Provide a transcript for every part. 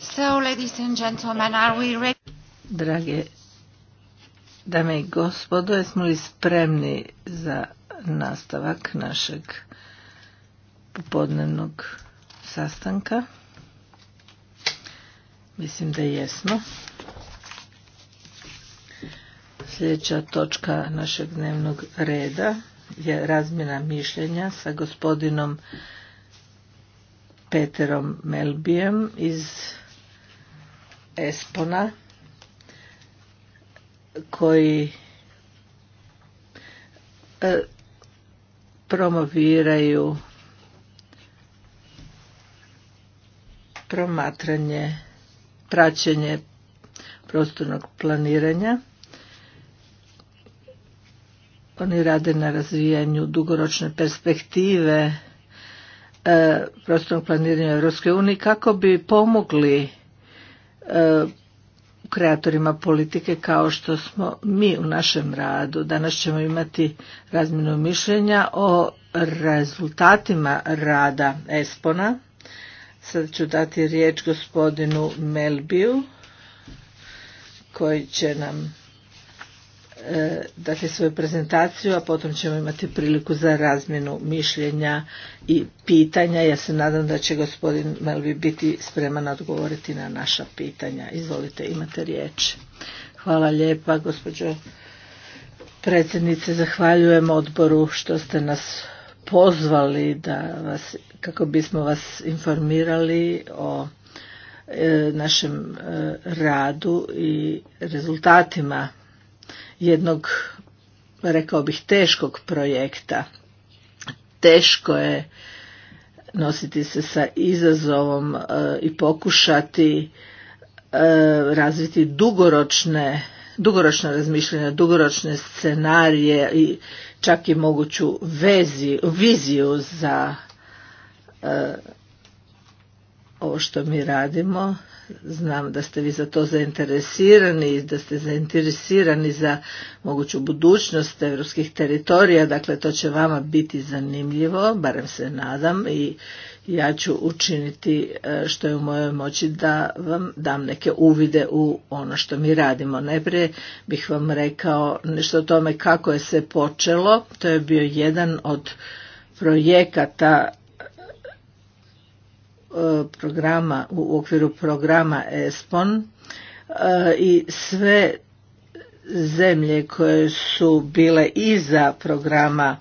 So, Drage dame i gospodo, jesmo li spremni za nastavak našeg popodnevnog sastanka? Mislim da jesmo. Sljedeća točka našeg dnevnog reda je razmjena mišljenja sa gospodinom Peterom Melbijem iz Espona koji e, promoviraju promatranje, praćenje prostornog planiranja. Oni rade na razvijanju dugoročne perspektive e, prostornog planiranja Europske unije kako bi pomogli E, kreatorima politike kao što smo mi u našem radu. Danas ćemo imati razminu mišljenja o rezultatima rada Espona. Sad ću dati riječ gospodinu Melbiju koji će nam dakle svoju prezentaciju, a potom ćemo imati priliku za razmjenu mišljenja i pitanja. Ja se nadam da će gospodin Melvi biti spreman odgovoriti na naša pitanja. Izvolite, imate riječ. Hvala lijepa, gospođo predsjednice. Zahvaljujem odboru što ste nas pozvali da vas, kako bismo vas informirali o e, našem e, radu i rezultatima jednog, rekao bih, teškog projekta. Teško je nositi se sa izazovom e, i pokušati e, razviti dugoročne dugoročno razmišljanje, dugoročne scenarije i čak i moguću vezi, viziju za e, ovo što mi radimo znam da ste vi za to zainteresirani i da ste zainteresirani za moguću budućnost europskih teritorija, dakle to će vama biti zanimljivo, barem se nadam i ja ću učiniti e, što je u mojoj moći da vam dam neke uvide u ono što mi radimo. Najprije bih vam rekao nešto o tome kako je se počelo, to je bio jedan od projekata programa u okviru programa ESPON e, i sve zemlje koje su bile iza programa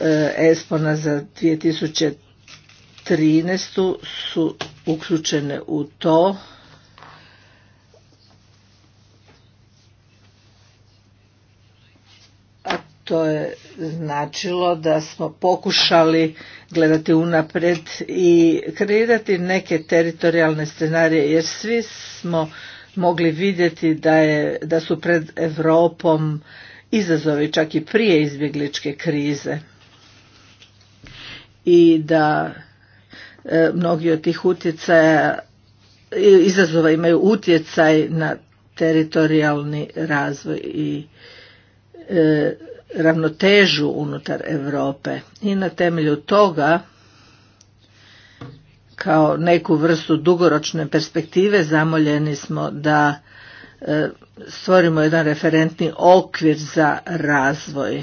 e, ESPONA za 2013. su uključene u to to je značilo da smo pokušali gledati unapred i kreirati neke teritorijalne scenarije jer svi smo mogli vidjeti da, je, da su pred Europom izazovi čak i prije izbjegličke krize i da e, mnogi od tih utjecaja izazova imaju utjecaj na teritorijalni razvoj i e, ravnotežu unutar Europe i na temelju toga kao neku vrstu dugoročne perspektive zamoljeni smo da e, stvorimo jedan referentni okvir za razvoj e,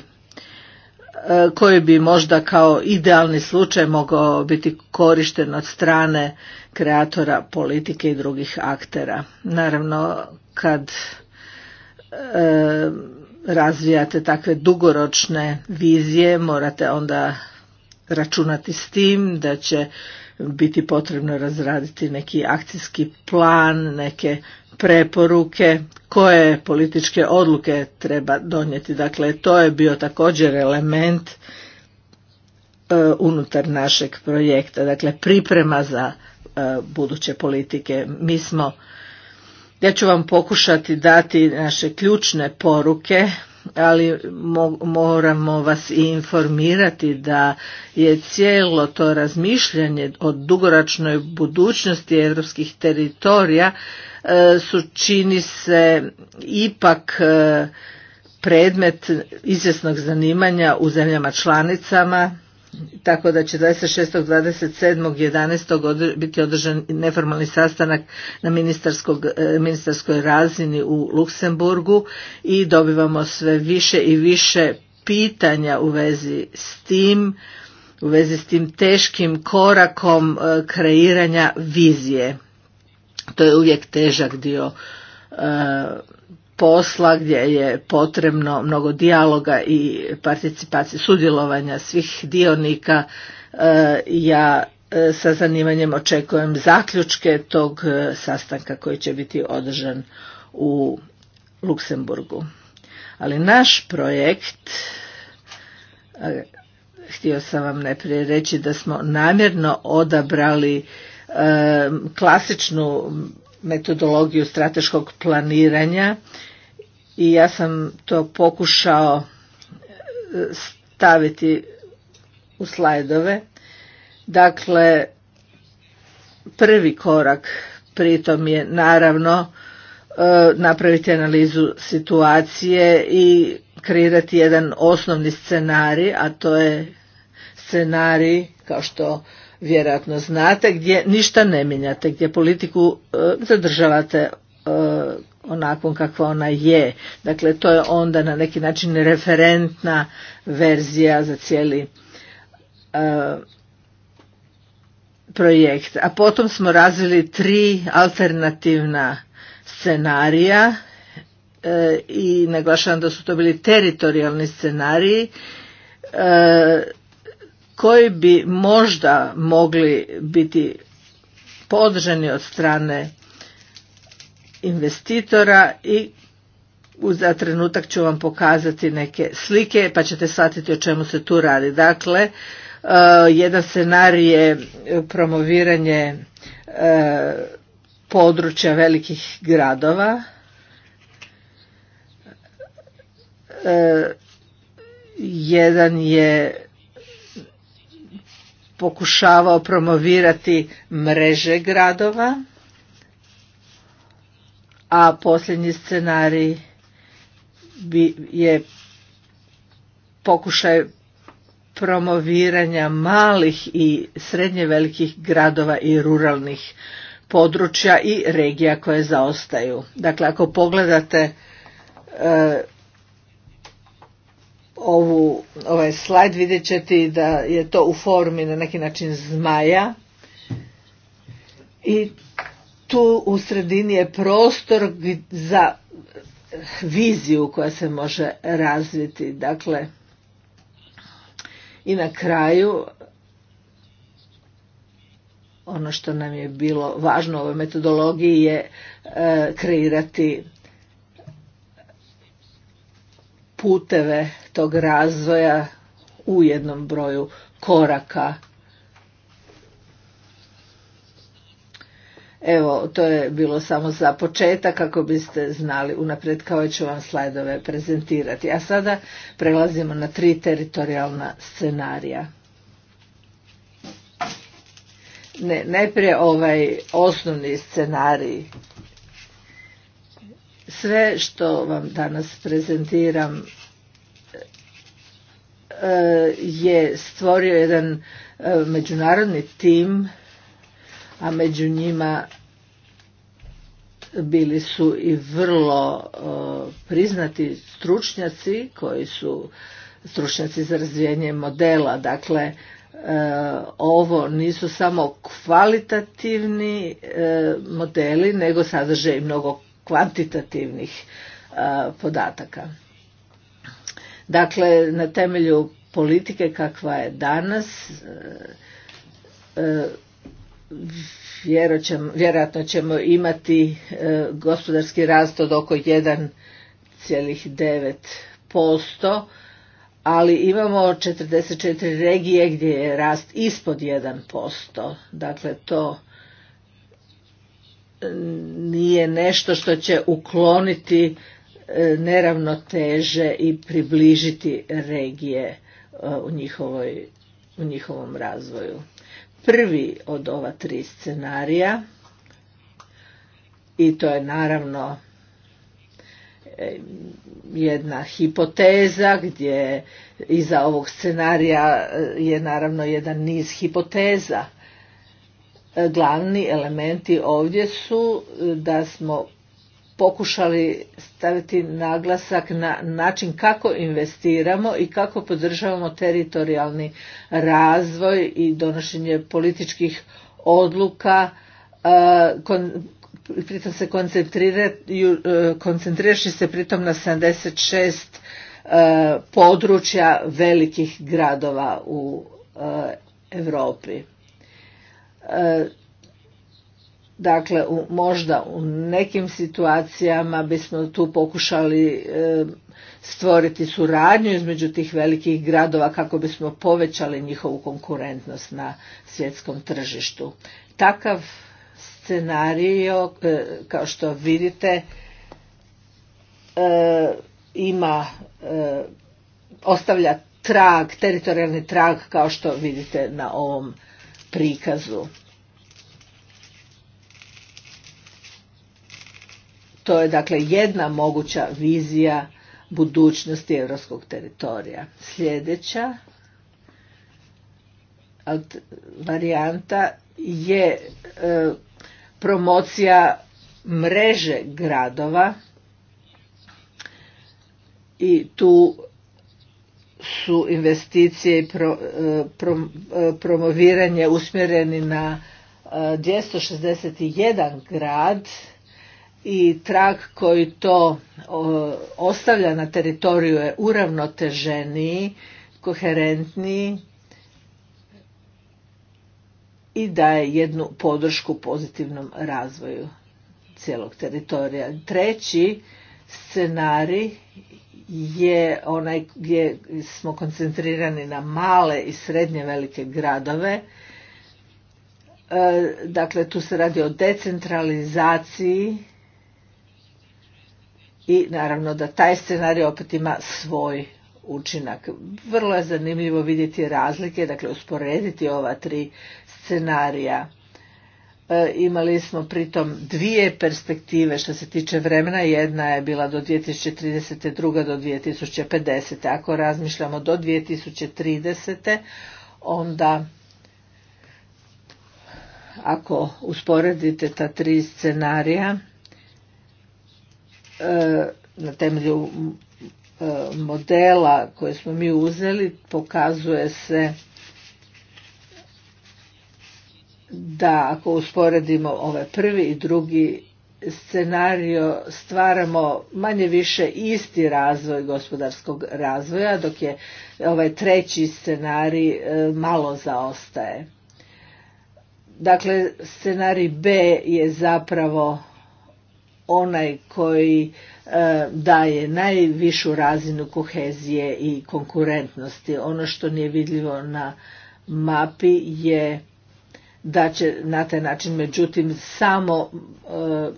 koji bi možda kao idealni slučaj mogao biti korišten od strane kreatora politike i drugih aktera. Naravno kad e, razvijate takve dugoročne vizije morate onda računati s tim da će biti potrebno razraditi neki akcijski plan, neke preporuke, koje političke odluke treba donijeti. Dakle, to je bio također element e, unutar našeg projekta, dakle priprema za e, buduće politike. Mi smo ja ću vam pokušati dati naše ključne poruke, ali moramo vas i informirati da je cijelo to razmišljanje o dugoročnoj budućnosti europskih teritorija e, su čini se ipak e, predmet izvjesnog zanimanja u zemljama članicama tako da će 26. 27. 11. biti održan neformalni sastanak na e, ministarskoj razini u Luksemburgu i dobivamo sve više i više pitanja u vezi s tim, u vezi s tim teškim korakom e, kreiranja vizije. To je uvijek težak dio e, posla gdje je potrebno mnogo dijaloga i participacije sudjelovanja svih dionika. E, ja e, sa zanimanjem očekujem zaključke tog e, sastanka koji će biti održan u Luksemburgu. Ali naš projekt, htio sam vam najprije reći da smo namjerno odabrali klasičnu metodologiju strateškog planiranja i ja sam to pokušao e, staviti u slajdove. Dakle, prvi korak pritom je naravno e, napraviti analizu situacije i kreirati jedan osnovni scenarij, a to je scenarij kao što vjerojatno znate gdje ništa ne mijenjate, gdje politiku e, zadržavate onakvom kakva ona je. Dakle, to je onda na neki način referentna verzija za cijeli e, projekt. A potom smo razvili tri alternativna scenarija e, i naglašavam da su to bili teritorijalni scenariji e, koji bi možda mogli biti podržani od strane investitora i za trenutak ću vam pokazati neke slike pa ćete shvatiti o čemu se tu radi. Dakle, e, jedan scenarij je promoviranje e, područja velikih gradova. E, jedan je pokušavao promovirati mreže gradova a posljednji scenarij je pokušaj promoviranja malih i srednje velikih gradova i ruralnih područja i regija koje zaostaju. Dakle, ako pogledate e, ovu, ovaj slajd vidjet ćete da je to u formi na neki način zmaja i tu u sredini je prostor za viziju koja se može razviti. Dakle, i na kraju ono što nam je bilo važno u ovoj metodologiji je e, kreirati puteve tog razvoja u jednom broju koraka Evo, to je bilo samo za početak kako biste znali unapred, kao ću vam slajdove prezentirati. A sada prelazimo na tri teritorijalna scenarija. Ne, najprije ovaj osnovni scenarij. Sve što vam danas prezentiram e, je stvorio jedan e, međunarodni tim a među njima bili su i vrlo priznati stručnjaci koji su stručnjaci za razvijenje modela. Dakle, e, ovo nisu samo kvalitativni e, modeli, nego sadrže i mnogo kvantitativnih e, podataka. Dakle, na temelju politike kakva je danas, vjerojatno ćemo imati e, gospodarski rast od oko 1,9%, ali imamo 44 regije gdje je rast ispod 1%. Dakle, to e, nije nešto što će ukloniti e, neravnoteže i približiti regije u njihovom razvoju prvi od ova tri scenarija i to je naravno eh, jedna hipoteza gdje iza ovog scenarija eh, je naravno jedan niz hipoteza. Eh, glavni elementi ovdje su da smo pokušali staviti naglasak na način kako investiramo i kako podržavamo teritorijalni razvoj i donošenje političkih odluka e, pritom se koncentrirajući e, se pritom na 76 e, područja velikih gradova u Europi Dakle, u, možda u nekim situacijama bismo tu pokušali e, stvoriti suradnju između tih velikih gradova kako bismo povećali njihovu konkurentnost na svjetskom tržištu. Takav scenario, e, kao što vidite, e, ima, ostavlja trag, teritorijalni trag kao što vidite na ovom prikazu. To je dakle jedna moguća vizija budućnosti europskog teritorija. Sljedeća varijanta je e, promocija mreže gradova i tu su investicije i e, e, promoviranje usmjereni na 261 grad i trag koji to ostavlja na teritoriju je uravnoteženiji, koherentniji i daje jednu podršku pozitivnom razvoju cijelog teritorija. Treći scenarij je onaj gdje smo koncentrirani na male i srednje velike gradove. E, dakle, tu se radi o decentralizaciji i naravno da taj scenarij opet ima svoj učinak. Vrlo je zanimljivo vidjeti razlike, dakle usporediti ova tri scenarija. E, imali smo pritom dvije perspektive što se tiče vremena, jedna je bila do 2030. druga do 2050. Ako razmišljamo do 2030. onda ako usporedite ta tri scenarija E, na temelju e, modela koje smo mi uzeli pokazuje se da ako usporedimo ovaj prvi i drugi scenario stvaramo manje više isti razvoj gospodarskog razvoja dok je ovaj treći scenarij e, malo zaostaje. Dakle scenarij B je zapravo onaj koji e, daje najvišu razinu kohezije i konkurentnosti. Ono što nije vidljivo na mapi je da će na taj način međutim samo e,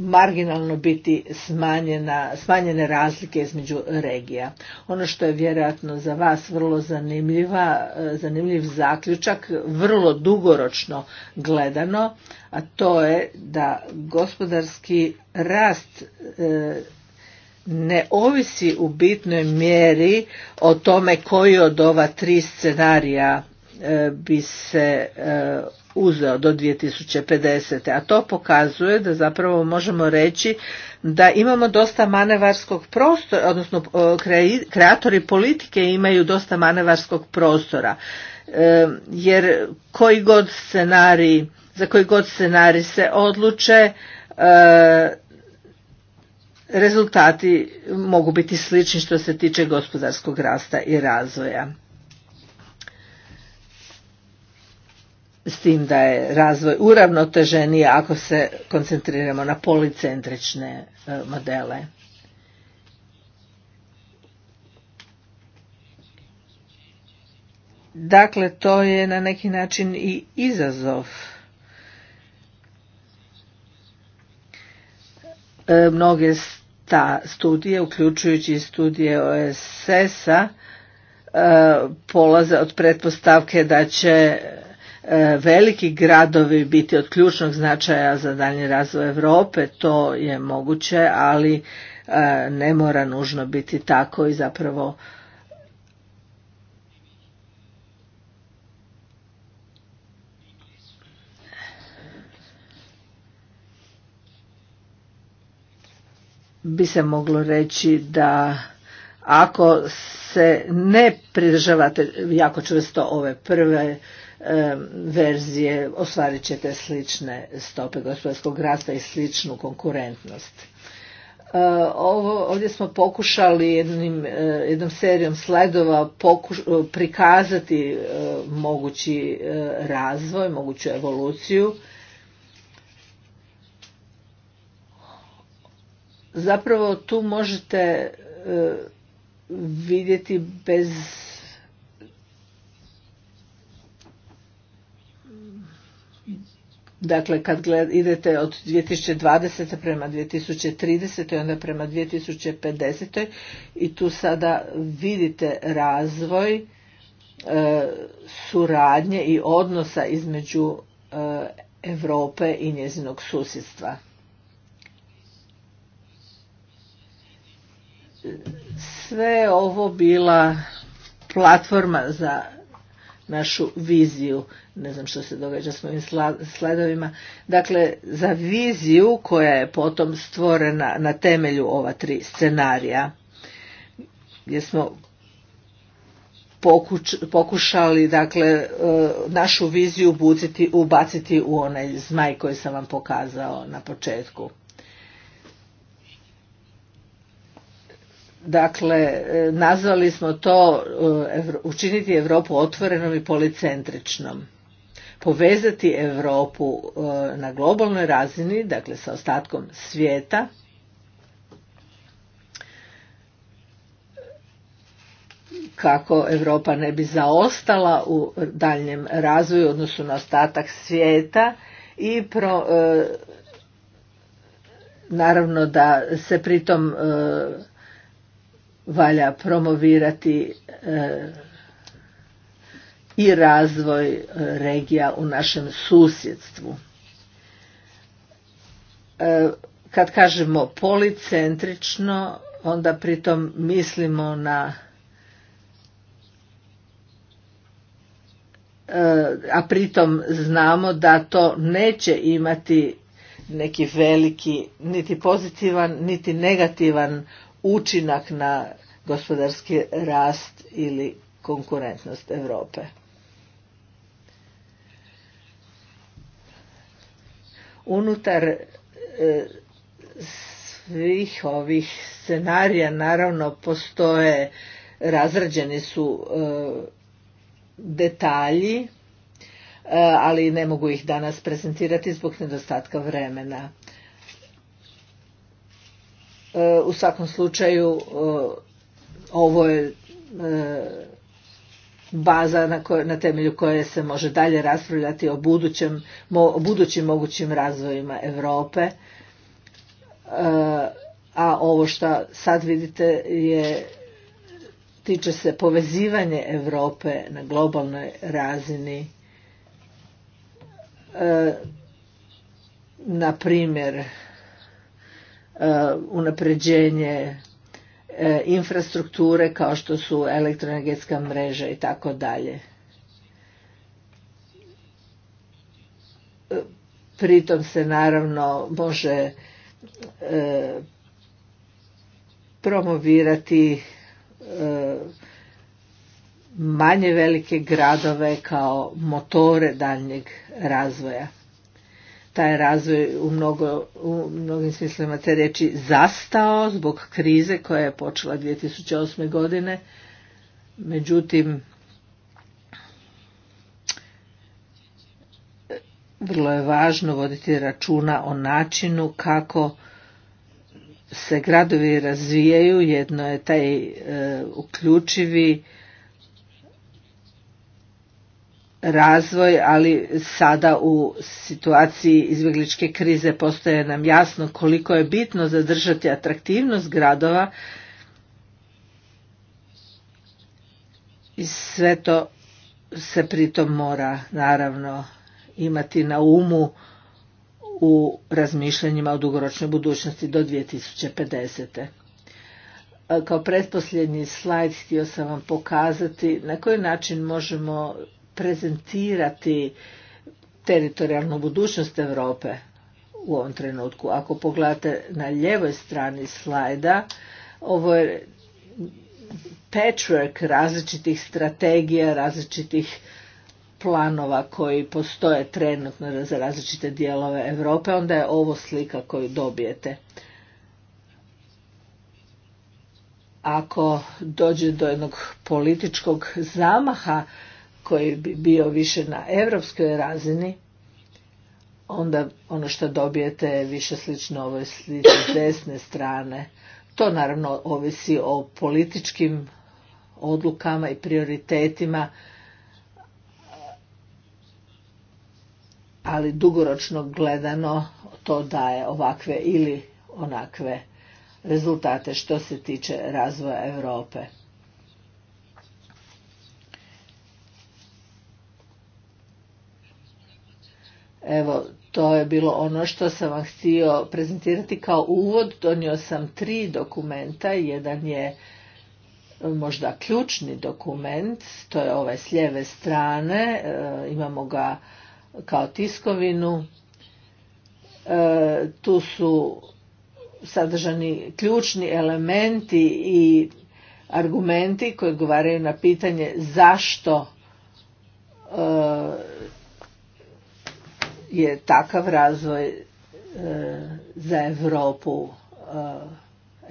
marginalno biti smanjena, smanjene razlike između regija. Ono što je vjerojatno za vas vrlo zanimljiva, e, zanimljiv zaključak, vrlo dugoročno gledano, a to je da gospodarski rast e, ne ovisi u bitnoj mjeri o tome koji od ova tri scenarija e, bi se uzeo do 2050. A to pokazuje da zapravo možemo reći da imamo dosta manevarskog prostora, odnosno e, kreatori politike imaju dosta manevarskog prostora. E, jer koji god scenarij, za koji god scenarij se odluče, e, rezultati mogu biti slični što se tiče gospodarskog rasta i razvoja. s tim da je razvoj uravnoteženiji ako se koncentriramo na policentrične e, modele. Dakle, to je na neki način i izazov. E, mnoge ta studije, uključujući studije OSS-a, e, polaze od pretpostavke da će E, veliki gradovi biti od ključnog značaja za daljnji razvoj Europe, to je moguće, ali e, ne mora nužno biti tako i zapravo bi se moglo reći da ako se ne pridržavate jako čvrsto ove prve verzije ostvarit ćete slične stope gospodarskog rasta i sličnu konkurentnost. E, ovo, ovdje smo pokušali jednim, e, jednom serijom sledova pokuš, e, prikazati mogući razvoj, moguću evoluciju. Zapravo tu možete vidjeti bez Dakle, kad gled, idete od 2020. prema 2030. i onda prema 2050. i tu sada vidite razvoj e, suradnje i odnosa između e, Europe i njezinog susjedstva. Sve ovo bila platforma za našu viziju ne znam što se događa s mojim slajdovima, dakle za viziju koja je potom stvorena na temelju ova tri scenarija gdje smo pokušali dakle e, našu viziju buciti, ubaciti u onaj zmaj koji sam vam pokazao na početku. Dakle, e, nazvali smo to e, učiniti Europu otvorenom i policentričnom povezati Europu e, na globalnoj razini, dakle sa ostatkom svijeta. kako Europa ne bi zaostala u daljem razvoju odnosu na ostatak svijeta i pro, e, naravno da se pritom e, valja promovirati i razvoj e, regija u našem susjedstvu. E, kad kažemo policentrično, onda pritom mislimo na e, a pritom znamo da to neće imati neki veliki niti pozitivan niti negativan učinak na gospodarski rast ili konkurentnost Europe. unutar e, svih ovih scenarija naravno postoje razrađeni su e, detalji e, ali ne mogu ih danas prezentirati zbog nedostatka vremena u svakom slučaju ovo je baza na, na temelju koje se može dalje raspravljati o, budućem, o budućim mogućim razvojima Europe. E, a ovo što sad vidite je tiče se povezivanje Europe na globalnoj razini. E, na primjer, e, unapređenje E, infrastrukture kao što su elektroenergetska mreža i tako dalje. E, pritom se naravno može e, promovirati manje velike gradove kao motore daljnjeg razvoja taj razvoj u, mnogo, u mnogim smislima te reći zastao zbog krize koja je počela 2008. godine. Međutim, vrlo je važno voditi računa o načinu kako se gradovi razvijaju. Jedno je taj e, uključivi razvoj, ali sada u situaciji izbjegličke krize postoje nam jasno koliko je bitno zadržati atraktivnost gradova i sve to se pritom mora naravno imati na umu u razmišljanjima o dugoročnoj budućnosti do 2050. Kao pretposljednji slajd htio sam vam pokazati na koji način možemo prezentirati teritorijalnu budućnost Europe u ovom trenutku. Ako pogledate na ljevoj strani slajda, ovo je patchwork različitih strategija, različitih planova koji postoje trenutno za različite dijelove Europe, onda je ovo slika koju dobijete. Ako dođe do jednog političkog zamaha koji bi bio više na europskoj razini, onda ono što dobijete je više slično ovoj desne strane. To naravno ovisi o političkim odlukama i prioritetima, ali dugoročno gledano to daje ovakve ili onakve rezultate što se tiče razvoja Europe. Evo, to je bilo ono što sam vam htio prezentirati kao uvod. Donio sam tri dokumenta. Jedan je e, možda ključni dokument, to je ovaj s lijeve strane, e, imamo ga kao tiskovinu. E, tu su sadržani ključni elementi i argumenti koji govaraju na pitanje zašto je takav razvoj e, za Europu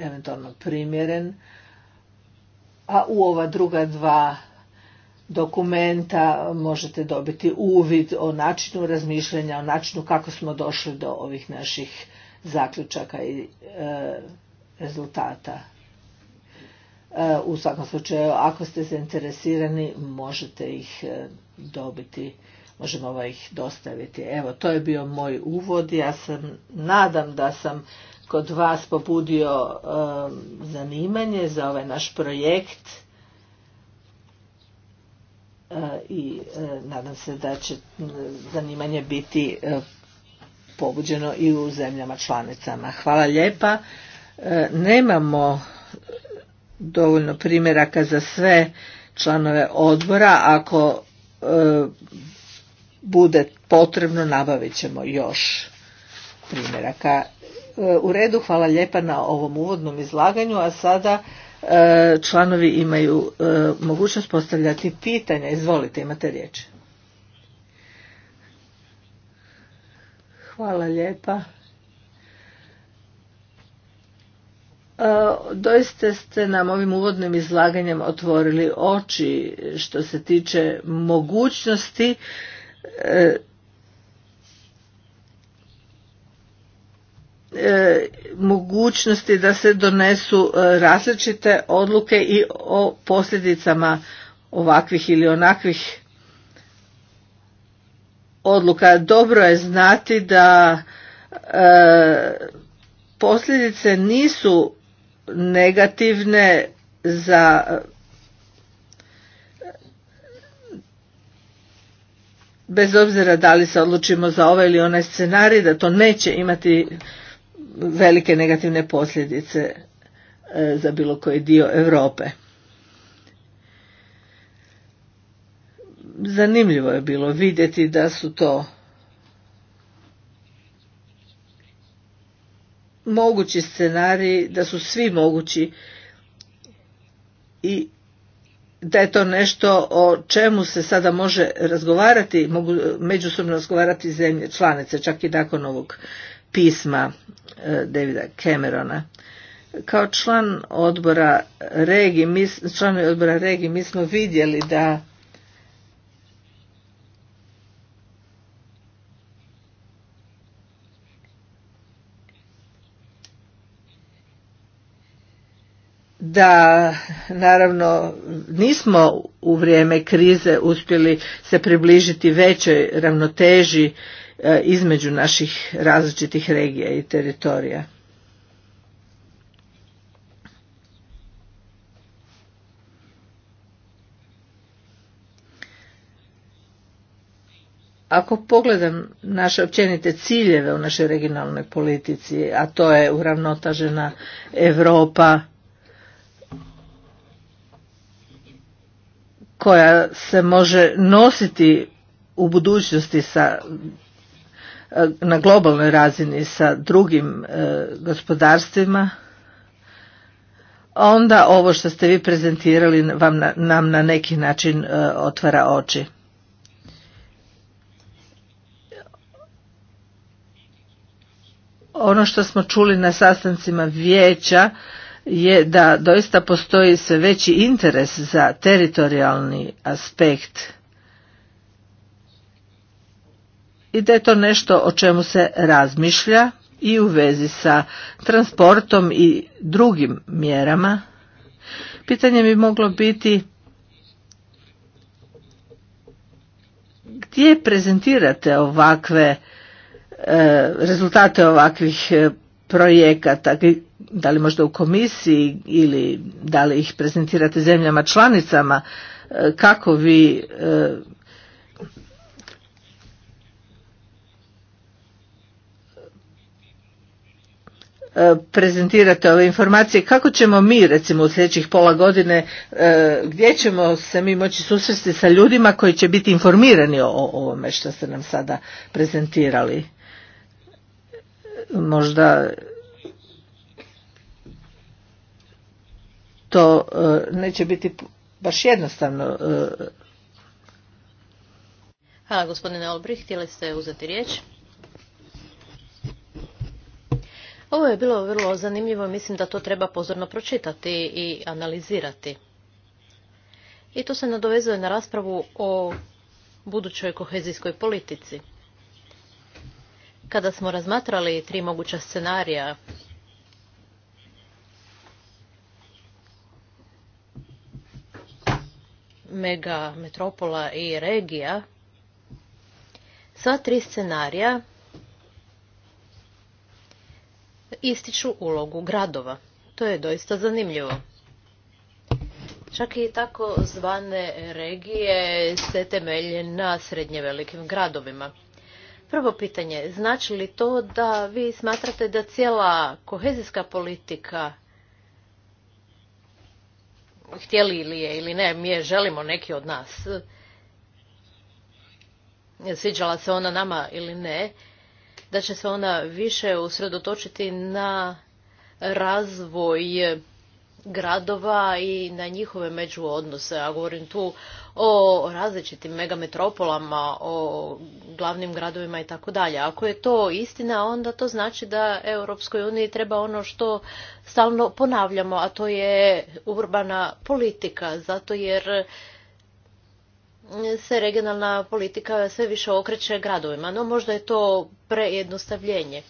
e, eventualno primjeren, a u ova druga dva dokumenta možete dobiti uvid o načinu razmišljanja, o načinu kako smo došli do ovih naših zaključaka i e, rezultata. u svakom slučaju, ako ste zainteresirani, možete ih dobiti možemo ih dostaviti. Evo, to je bio moj uvod. Ja sam, nadam da sam kod vas pobudio um, zanimanje za ovaj naš projekt e, i e, nadam se da će zanimanje biti e, pobuđeno i u zemljama članicama. Hvala lijepa. E, nemamo dovoljno primjeraka za sve članove odbora. Ako e, bude potrebno nabavit ćemo još primjeraka. E, u redu, hvala lijepa na ovom uvodnom izlaganju, a sada e, članovi imaju e, mogućnost postavljati pitanja. Izvolite, imate riječ. Hvala lijepa. Doista ste nam ovim uvodnim izlaganjem otvorili oči što se tiče mogućnosti E, e, mogućnosti da se donesu e, različite odluke i o posljedicama ovakvih ili onakvih odluka. Dobro je znati da posljedice nisu negativne za bez obzira da li se odlučimo za ovaj ili onaj scenarij, da to neće imati velike negativne posljedice e, za bilo koji dio Europe. Zanimljivo je bilo vidjeti da su to mogući scenariji, da su svi mogući i da je to nešto o čemu se sada može razgovarati, mogu međusobno razgovarati zemlje članice, čak i nakon ovog pisma e, Davida Camerona. Kao član odbora regi, mi, odbora regi mi smo vidjeli da da naravno nismo u vrijeme krize uspjeli se približiti većoj ravnoteži e, između naših različitih regija i teritorija. Ako pogledam naše općenite ciljeve u našoj regionalnoj politici, a to je uravnotažena Europa, koja se može nositi u budućnosti sa e, na globalnoj razini sa drugim e, gospodarstvima onda ovo što ste vi prezentirali vam nam na neki način e, otvara oči ono što smo čuli na sastancima vijeća je da doista postoji sve veći interes za teritorijalni aspekt i da je to nešto o čemu se razmišlja i u vezi sa transportom i drugim mjerama. Pitanje bi moglo biti gdje prezentirate ovakve e, rezultate ovakvih e, projekata da li možda u komisiji ili da li ih prezentirate zemljama članicama e, kako vi e, e, prezentirate ove informacije kako ćemo mi recimo u sljedećih pola godine gdje ćemo se mi moći susresti sa ljudima koji će biti informirani o ovome što ste nam sada prezentirali možda to e, neće biti baš jednostavno. E. Hvala gospodine Olbrih, htjeli ste uzeti riječ? Ovo je bilo vrlo zanimljivo i mislim da to treba pozorno pročitati i analizirati. I to se nadovezuje na raspravu o budućoj kohezijskoj politici. Kada smo razmatrali tri moguća scenarija mega metropola i regija, sva tri scenarija ističu ulogu gradova. To je doista zanimljivo. Čak i tako zvane regije se temelje na srednje velikim gradovima. Prvo pitanje, znači li to da vi smatrate da cijela kohezijska politika htjeli ili je ili ne, mi je želimo neki od nas. Sviđala se ona nama ili ne, da će se ona više usredotočiti na razvoj gradova i na njihove međuodnose. A ja govorim tu o različitim megametropolama, o glavnim gradovima i tako dalje. Ako je to istina, onda to znači da Europskoj uniji treba ono što stalno ponavljamo, a to je urbana politika, zato jer se regionalna politika sve više okreće gradovima, no možda je to prejednostavljenje.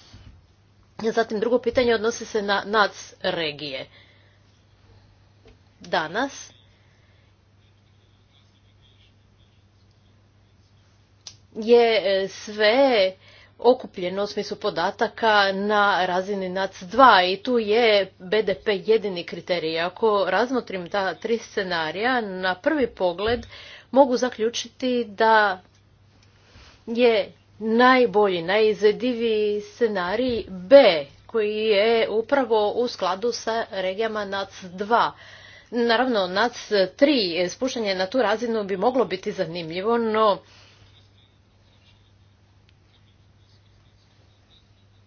Zatim drugo pitanje odnosi se na NAC regije danas je e, sve okupljeno u smislu podataka na razini NAC2 i tu je BDP jedini kriterij. Ako razmotrim ta tri scenarija, na prvi pogled mogu zaključiti da je najbolji, najizvediviji scenarij B koji je upravo u skladu sa regijama NAC2. Naravno, NAC3, spuštanje na tu razinu bi moglo biti zanimljivo, no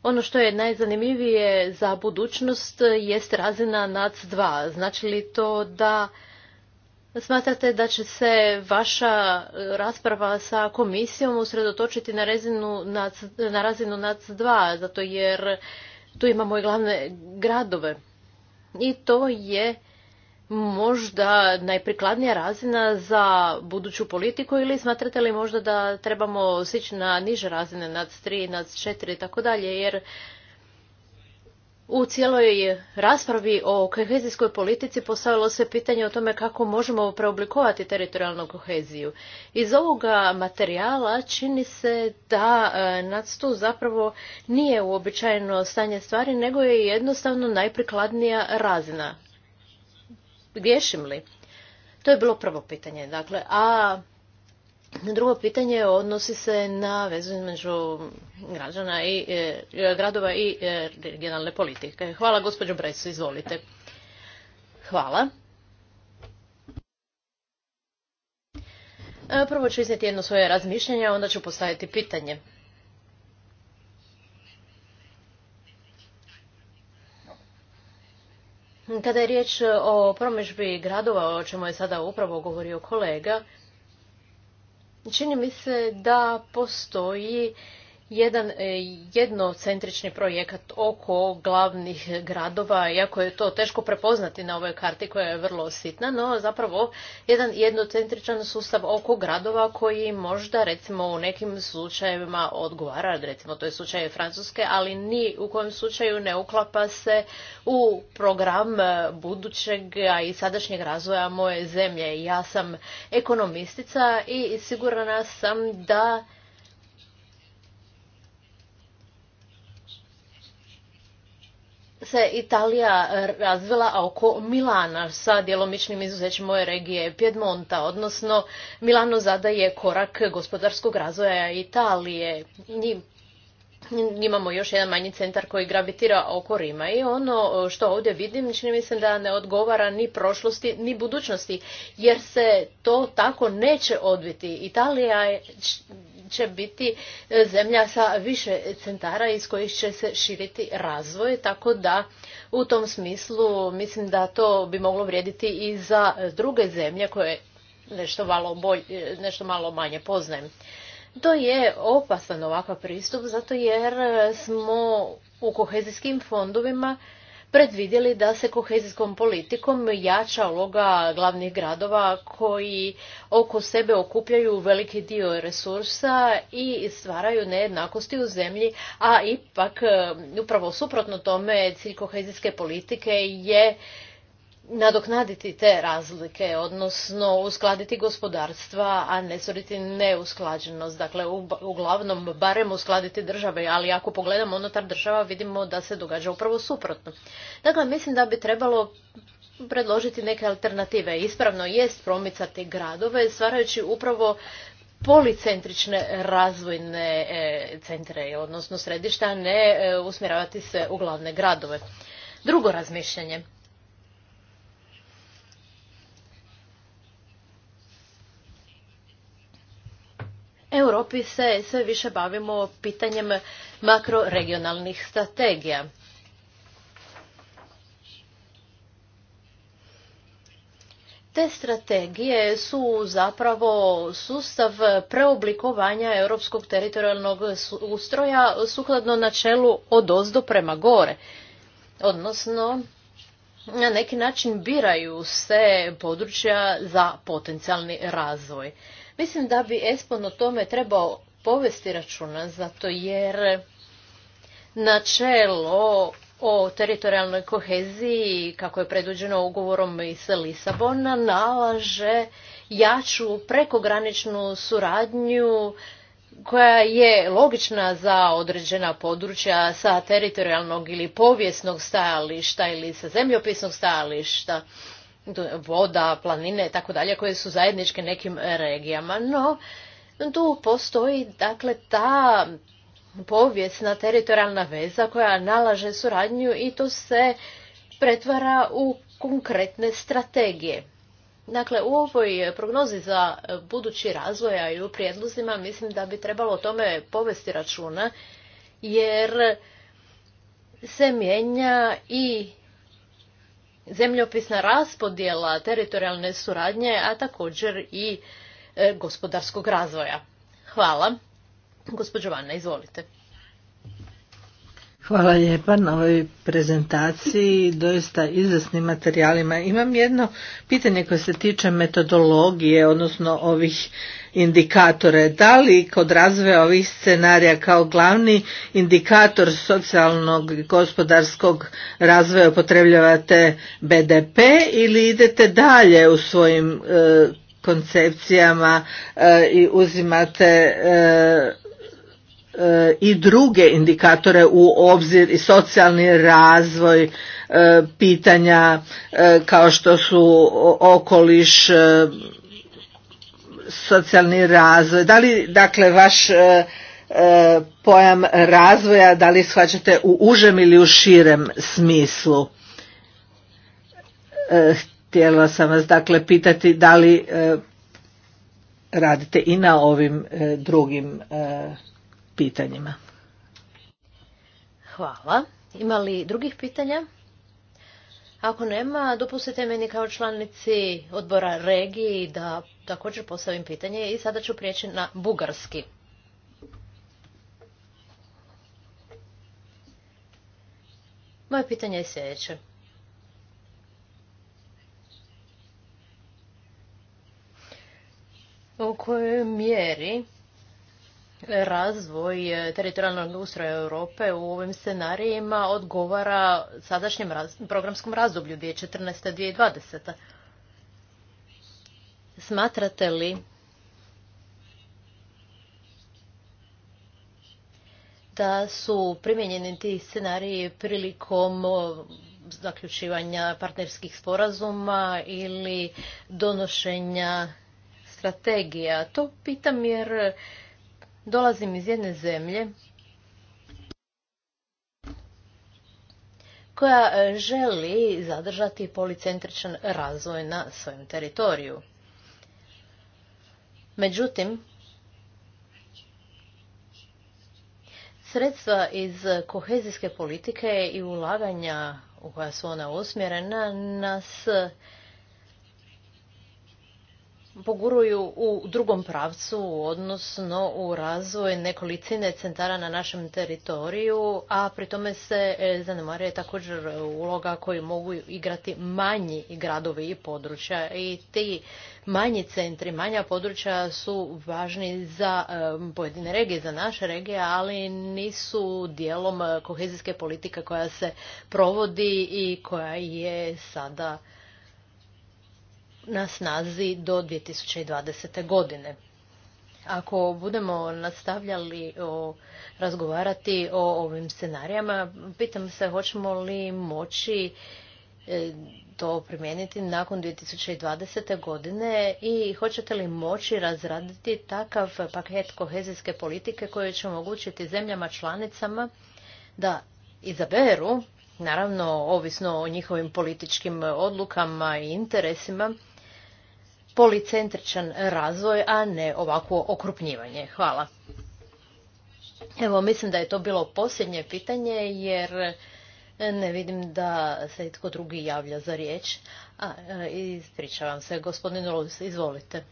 Ono što je najzanimljivije za budućnost jest razina NAC2. Znači li to da smatrate da će se vaša rasprava sa komisijom usredotočiti na razinu, NAC, na razinu NAC2, zato jer tu imamo i glavne gradove. I to je možda najprikladnija razina za buduću politiku ili smatrate li možda da trebamo sići na niže razine, nad 3, nad 4 i tako dalje, jer u cijeloj raspravi o kohezijskoj politici postavilo se pitanje o tome kako možemo preoblikovati teritorijalnu koheziju. Iz ovoga materijala čini se da e, tu zapravo nije uobičajeno stanje stvari, nego je jednostavno najprikladnija razina griješim li? To je bilo prvo pitanje. Dakle, a drugo pitanje odnosi se na vezu između građana i e, gradova i e, regionalne politike. Hvala gospođo Bresu, izvolite. Hvala. E, prvo ću iznijeti jedno svoje razmišljanje, onda ću postaviti pitanje. Kada je riječ o promežbi gradova, o čemu je sada upravo govorio kolega, čini mi se da postoji jedan e, jednocentrični projekat oko glavnih gradova, iako je to teško prepoznati na ovoj karti koja je vrlo sitna, no zapravo jedan jednocentričan sustav oko gradova koji možda recimo u nekim slučajevima odgovara, recimo to je slučaj Francuske, ali ni u kojem slučaju ne uklapa se u program budućeg a i sadašnjeg razvoja moje zemlje. Ja sam ekonomistica i sigurana sam da se Italija e, razvila oko Milana sa djelomičnim izuzećem moje regije Piedmonta, odnosno Milano zadaje korak gospodarskog razvoja Italije. Njim imamo još jedan manji centar koji gravitira oko Rima i ono e, što ovdje vidim čini mi se da ne odgovara ni prošlosti ni budućnosti jer se to tako neće odviti. Italija je će biti e, zemlja sa više centara iz kojih će se širiti razvoj, tako da u tom smislu mislim da to bi moglo vrijediti i za druge zemlje koje nešto malo, e, nešto malo manje poznajem. To je opasan ovakav pristup zato jer smo u kohezijskim fondovima predvidjeli da se kohezijskom politikom jača uloga glavnih gradova koji oko sebe okupljaju veliki dio resursa i stvaraju nejednakosti u zemlji, a ipak upravo suprotno tome cilj kohezijske politike je nadoknaditi te razlike, odnosno uskladiti gospodarstva, a ne stvoriti neusklađenost. Dakle, uglavnom barem uskladiti države, ali ako pogledamo unutar država vidimo da se događa upravo suprotno. Dakle, mislim da bi trebalo predložiti neke alternative. Ispravno jest promicati gradove stvarajući upravo policentrične razvojne e, centre, odnosno središta, ne e, usmjeravati se u glavne gradove. Drugo razmišljanje. Europi se sve više bavimo pitanjem makroregionalnih strategija. Te strategije su zapravo sustav preoblikovanja europskog teritorijalnog ustroja sukladno načelu od ozdo prema gore. Odnosno, na neki način biraju se područja za potencijalni razvoj. Mislim da bi Espon o tome trebao povesti računa, zato jer načelo o teritorijalnoj koheziji, kako je preduđeno ugovorom iz Lisabona, nalaže jaču prekograničnu suradnju koja je logična za određena područja sa teritorijalnog ili povijesnog stajališta ili sa zemljopisnog stajališta voda, planine i tako dalje, koje su zajedničke nekim regijama, no tu postoji dakle ta povijesna teritorijalna veza koja nalaže suradnju i to se pretvara u konkretne strategije. Dakle, u ovoj prognozi za budući razvoja i u prijedlozima mislim da bi trebalo o tome povesti računa, jer se mijenja i zemljopisna raspodjela teritorijalne suradnje, a također i e, gospodarskog razvoja. Hvala. Gospođo Vanna, izvolite. Hvala lijepa na ovoj prezentaciji, doista izvrsnim materijalima. Imam jedno pitanje koje se tiče metodologije, odnosno ovih indikatore. Da li kod razvoja ovih scenarija kao glavni indikator socijalnog i gospodarskog razvoja upotrebljavate BDP ili idete dalje u svojim e, koncepcijama e, i uzimate e, E, i druge indikatore u obzir i socijalni razvoj e, pitanja e, kao što su okoliš socijalni razvoj da li dakle vaš pojam razvoja da li shvaćate u užem ili u širem smislu htjela sam vas dakle pitati da li radite i na ovim drugim pitanjima. Hvala. Ima li drugih pitanja? Ako nema, dopustite meni kao članici odbora regiji da također postavim pitanje i sada ću prijeći na bugarski. Moje pitanje je sljedeće. U kojoj mjeri razvoj e, teritorijalnog ustroja Europe u ovim scenarijima odgovara sadašnjem programskom razdoblju 2014. 2020. Smatrate li da su primijenjeni ti scenariji prilikom zaključivanja partnerskih sporazuma ili donošenja strategija? To pitam jer Dolazim iz jedne zemlje koja e, želi zadržati policentričan razvoj na svojem teritoriju. Međutim, sredstva iz kohezijske politike i ulaganja u koja su ona usmjerena nas poguruju u drugom pravcu, odnosno u razvoj nekolicine centara na našem teritoriju, a pri tome se e, zanemaruje također uloga koju mogu igrati manji gradovi i područja. I ti manji centri, manja područja su važni za e, pojedine regije, za naše regije, ali nisu dijelom kohezijske politike koja se provodi i koja je sada na snazi do 2020. godine. Ako budemo nastavljali o, razgovarati o ovim scenarijama, pitam se hoćemo li moći e, to primijeniti nakon 2020. godine i hoćete li moći razraditi takav paket kohezijske politike koji će omogućiti zemljama članicama da izaberu, naravno ovisno o njihovim političkim odlukama i interesima, policentričan razvoj, a ne ovako okrupnjivanje. Hvala. Evo, mislim da je to bilo posljednje pitanje, jer e, ne vidim da se itko drugi javlja za riječ. A, e, ispričavam se, gospodin Rolus, izvolite.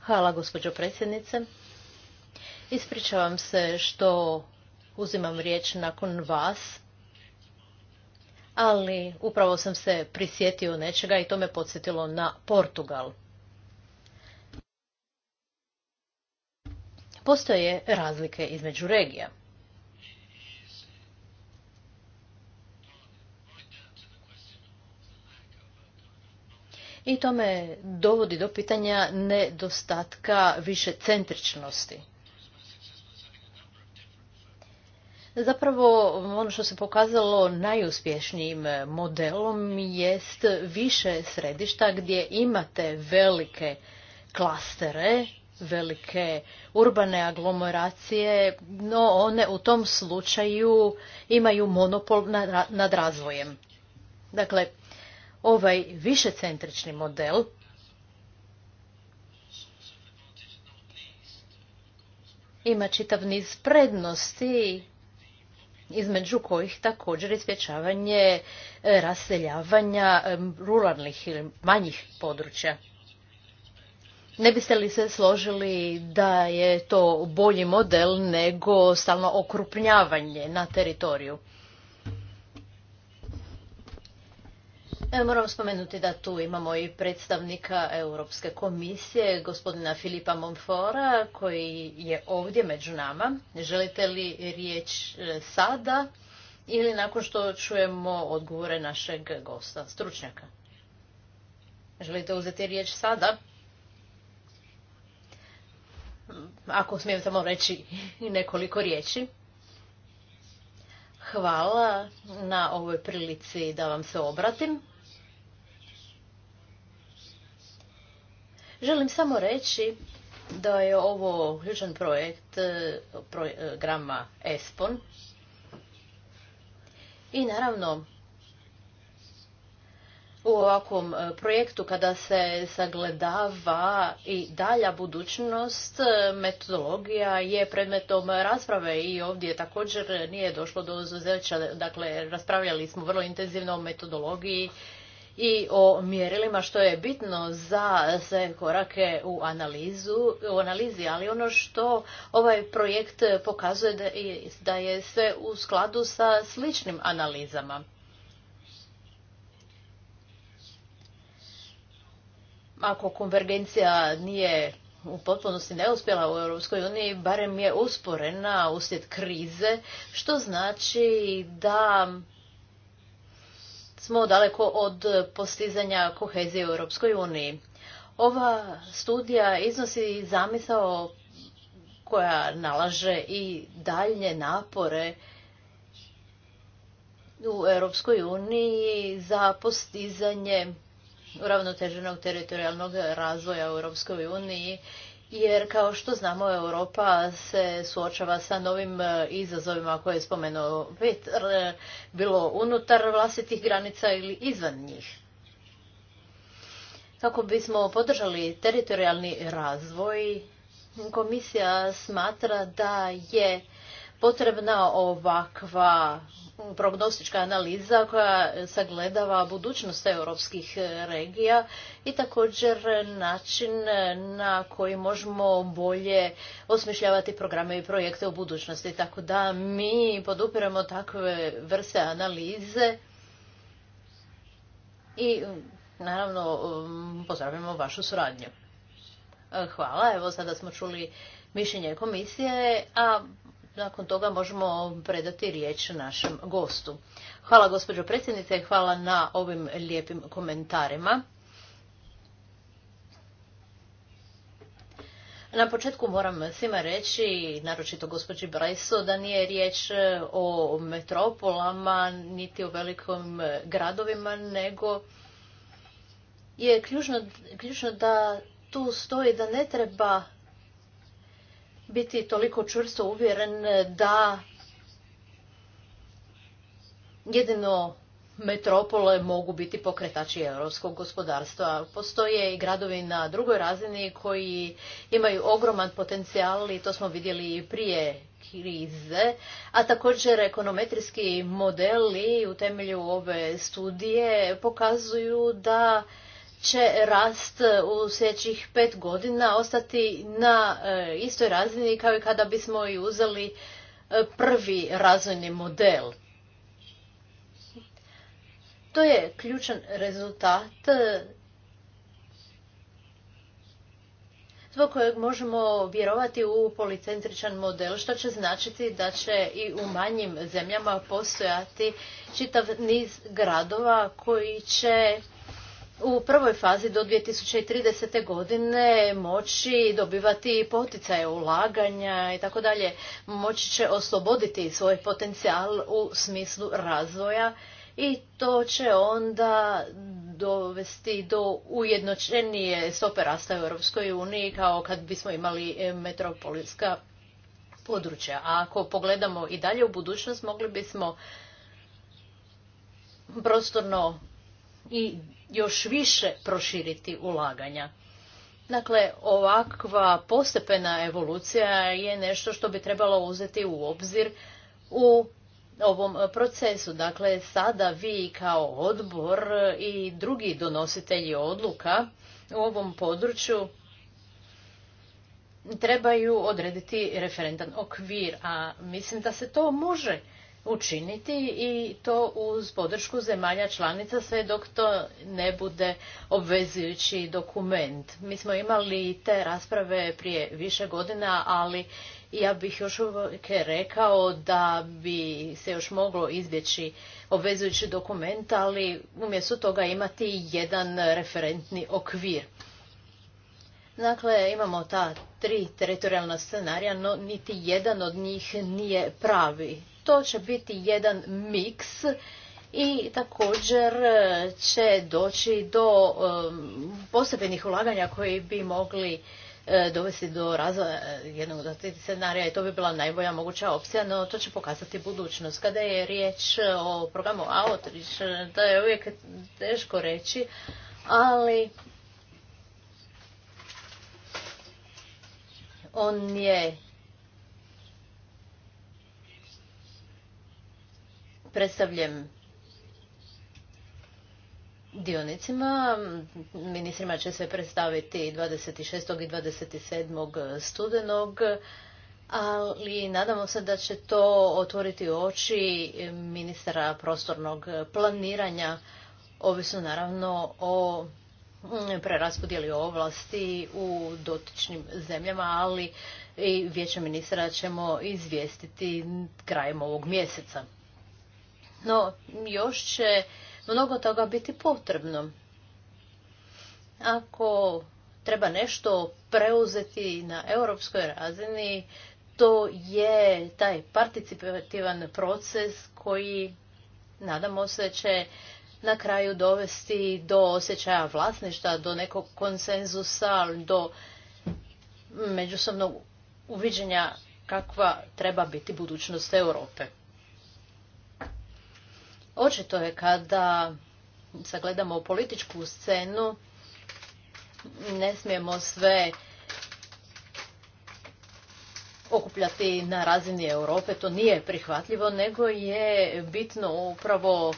Hvala, gospođo predsjednice. Ispričavam se što uzimam riječ nakon vas, ali upravo sam se prisjetio nečega i to me podsjetilo na Portugal. Postoje razlike između regija. I to me dovodi do pitanja nedostatka više centričnosti. Zapravo ono što se pokazalo najuspješnijim modelom jest više središta gdje imate velike klastere, velike urbane aglomeracije, no one u tom slučaju imaju monopol nad razvojem. Dakle, ovaj višecentrični model ima čitav niz prednosti između kojih također ispječavanje e, raseljavanja e, ruralnih ili manjih područja. Ne biste li se složili da je to bolji model nego stalno okrupnjavanje na teritoriju? Moram spomenuti da tu imamo i predstavnika Europske komisije, gospodina Filipa Monfora, koji je ovdje među nama. Želite li riječ e, sada ili nakon što čujemo odgovore našeg gosta, stručnjaka? Želite uzeti riječ sada? Ako smijem samo reći nekoliko riječi. Hvala na ovoj prilici da vam se obratim. Želim samo reći da je ovo ključan projekt e, programa e, ESPON. I naravno, u ovakvom e, projektu kada se sagledava i dalja budućnost, metodologija je predmetom rasprave i ovdje također nije došlo do izuzeća. Dakle, raspravljali smo vrlo intenzivno o metodologiji i o mjerilima što je bitno za sve korake u analizu, analizi, ali ono što ovaj projekt pokazuje da je, da je sve u skladu sa sličnim analizama. Ako konvergencija nije u potpunosti neuspjela u Europskoj uniji, barem je usporena uslijed krize, što znači da smo daleko od postizanja kohezije u Europskoj uniji. Ova studija iznosi zamisao koja nalaže i daljnje napore u Europskoj uniji za postizanje uravnoteženog teritorijalnog razvoja u Europskoj uniji jer kao što znamo Europa se suočava sa novim e, izazovima koje je spomenuo Petr, e, bilo unutar vlastitih granica ili izvan njih. Kako bismo podržali teritorijalni razvoj, komisija smatra da je potrebna ovakva prognostička analiza koja sagledava budućnost europskih e, regija i također način na koji možemo bolje osmišljavati programe i projekte u budućnosti. Tako da mi podupiramo takve vrste analize i naravno e, pozdravljamo vašu suradnju. E, hvala, evo sada smo čuli mišljenje komisije, a nakon toga možemo predati riječ našem gostu. Hvala gospođo predsjednice i hvala na ovim lijepim komentarima. Na početku moram svima reći, naročito gospođi Brajso, da nije riječ o metropolama niti o velikim gradovima, nego je ključno, ključno da tu stoji da ne treba biti toliko čvrsto uvjeren e, da jedino metropole mogu biti pokretači europskog gospodarstva. Postoje i gradovi na drugoj razini koji imaju ogroman potencijal i to smo vidjeli i prije krize, a također ekonometrijski modeli u temelju ove studije pokazuju da će rast e, u sljedećih pet godina ostati na e, istoj razini kao i kada bismo i uzeli e, prvi razvojni model. To je ključan rezultat zbog kojeg možemo vjerovati u policentričan model, što će značiti da će i u manjim zemljama postojati čitav niz gradova koji će u prvoj fazi do 2030. godine moći dobivati poticaje ulaganja i tako dalje. Moći će osloboditi svoj potencijal u smislu razvoja i to će onda dovesti do ujednočenije stope rasta u Europskoj uniji kao kad bismo imali e, metropolitska područja. A ako pogledamo i dalje u budućnost mogli bismo prostorno i još više proširiti ulaganja. Dakle, ovakva postepena evolucija je nešto što bi trebalo uzeti u obzir u ovom procesu. Dakle, sada vi kao odbor i drugi donositelji odluka u ovom području trebaju odrediti referentan okvir, a mislim da se to može učiniti i to uz podršku zemalja članica sve dok to ne bude obvezujući dokument. Mi smo imali te rasprave prije više godina, ali ja bih još uvijek rekao da bi se još moglo izbjeći obvezujući dokument, ali umjesto toga imati jedan referentni okvir. Dakle, imamo ta tri teritorijalna scenarija, no niti jedan od njih nije pravi to će biti jedan miks i također e, će doći do posebnih ulaganja koji bi mogli e, dovesti do razvoja e, jednog od tih scenarija i to bi bila najbolja moguća opcija, no to će pokazati budućnost. Kada je riječ o programu Outreach, to je uvijek teško reći, ali on je predstavljem dionicima. Ministrima će se predstaviti 26. i 27. studenog, ali nadamo se da će to otvoriti oči ministra prostornog planiranja, ovisno naravno o preraspodjeli ovlasti u dotičnim zemljama, ali i vijeće ministra ćemo izvijestiti krajem ovog mjeseca. No, još će mnogo toga biti potrebno. Ako treba nešto preuzeti na europskoj razini, to je taj participativan proces koji, nadamo se, će na kraju dovesti do osjećaja vlasništva, do nekog konsenzusa, do međusobnog uviđenja kakva treba biti budućnost Europe. Očito je kada sagledamo političku scenu, ne smijemo sve okupljati na razini Europe, to nije prihvatljivo, nego je bitno upravo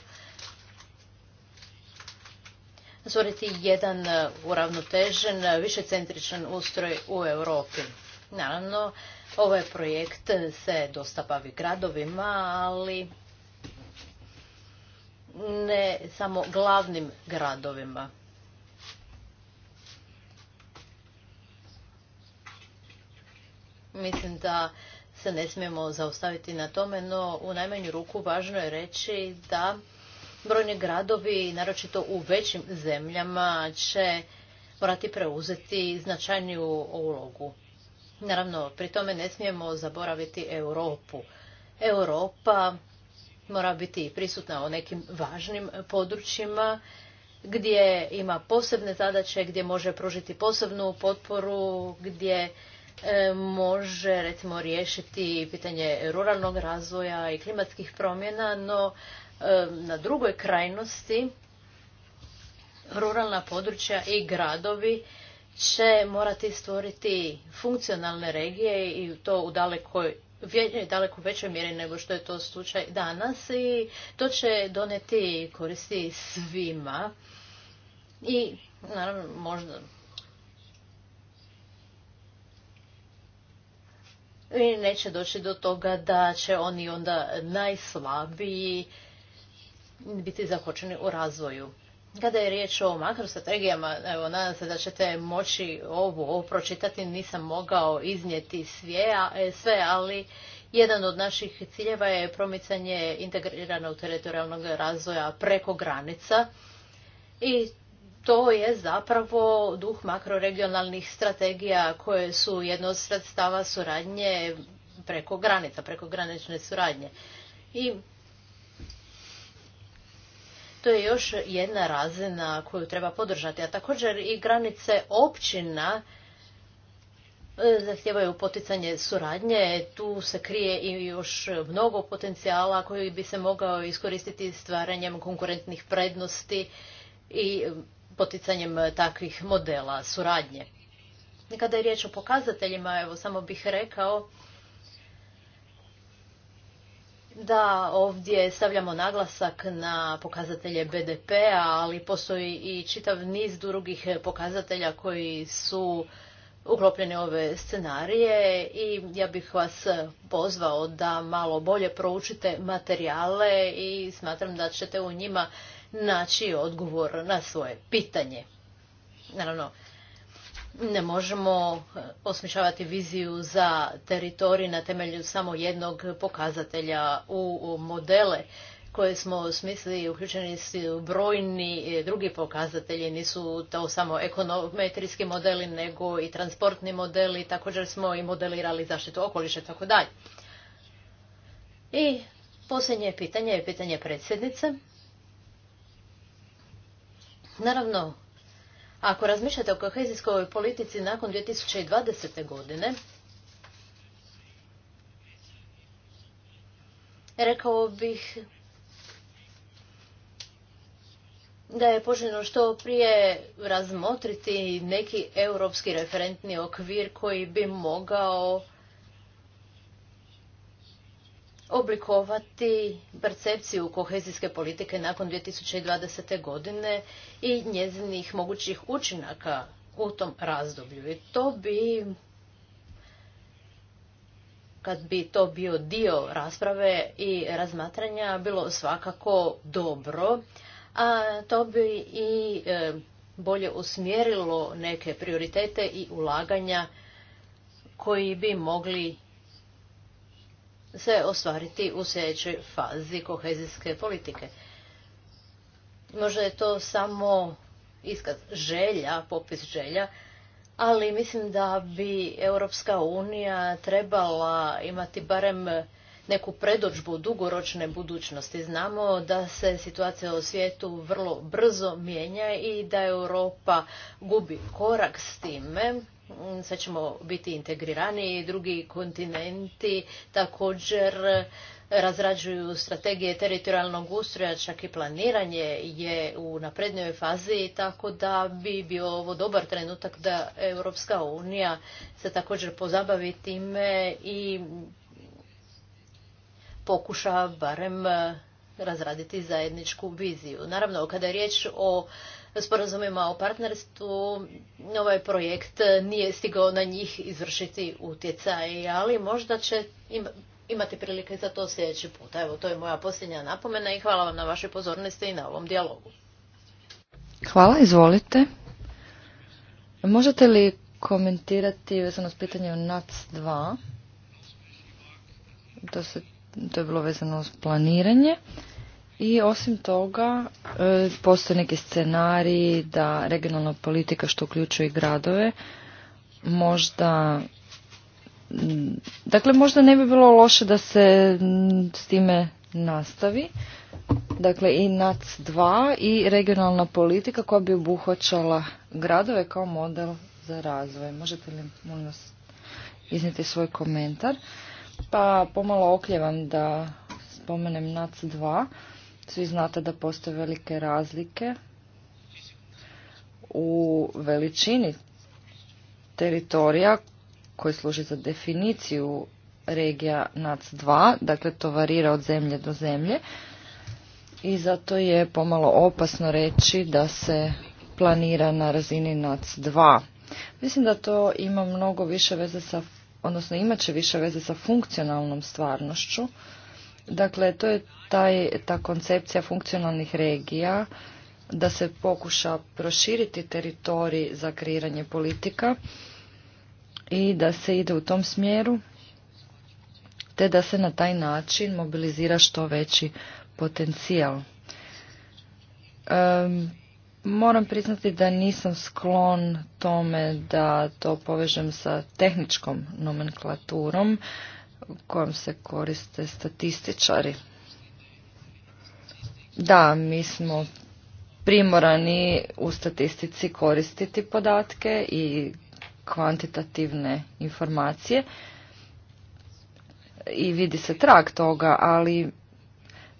stvoriti jedan uravnotežen, višecentričan ustroj u Europi. Naravno, ovaj projekt se dosta bavi gradovima, ali ne samo glavnim gradovima. Mislim da se ne smijemo zaustaviti na tome, no u najmanju ruku važno je reći da brojni gradovi, naročito u većim zemljama, će morati preuzeti značajniju ulogu. Naravno, pri tome ne smijemo zaboraviti Europu. Europa mora biti prisutna u nekim važnim područjima gdje ima posebne zadaće, gdje može pružiti posebnu potporu, gdje e, može recimo riješiti pitanje ruralnog razvoja i klimatskih promjena, no e, na drugoj krajnosti ruralna područja i gradovi će morati stvoriti funkcionalne regije i to u dalekoj daleko većoj mjeri nego što je to slučaj danas i to će doneti koristi svima i naravno možda i neće doći do toga da će oni onda najslabiji biti zakočeni u razvoju. Kada je riječ o makrostrategijama, evo, nadam se da ćete moći ovo, ovo pročitati, nisam mogao iznijeti sve, e, sve, ali jedan od naših ciljeva je promicanje integriranog teritorijalnog razvoja preko granica i to je zapravo duh makroregionalnih strategija koje su jedno od sredstava suradnje preko granica, preko granične suradnje. I to je još jedna razina koju treba podržati, a također i granice općina e, zahtijevaju poticanje suradnje. Tu se krije i još mnogo potencijala koji bi se mogao iskoristiti stvaranjem konkurentnih prednosti i poticanjem takvih modela suradnje. Kada je riječ o pokazateljima, evo samo bih rekao da, ovdje stavljamo naglasak na pokazatelje BDP-a, ali postoji i čitav niz drugih pokazatelja koji su uklopljeni ove scenarije i ja bih vas pozvao da malo bolje proučite materijale i smatram da ćete u njima naći odgovor na svoje pitanje. Naravno, ne možemo eh, osmišljavati viziju za teritorij na temelju samo jednog pokazatelja u modele koje smo smislili uključeni su brojni eh, drugi pokazatelji, nisu to samo ekonometrijski modeli nego i transportni modeli, također smo i modelirali zaštitu okoliša i tako dalje. I posljednje pitanje je pitanje predsjednice. Naravno, ako razmišljate o kohezijskoj politici nakon 2020. godine, rekao bih da je poželjno što prije razmotriti neki europski referentni okvir koji bi mogao oblikovati percepciju kohezijske politike nakon 2020. godine i njezinih mogućih učinaka u tom razdoblju. I to bi, kad bi to bio dio rasprave i razmatranja, bilo svakako dobro, a to bi i e, bolje usmjerilo neke prioritete i ulaganja koji bi mogli se ostvariti u sljedećoj fazi kohezijske politike. Možda je to samo iskaz želja, popis želja, ali mislim da bi Europska unija trebala imati barem neku predođbu dugoročne budućnosti. Znamo da se situacija u svijetu vrlo brzo mijenja i da Europa gubi korak s time. Mm, sve ćemo biti integrirani, drugi kontinenti također e, razrađuju strategije teritorijalnog ustroja, čak i planiranje je u naprednoj fazi, tako da bi bio ovo dobar trenutak da Europska unija se također pozabavi time i pokuša barem e, razraditi zajedničku viziju. Naravno, kada je riječ o sporazumima o partnerstvu ovaj projekt nije stigao na njih izvršiti utjecaj, ali možda će imati prilike za to sljedeći put. Evo, to je moja posljednja napomena i hvala vam na vašoj pozornosti i na ovom dijalogu. Hvala, izvolite. Možete li komentirati vezano s pitanjem NAC2? To, to je bilo vezano s planiranje. I osim toga, e, postoje neki scenariji da regionalna politika što uključuje i gradove, možda mm, dakle možda ne bi bilo loše da se mm, s time nastavi dakle i NAC 2 i regionalna politika koja bi obuhvaćala gradove kao model za razvoj. Možete li molim vas svoj komentar? Pa pomalo okljevam da spomenem NAC 2 svi znate da postoje velike razlike u veličini teritorija koji služi za definiciju regija NAC2, dakle to varira od zemlje do zemlje i zato je pomalo opasno reći da se planira na razini NAC2. Mislim da to ima mnogo više veze sa, odnosno imat će više veze sa funkcionalnom stvarnošću Dakle, to je taj, ta koncepcija funkcionalnih regija da se pokuša proširiti teritorij za kreiranje politika i da se ide u tom smjeru te da se na taj način mobilizira što veći potencijal. moram priznati da nisam sklon tome da to povežem sa tehničkom nomenklaturom kojom se koriste statističari. Da, mi smo primorani u statistici koristiti podatke i kvantitativne informacije i vidi se trag toga, ali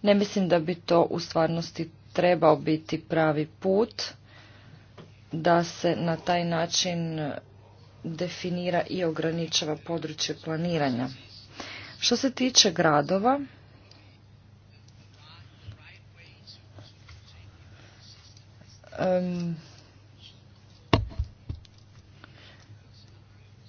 ne mislim da bi to u stvarnosti trebao biti pravi put da se na taj način definira i ograničava područje planiranja. Što se tiče gradova,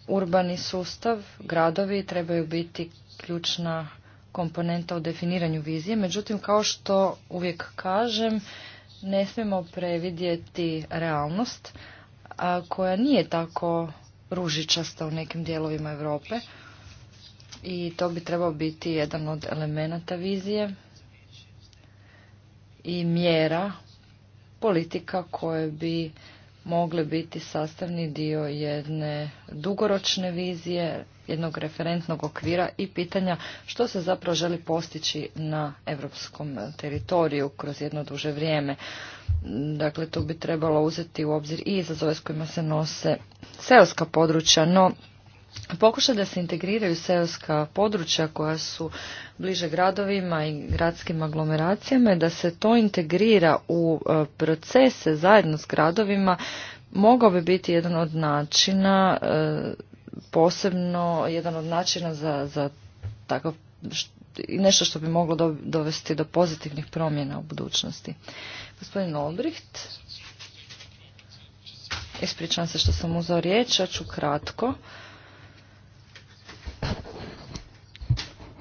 urbani sustav, gradovi trebaju biti ključna komponenta u definiranju vizije. Međutim, kao što uvijek kažem, ne smijemo previdjeti realnost koja nije tako ružičasta u nekim dijelovima Europe i to bi trebao biti jedan od elemenata vizije i mjera politika koje bi mogle biti sastavni dio jedne dugoročne vizije, jednog referentnog okvira i pitanja što se zapravo želi postići na europskom teritoriju kroz jedno duže vrijeme. Dakle, tu bi trebalo uzeti u obzir i izazove s kojima se nose seoska područja, no pokuša da se integriraju seoska područja koja su bliže gradovima i gradskim aglomeracijama i da se to integrira u e, procese zajedno s gradovima mogao bi biti jedan od načina e, posebno jedan od načina za, za takav nešto što bi moglo dovesti do pozitivnih promjena u budućnosti. Gospodin Olbricht, ispričavam se što sam uzao riječ, ja ću kratko.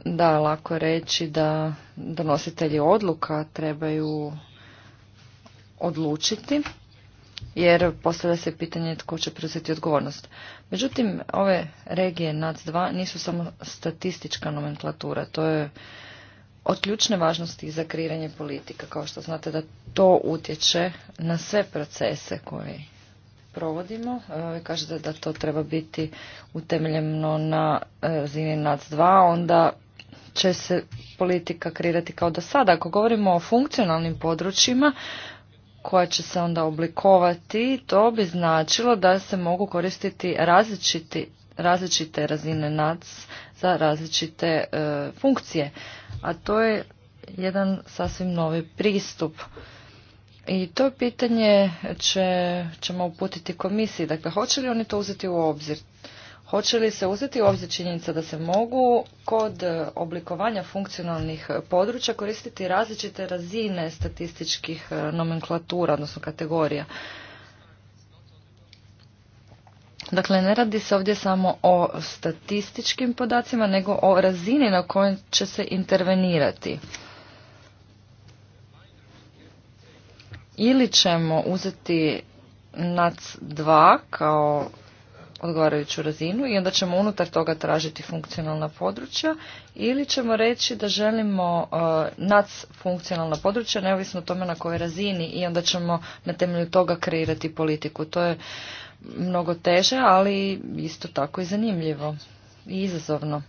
da lako reći da donositelji odluka trebaju odlučiti jer postavlja se pitanje tko će preuzeti odgovornost. Međutim, ove regije NAC2 nisu samo statistička nomenklatura, to je od ključne važnosti za kreiranje politika, kao što znate da to utječe na sve procese koje provodimo. Vi e, kažete da to treba biti utemeljeno na e, razini NAC2, onda će se politika kreirati kao do sada. Ako govorimo o funkcionalnim područjima koja će se onda oblikovati, to bi značilo da se mogu koristiti različiti, različite razine NAC za različite e, funkcije. A to je jedan sasvim novi pristup. I to pitanje će, ćemo uputiti komisiji. Dakle, hoće li oni to uzeti u obzir? Hoće li se uzeti u obzir činjenica da se mogu kod oblikovanja funkcionalnih područja koristiti različite razine statističkih e, nomenklatura, odnosno kategorija? Dakle, ne radi se ovdje samo o statističkim podacima, nego o razini na kojoj će se intervenirati. Ili ćemo uzeti NAC2 kao odgovarajuću razinu i onda ćemo unutar toga tražiti funkcionalna područja ili ćemo reći da želimo e, nac funkcionalna područja neovisno o tome na kojoj razini i onda ćemo na temelju toga kreirati politiku. To je mnogo teže, ali isto tako i zanimljivo i izazovno.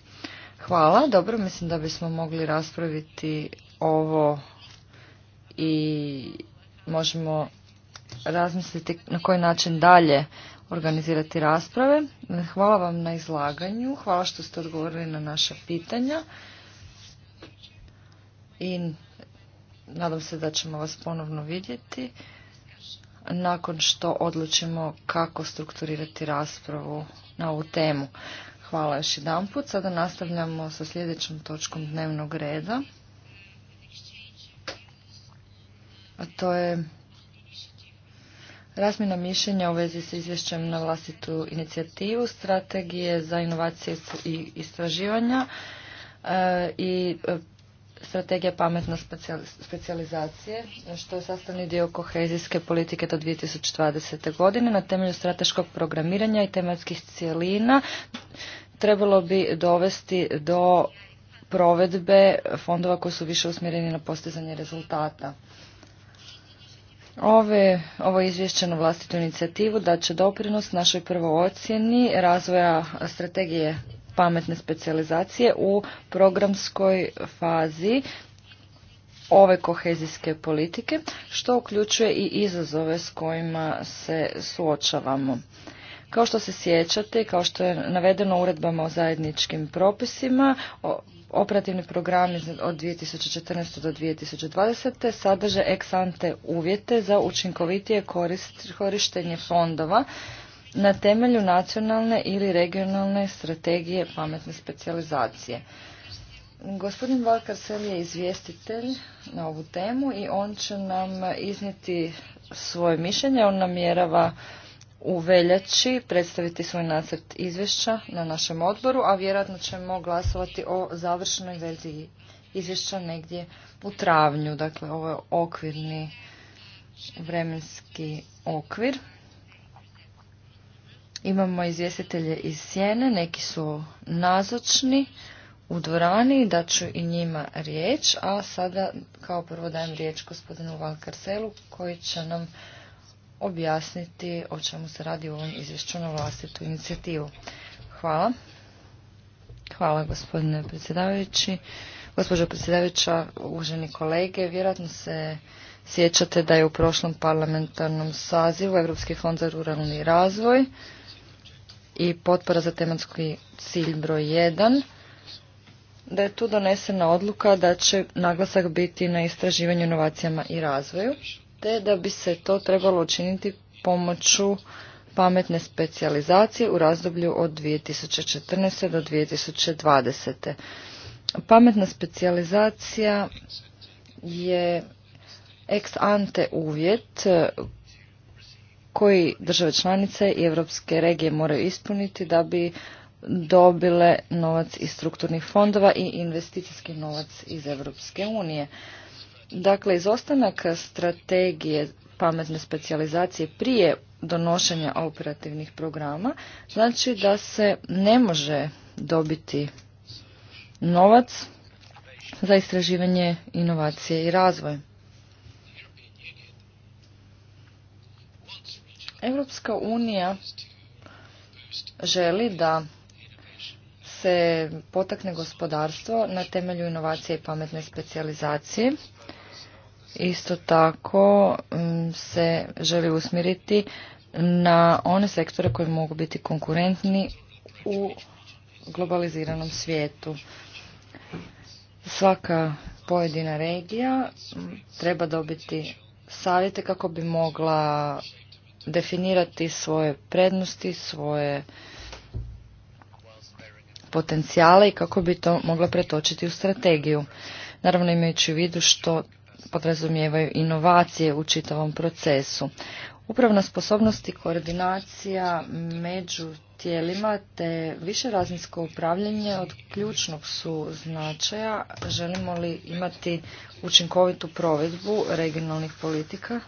Hvala, dobro, mislim da bismo mogli raspraviti ovo i možemo razmisliti na koji način dalje organizirati rasprave. Hvala vam na izlaganju, hvala što ste odgovorili na naša pitanja i nadam se da ćemo vas ponovno vidjeti nakon što odlučimo kako strukturirati raspravu na ovu temu. Hvala još jedan put. Sada nastavljamo sa sljedećom točkom dnevnog reda. A to je Razmjena mišljenja u vezi sa izvješćem na vlastitu inicijativu, strategije za inovacije i istraživanja e, i e, strategija pametna specijalizacije, što je sastavni dio kohezijske politike do 2020. godine na temelju strateškog programiranja i tematskih cijelina trebalo bi dovesti do provedbe fondova koji su više usmjereni na postizanje rezultata. Ove, ovo izvješće na vlastitu inicijativu da će doprinos našoj prvoj ocjeni razvoja strategije pametne specijalizacije u programskoj fazi ove kohezijske politike, što uključuje i izazove s kojima se suočavamo. Kao što se sjećate i kao što je navedeno uredbama o zajedničkim propisima, operativni programi od 2014. do 2020. sadrže eksante uvjete za učinkovitije korištenje fondova na temelju nacionalne ili regionalne strategije pametne specijalizacije. Gospodin Sel je izvjestitelj na ovu temu i on će nam iznijeti svoje mišljenje. On namjerava u veljači predstaviti svoj nacrt izvješća na našem odboru, a vjerojatno ćemo glasovati o završnoj verziji izvješća negdje u travnju. Dakle, ovo je okvirni vremenski okvir. Imamo izvjestitelje iz Sjene, neki su nazočni u dvorani, da ću i njima riječ, a sada kao prvo dajem riječ gospodinu Valkarselu koji će nam objasniti o čemu se radi u ovom izvješću na vlastitu inicijativu. Hvala. Hvala gospodine predsjedavajući. Gospođo predsjedavajuća, uženi kolege, vjerojatno se sjećate da je u prošlom parlamentarnom sazivu Europski fond za ruralni razvoj i potpora za tematski cilj broj 1 da je tu donesena odluka da će naglasak biti na istraživanju inovacijama i razvoju te da bi se to trebalo učiniti pomoću pametne specijalizacije u razdoblju od 2014. do 2020. Pametna specijalizacija je ex ante uvjet koji države članice i europske regije moraju ispuniti da bi dobile novac iz strukturnih fondova i investicijski novac iz Europske unije. Dakle, izostanak strategije pametne specijalizacije prije donošenja operativnih programa znači da se ne može dobiti novac za istraživanje inovacije i razvoj. Europska unija želi da se potakne gospodarstvo na temelju inovacije i pametne specijalizacije isto tako mm, se želi usmjeriti na one sektore koji mogu biti konkurentni u globaliziranom svijetu. Svaka pojedina regija mm, treba dobiti savjete kako bi mogla definirati svoje prednosti, svoje potencijale i kako bi to mogla pretočiti u strategiju. Naravno imajući u vidu što podrazumijevaju inovacije u čitavom procesu. Upravna sposobnost i koordinacija među tijelima te višerazinsko upravljanje od ključnog su značaja želimo li imati učinkovitu provedbu regionalnih politika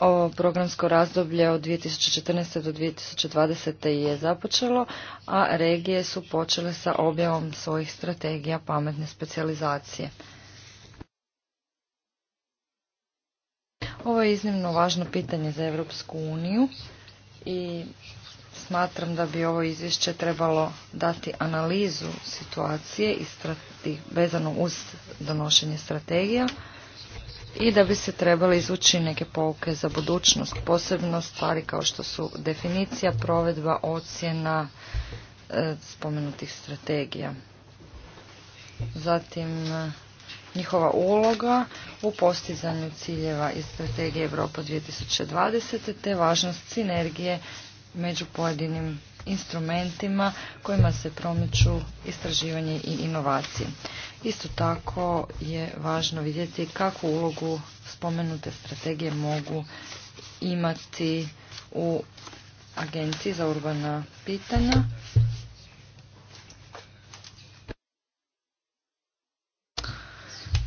Ovo programsko razdoblje od 2014. do 2020. je započelo, a regije su počele sa objavom svojih strategija pametne specijalizacije. Ovo je iznimno važno pitanje za Europsku uniju i smatram da bi ovo izvješće trebalo dati analizu situacije i vezano uz donošenje strategija i da bi se trebali izvući neke pouke za budućnost, posebno stvari kao što su definicija, provedba, ocjena e, spomenutih strategija. Zatim e, njihova uloga u postizanju ciljeva iz strategije Europa 2020. te važnost sinergije među pojedinim instrumentima kojima se promiču istraživanje i inovacije. Isto tako je važno vidjeti kakvu ulogu spomenute strategije mogu imati u Agenciji za urbana pitanja.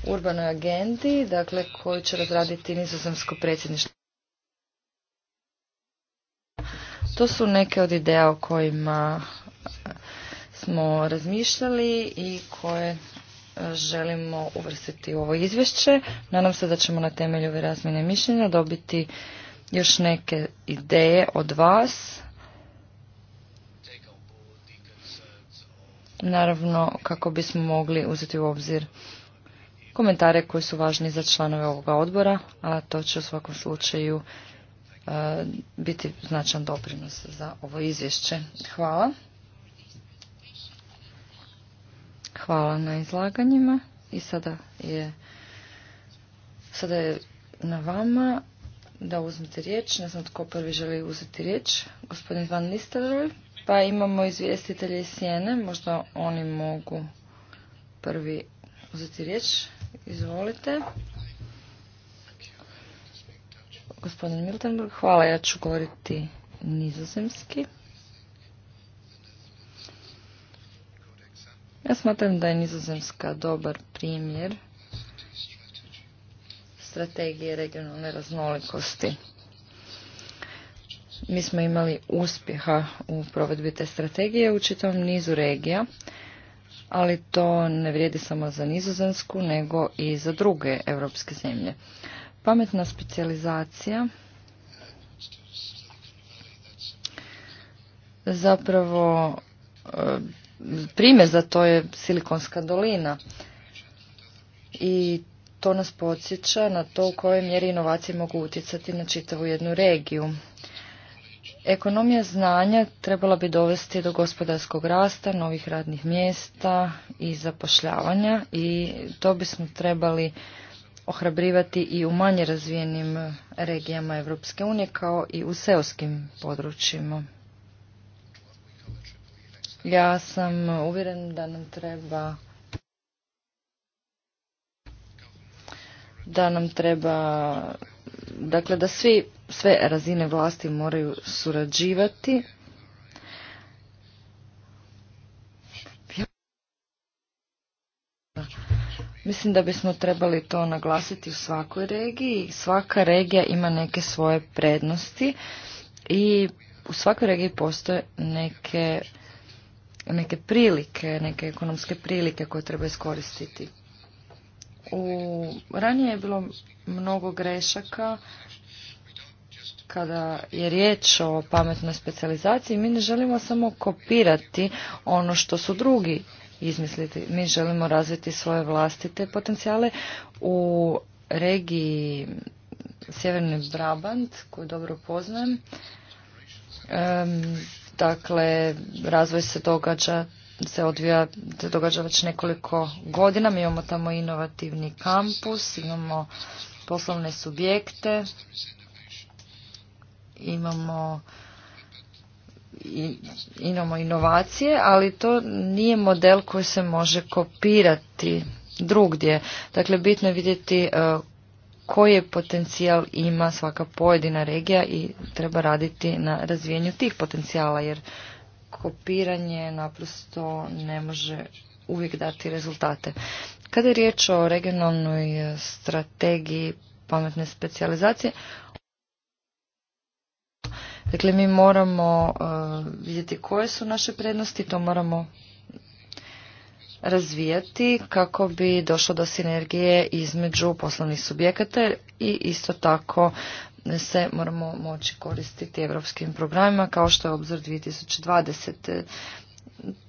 Urbanoj agendi, dakle, koju će razraditi nizozemsko predsjedništvo. To su neke od ideja o kojima eh, smo razmišljali i koje eh, želimo uvrstiti u ovo izvješće. Nadam se da ćemo na temelju ove razmjene mišljenja dobiti još neke ideje od vas. Naravno, kako bismo mogli uzeti u obzir komentare koji su važni za članove ovoga odbora, a to će u svakom slučaju biti značan doprinos za ovo izvješće. Hvala. Hvala na izlaganjima i sada je sada je na vama da uzmete riječ. Ne znam tko prvi želi uzeti riječ. Gospodin Van Nistelrooy. Pa imamo izvjestitelje iz Sjene. Možda oni mogu prvi uzeti riječ. Izvolite gospodin Miltenburg. Hvala, ja ću govoriti nizozemski. Ja smatram da je nizozemska dobar primjer strategije regionalne raznolikosti. Mi smo imali uspjeha u provedbi te strategije u čitavom nizu regija, ali to ne vrijedi samo za nizozemsku, nego i za druge europske zemlje pametna specijalizacija zapravo e, primjer za to je Silikonska dolina i to nas podsjeća na to u kojoj mjeri inovacije mogu utjecati na čitavu jednu regiju. Ekonomija znanja trebala bi dovesti do gospodarskog rasta, novih radnih mjesta i zapošljavanja i to bismo trebali ohrabrivati i u manje razvijenim eh, regijama Evropske unije kao i u seoskim područjima. Ja sam uvjeren da nam treba da nam treba dakle da svi sve razine vlasti moraju surađivati Mislim da bismo trebali to naglasiti u svakoj regiji. Svaka regija ima neke svoje prednosti i u svakoj regiji postoje neke, neke prilike, neke ekonomske prilike koje treba iskoristiti. U, ranije je bilo mnogo grešaka kada je riječ o pametnoj specijalizaciji. Mi ne želimo samo kopirati ono što su drugi izmisliti. Mi želimo razviti svoje vlastite potencijale u regiji Sjeverni Brabant, koju dobro poznajem. Um, dakle, razvoj se događa se odvija, se događa već nekoliko godina. Mi imamo tamo inovativni kampus, imamo poslovne subjekte, imamo imamo inovacije, ali to nije model koji se može kopirati drugdje. Dakle, bitno je vidjeti e, koji je potencijal ima svaka pojedina regija i treba raditi na razvijenju tih potencijala, jer kopiranje naprosto ne može uvijek dati rezultate. Kada je riječ o regionalnoj strategiji pametne specijalizacije, Dakle, mi moramo uh, vidjeti koje su naše prednosti, to moramo razvijati kako bi došlo do sinergije između poslovnih subjekata i isto tako se moramo moći koristiti evropskim programima kao što je obzor 2020.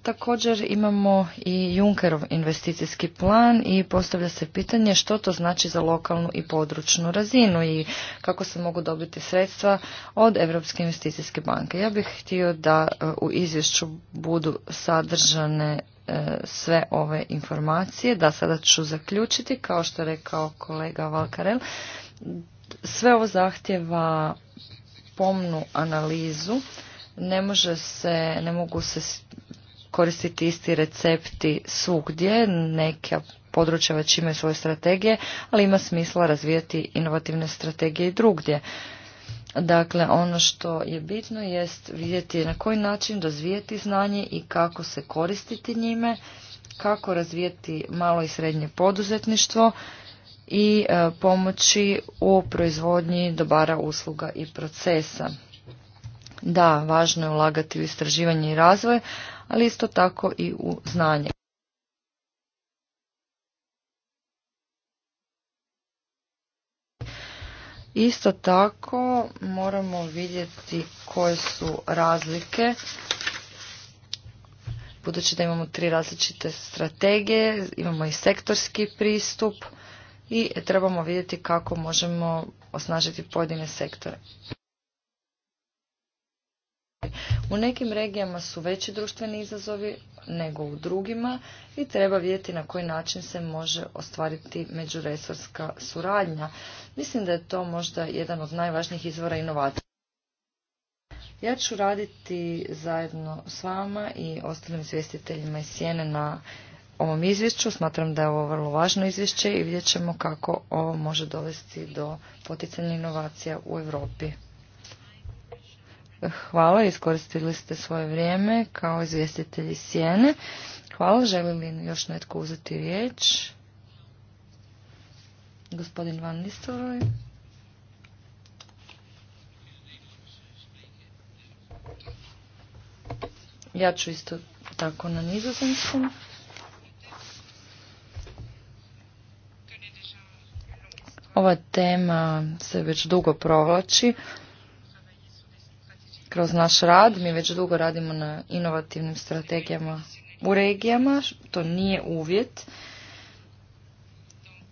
Također imamo i Junkerov investicijski plan i postavlja se pitanje što to znači za lokalnu i područnu razinu i kako se mogu dobiti sredstva od Europske investicijske banke. Ja bih htio da e, u izvješću budu sadržane e, sve ove informacije, da sada ću zaključiti, kao što je rekao kolega Valkarel, sve ovo zahtjeva pomnu analizu, ne može se, ne mogu se koristiti isti recepti svugdje, neka područja već imaju svoje strategije, ali ima smisla razvijati inovativne strategije i drugdje. Dakle, ono što je bitno jest vidjeti na koji način razvijeti znanje i kako se koristiti njime, kako razvijeti malo i srednje poduzetništvo i e, pomoći u proizvodnji dobara usluga i procesa. Da, važno je ulagati u istraživanje i razvoj, ali isto tako i u znanje. Isto tako moramo vidjeti koje su razlike budući da imamo tri različite strategije, imamo i sektorski pristup i trebamo vidjeti kako možemo osnažiti pojedine sektore. U nekim regijama su veći društveni izazovi nego u drugima i treba vidjeti na koji način se može ostvariti međuresorska suradnja. Mislim da je to možda jedan od najvažnijih izvora inovacija. Ja ću raditi zajedno s vama i ostalim izvjestiteljima iz Sjene na ovom izvješću. Smatram da je ovo vrlo važno izvješće i vidjet ćemo kako ovo može dovesti do poticanja inovacija u Europi. Hvala, iskoristili ste svoje vrijeme kao izvjestitelji sjene. Hvala, želi li još netko uzeti riječ? Gospodin Van Nistelrooy. Ja ću isto tako na nizozemskom. Ova tema se već dugo provlači kroz naš rad. Mi već dugo radimo na inovativnim strategijama u regijama. To nije uvjet,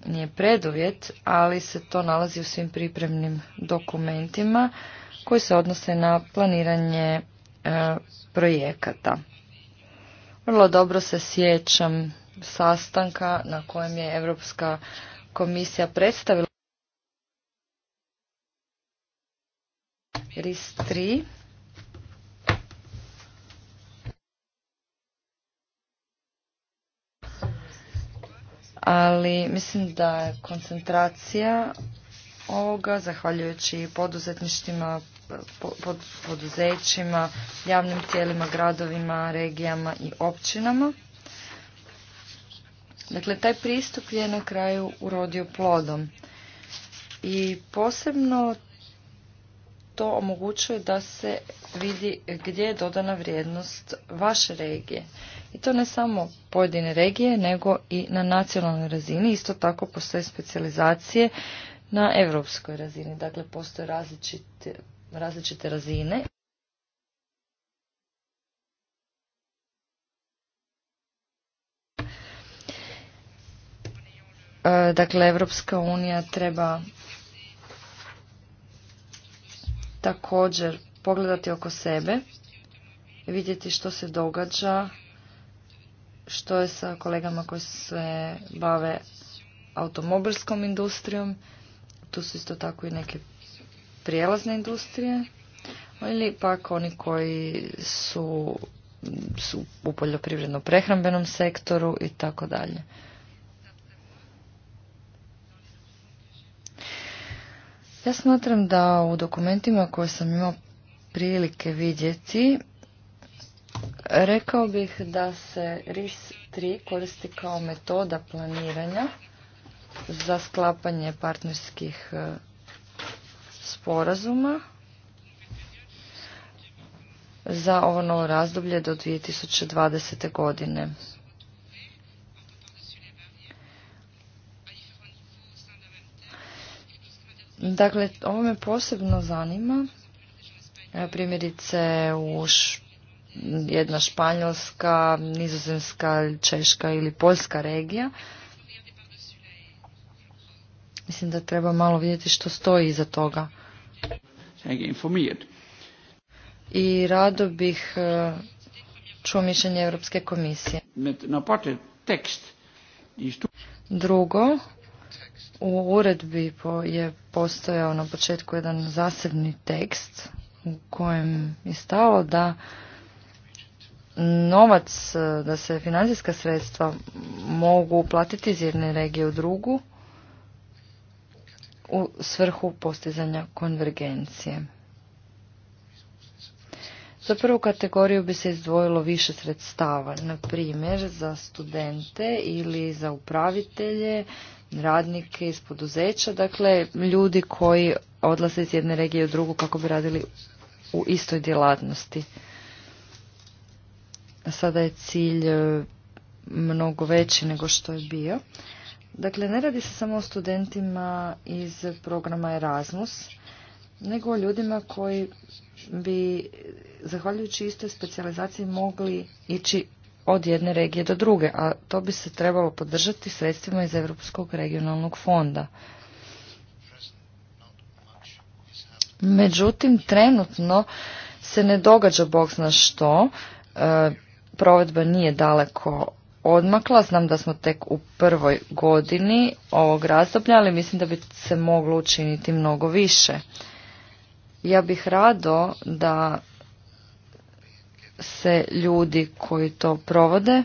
nije preduvjet, ali se to nalazi u svim pripremnim dokumentima koji se odnose na planiranje e, projekata. Vrlo dobro se sjećam sastanka na kojem je Europska komisija predstavila RIS 3 ali mislim da je koncentracija ovoga, zahvaljujući poduzetništima, poduzećima, javnim tijelima, gradovima, regijama i općinama. Dakle, taj pristup je na kraju urodio plodom. I posebno to omogućuje da se vidi gdje je dodana vrijednost vaše regije. I to ne samo pojedine regije, nego i na nacionalnoj razini. Isto tako postoje specijalizacije na europskoj razini. Dakle, postoje različite, različite razine. E, dakle, Evropska unija treba također pogledati oko sebe, vidjeti što se događa što je sa kolegama koji se bave automobilskom industrijom, tu su isto tako i neke prijelazne industrije, ili pak oni koji su, su u poljoprivredno prehrambenom sektoru i tako dalje. Ja smatram da u dokumentima koje sam imao prilike vidjeti Rekao bih da se RIS-3 koristi kao metoda planiranja za sklapanje partnerskih e, sporazuma za ovo novo razdoblje do 2020. godine. Dakle, ovo me posebno zanima. E, primjerice u jedna španjolska, nizozemska, češka ili poljska regija. Mislim da treba malo vidjeti što stoji iza toga. I rado bih e, čuo mišljenje Europske komisije. Drugo, u uredbi je postojao na početku jedan zasebni tekst u kojem je stalo da novac, e, da se financijska sredstva mogu uplatiti iz jedne regije u drugu u svrhu postizanja konvergencije. Za prvu kategoriju bi se izdvojilo više sredstava, na primjer za studente ili za upravitelje, radnike iz poduzeća, dakle ljudi koji odlaze iz jedne regije u drugu kako bi radili u istoj djelatnosti sada je cilj e, mnogo veći nego što je bio. Dakle, ne radi se samo o studentima iz programa Erasmus, nego o ljudima koji bi, zahvaljujući istoj specijalizaciji, mogli ići od jedne regije do druge, a to bi se trebalo podržati sredstvima iz Europskog regionalnog fonda. Međutim, trenutno se ne događa bog zna što, e, provedba nije daleko odmakla. Znam da smo tek u prvoj godini ovog razdoblja, ali mislim da bi se moglo učiniti mnogo više. Ja bih rado da se ljudi koji to provode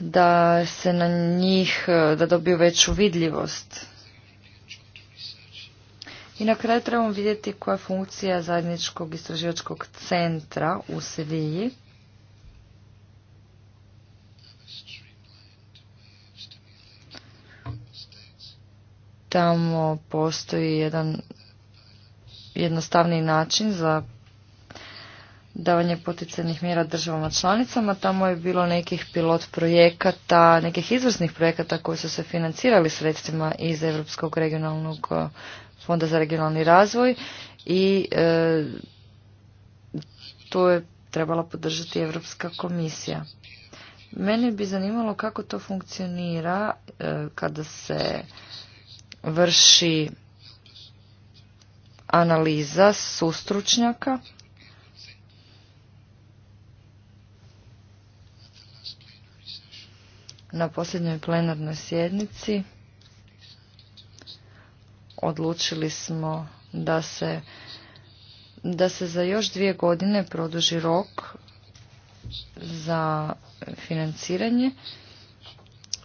da se na njih, da dobiju veću vidljivost i na kraju trebamo vidjeti koja je funkcija zajedničkog istraživačkog centra u Seviji. Tamo postoji jedan jednostavni način za davanje poticajnih mjera državama članicama. Tamo je bilo nekih pilot projekata, nekih izvrsnih projekata koji su se financirali sredstvima iz Europskog regionalnog Fonda za regionalni razvoj i e, to je trebala podržati Europska komisija. Mene bi zanimalo kako to funkcionira e, kada se vrši analiza sustručnjaka na posljednjoj plenarnoj sjednici odlučili smo da se, da se za još dvije godine produži rok za financiranje.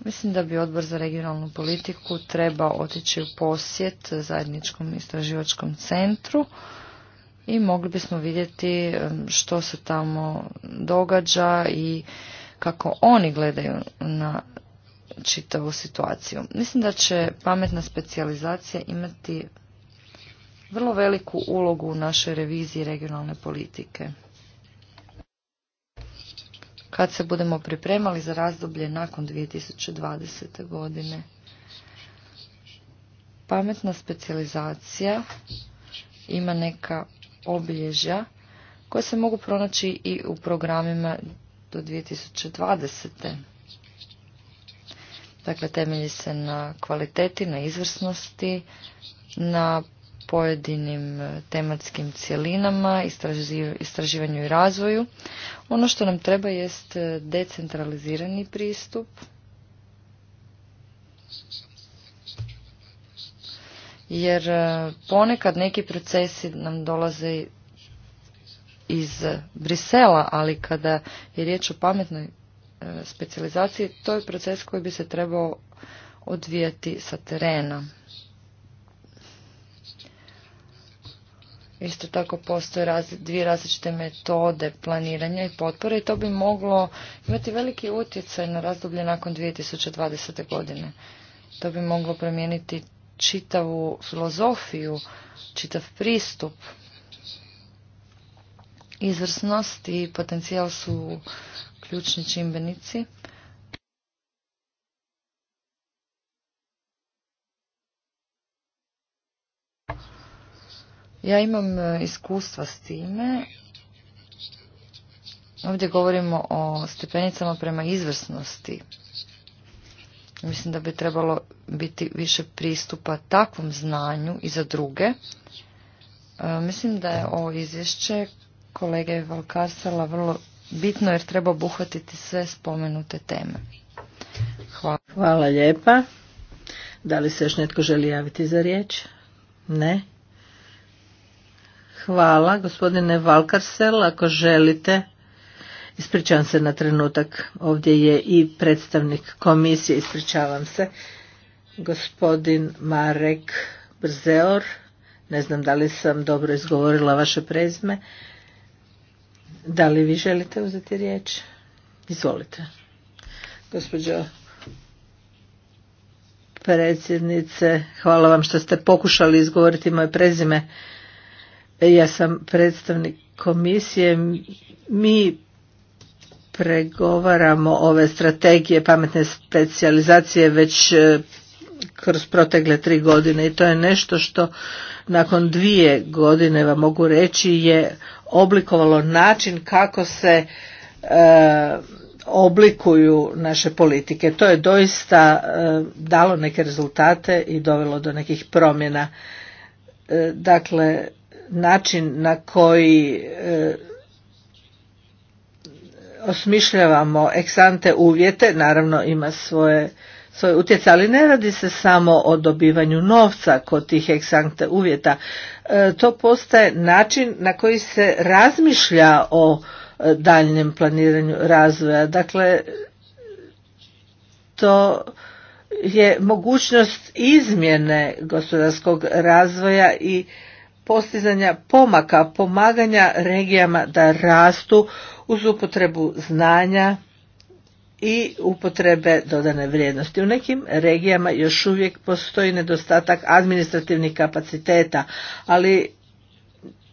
Mislim da bi odbor za regionalnu politiku treba otići u posjet zajedničkom istraživačkom centru i mogli bismo vidjeti što se tamo događa i kako oni gledaju na čitavu situaciju. Mislim da će pametna specijalizacija imati vrlo veliku ulogu u našoj reviziji regionalne politike. Kad se budemo pripremali za razdoblje nakon 2020. godine, pametna specijalizacija ima neka obilježja koje se mogu pronaći i u programima do 2020. Dakle, temelji se na kvaliteti, na izvrsnosti, na pojedinim e, tematskim cjelinama, istraživanju i razvoju. Ono što nam treba jest e, decentralizirani pristup jer e, ponekad neki procesi nam dolaze iz Brisela, ali kada je riječ o pametnoj specijalizacije, to je proces koji bi se trebao odvijati sa terena. Isto tako postoje dvije različite metode planiranja i potpore i to bi moglo imati veliki utjecaj na razdoblje nakon 2020. godine. To bi moglo promijeniti čitavu filozofiju, čitav pristup. Izvrsnost i potencijal su ključni čimbenici. Ja imam e, iskustva s time. Ovdje govorimo o stepenicama prema izvrsnosti. Mislim da bi trebalo biti više pristupa takvom znanju i za druge. E, mislim da je ovo izvješće kolege Valkarsala vrlo bitno jer treba obuhvatiti sve spomenute teme. Hvala. Hvala lijepa. Da li se još netko želi javiti za riječ? Ne. Hvala, gospodine Valkarsel, ako želite. Ispričavam se na trenutak, ovdje je i predstavnik komisije, ispričavam se, gospodin Marek Brzeor, ne znam da li sam dobro izgovorila vaše prezme. Da li vi želite uzeti riječ? Izvolite. Gospođo predsjednice, hvala vam što ste pokušali izgovoriti moje prezime. Ja sam predstavnik komisije. Mi pregovaramo ove strategije pametne specijalizacije već kroz protegle tri godine i to je nešto što nakon dvije godine vam mogu reći je oblikovalo način kako se e, oblikuju naše politike. To je doista e, dalo neke rezultate i dovelo do nekih promjena. E, dakle, način na koji osmišljavamo eksante uvjete, naravno ima svoje svoj utjecaj, ali ne radi se samo o dobivanju novca kod tih eksante uvjeta. E, to postaje način na koji se razmišlja o e, daljnjem planiranju razvoja. Dakle, to je mogućnost izmjene gospodarskog razvoja i postizanja pomaka, pomaganja regijama da rastu uz upotrebu znanja i upotrebe dodane vrijednosti. U nekim regijama još uvijek postoji nedostatak administrativnih kapaciteta, ali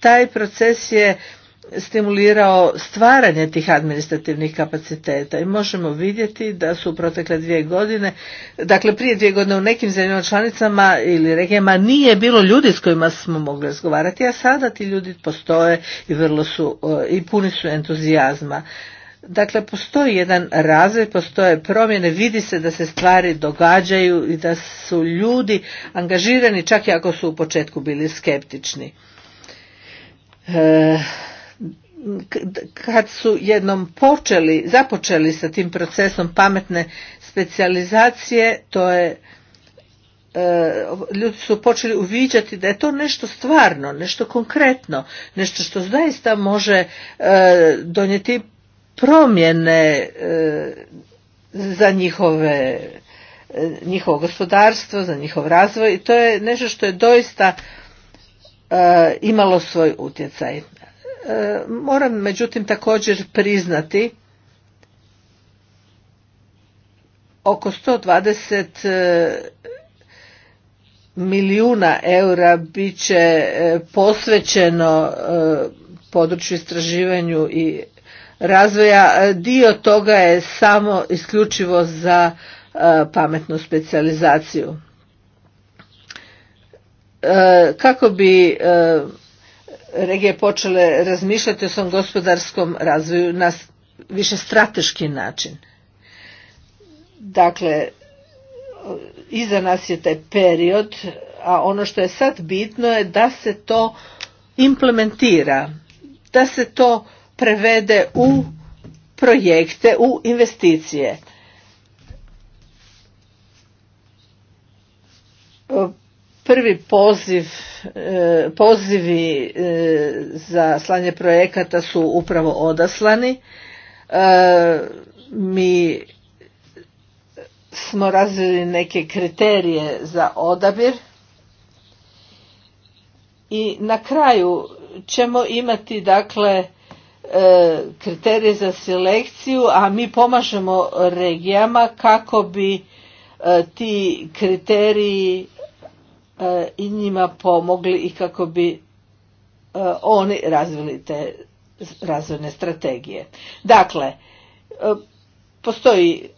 taj proces je stimulirao stvaranje tih administrativnih kapaciteta i možemo vidjeti da su protekle dvije godine, dakle prije dvije godine u nekim zemljama članicama ili regijama nije bilo ljudi s kojima smo mogli razgovarati, a sada ti ljudi postoje i vrlo su e, i puni su entuzijazma. Dakle, postoji jedan razvoj, postoje promjene, vidi se da se stvari događaju i da su ljudi angažirani čak i ako su u početku bili skeptični. E, kad su jednom počeli, započeli sa tim procesom pametne specijalizacije, to je e, ljudi su počeli uviđati da je to nešto stvarno, nešto konkretno, nešto što zaista može e, donijeti promjene e, za njihove e, njihovo gospodarstvo, za njihov razvoj i to je nešto što je doista e, imalo svoj utjecaj. Moram međutim također priznati oko 120 milijuna eura bit će posvećeno području istraživanju i razvoja e, dio toga je samo isključivo za e, pametnu specijalizaciju e, kako bi regije počele razmišljati o svom gospodarskom razvoju na više strateški način dakle iza nas je taj period a ono što je sad bitno je da se to implementira da se to prevede u projekte, u investicije. Prvi poziv, eh, pozivi eh, za slanje projekata su upravo odaslani. Eh, mi smo razvili neke kriterije za odabir i na kraju ćemo imati dakle E, kriterije za selekciju, a mi pomažemo regijama kako bi e, ti kriteriji e, i njima pomogli i kako bi oni razvili te razvojne strategije. Dakle, postoji,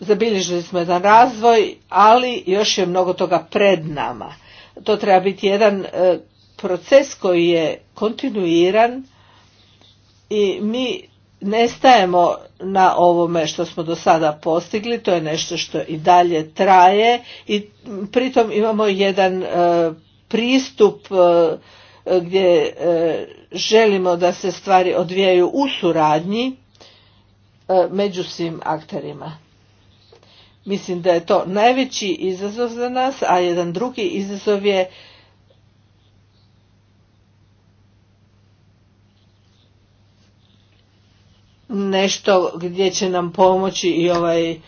zabilježili smo jedan razvoj, ali još je mnogo toga pred nama. To treba biti jedan proces koji je kontinuiran, i mi nestajemo na ovome što smo do sada postigli, to je nešto što i dalje traje i pritom imamo jedan e, pristup e, gdje e, želimo da se stvari odvijaju u suradnji među svim akterima. Mislim da je to najveći izazov za nas, a jedan drugi izazov je nešto gdje će nam pomoći i ovaj e,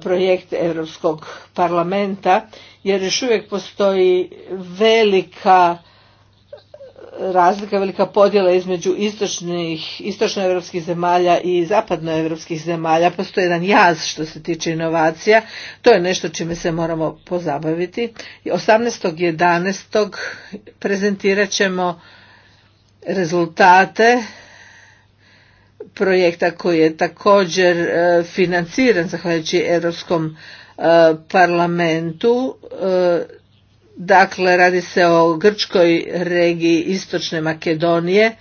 projekt Europskog parlamenta jer još uvijek postoji velika e, razlika, velika podjela između istočnih, istočnoevropskih zemalja i zapadnoevropskih zemalja. Postoji jedan jaz što se tiče inovacija. To je nešto čime se moramo pozabaviti. 18.11. prezentirat ćemo rezultate projekta koji je također e, financiran zahvaljujući Europskom e, parlamentu. E, dakle, radi se o grčkoj regiji Istočne Makedonije.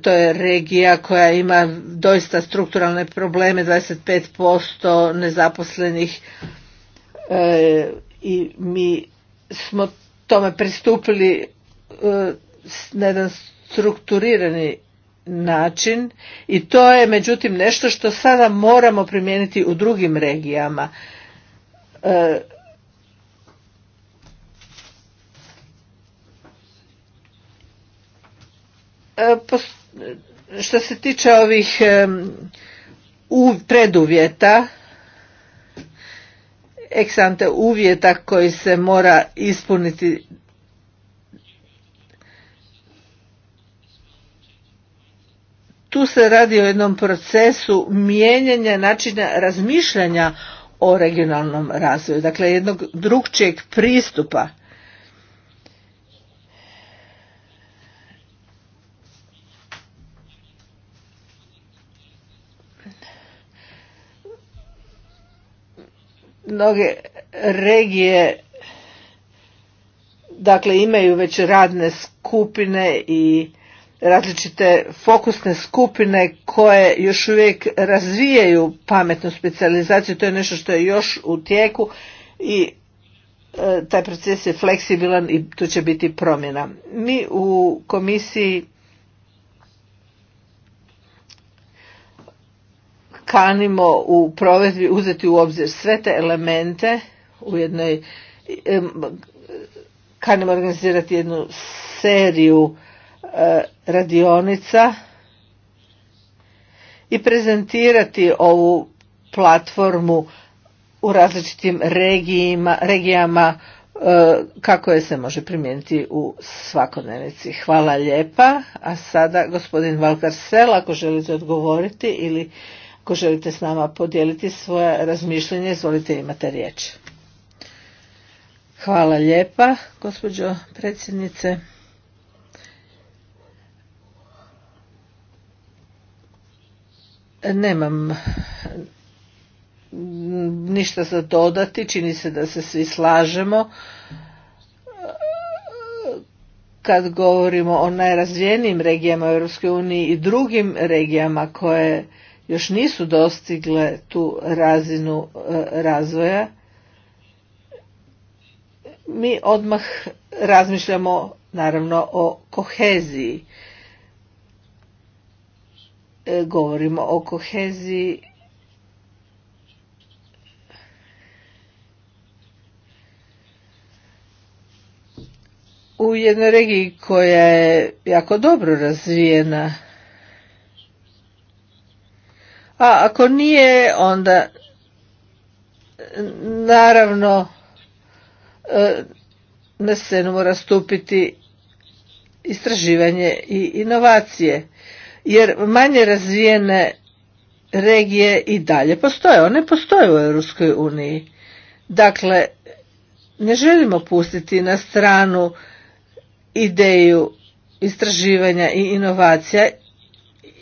To je regija koja ima doista strukturalne probleme, 25% nezaposlenih i mi smo tome pristupili na jedan strukturirani način i to je međutim nešto što sada moramo primijeniti u drugim regijama. E, e što se tiče ovih e, preduvjeta, eksante uvjeta koji se mora ispuniti tu se radi o jednom procesu mijenjanja načina razmišljanja o regionalnom razvoju, dakle jednog drugčijeg pristupa. Mnoge regije dakle imaju već radne skupine i različite fokusne skupine koje još uvijek razvijaju pametnu specijalizaciju, to je nešto što je još u tijeku i e, taj proces je fleksibilan i tu će biti promjena. Mi u komisiji kanimo u provedbi uzeti u obzir sve te elemente u jednoj kanimo organizirati jednu seriju E, radionica i prezentirati ovu platformu u različitim regijama e, kako je se može primijeniti u svakodnevnici. Hvala lijepa. A sada gospodin Valkar Sel, ako želite odgovoriti ili ako želite s nama podijeliti svoje razmišljenje, izvolite imate riječ. Hvala lijepa, gospođo predsjednice. Nemam ništa za dodati, čini se da se svi slažemo. Kad govorimo o najrazvijenijim regijama Europske EU i drugim regijama koje još nisu dostigle tu razinu e, razvoja, mi odmah razmišljamo naravno o koheziji E, govorimo o koheziji u jednoj regiji koja je jako dobro razvijena. A ako nije, onda naravno e, na scenu mora stupiti istraživanje i inovacije jer manje razvijene regije i dalje postoje. One postoje u Europskoj uniji. Dakle, ne želimo pustiti na stranu ideju istraživanja i inovacija,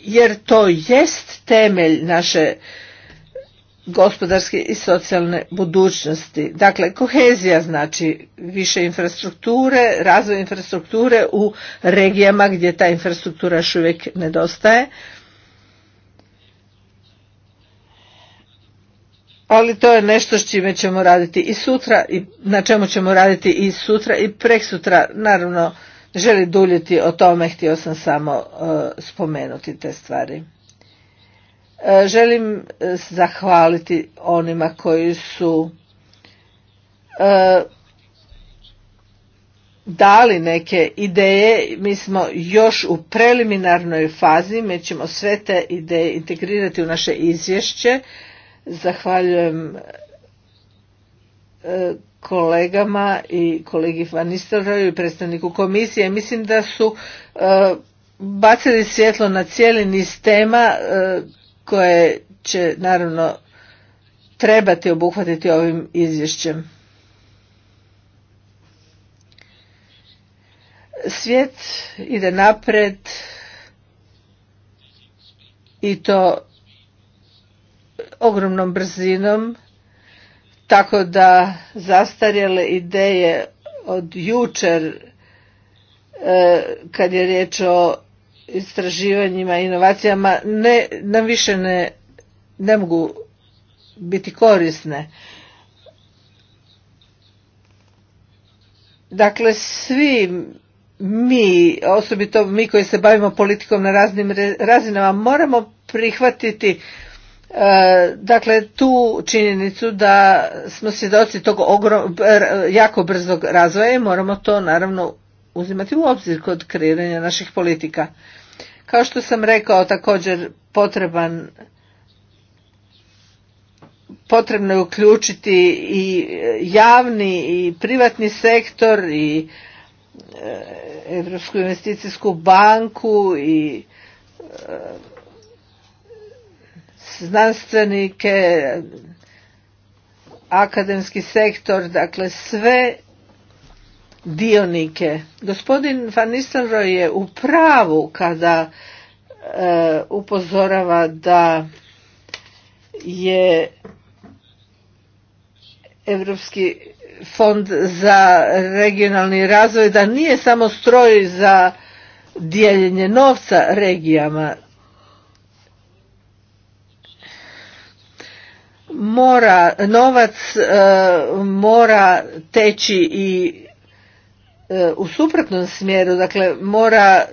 jer to jest temelj naše gospodarske i socijalne budućnosti. Dakle, kohezija znači više infrastrukture, razvoj infrastrukture u regijama gdje ta infrastruktura još uvijek nedostaje. Ali to je nešto s čime ćemo raditi i sutra, i na čemu ćemo raditi i sutra i preksutra. Naravno, želi duljiti o tome, htio sam samo e, spomenuti te stvari. E, želim e, zahvaliti onima koji su e, dali neke ideje, mi smo još u preliminarnoj fazi, mi ćemo sve te ideje integrirati u naše izvješće. Zahvaljujem kolegama i kolegi Van i predstavniku komisije. Mislim da su bacili svjetlo na cijeli niz tema koje će naravno trebati obuhvatiti ovim izvješćem. Svijet ide napred i to ogromnom brzinom, tako da zastarjele ideje od jučer e, kad je riječ o istraživanjima i inovacijama ne, nam više ne, mogu biti korisne. Dakle, svi mi, osobito mi koji se bavimo politikom na raznim razinama, moramo prihvatiti e, dakle tu činjenicu da smo svjedoci tog jako brzog razvoja i moramo to naravno uzimati u obzir kod kreiranja naših politika. Kao što sam rekao, također potreban potrebno je uključiti i e, javni i privatni sektor i e, Europsku investicijsku banku i e, znanstvenike, akademski sektor, dakle sve dionike. Gospodin Van Nistelrooy je u pravu kada e, upozorava da je Europski fond za regionalni razvoj da nije samo stroj za dijeljenje novca regijama. Mora, novac e, mora teći i E, u suprotnom smjeru, dakle mora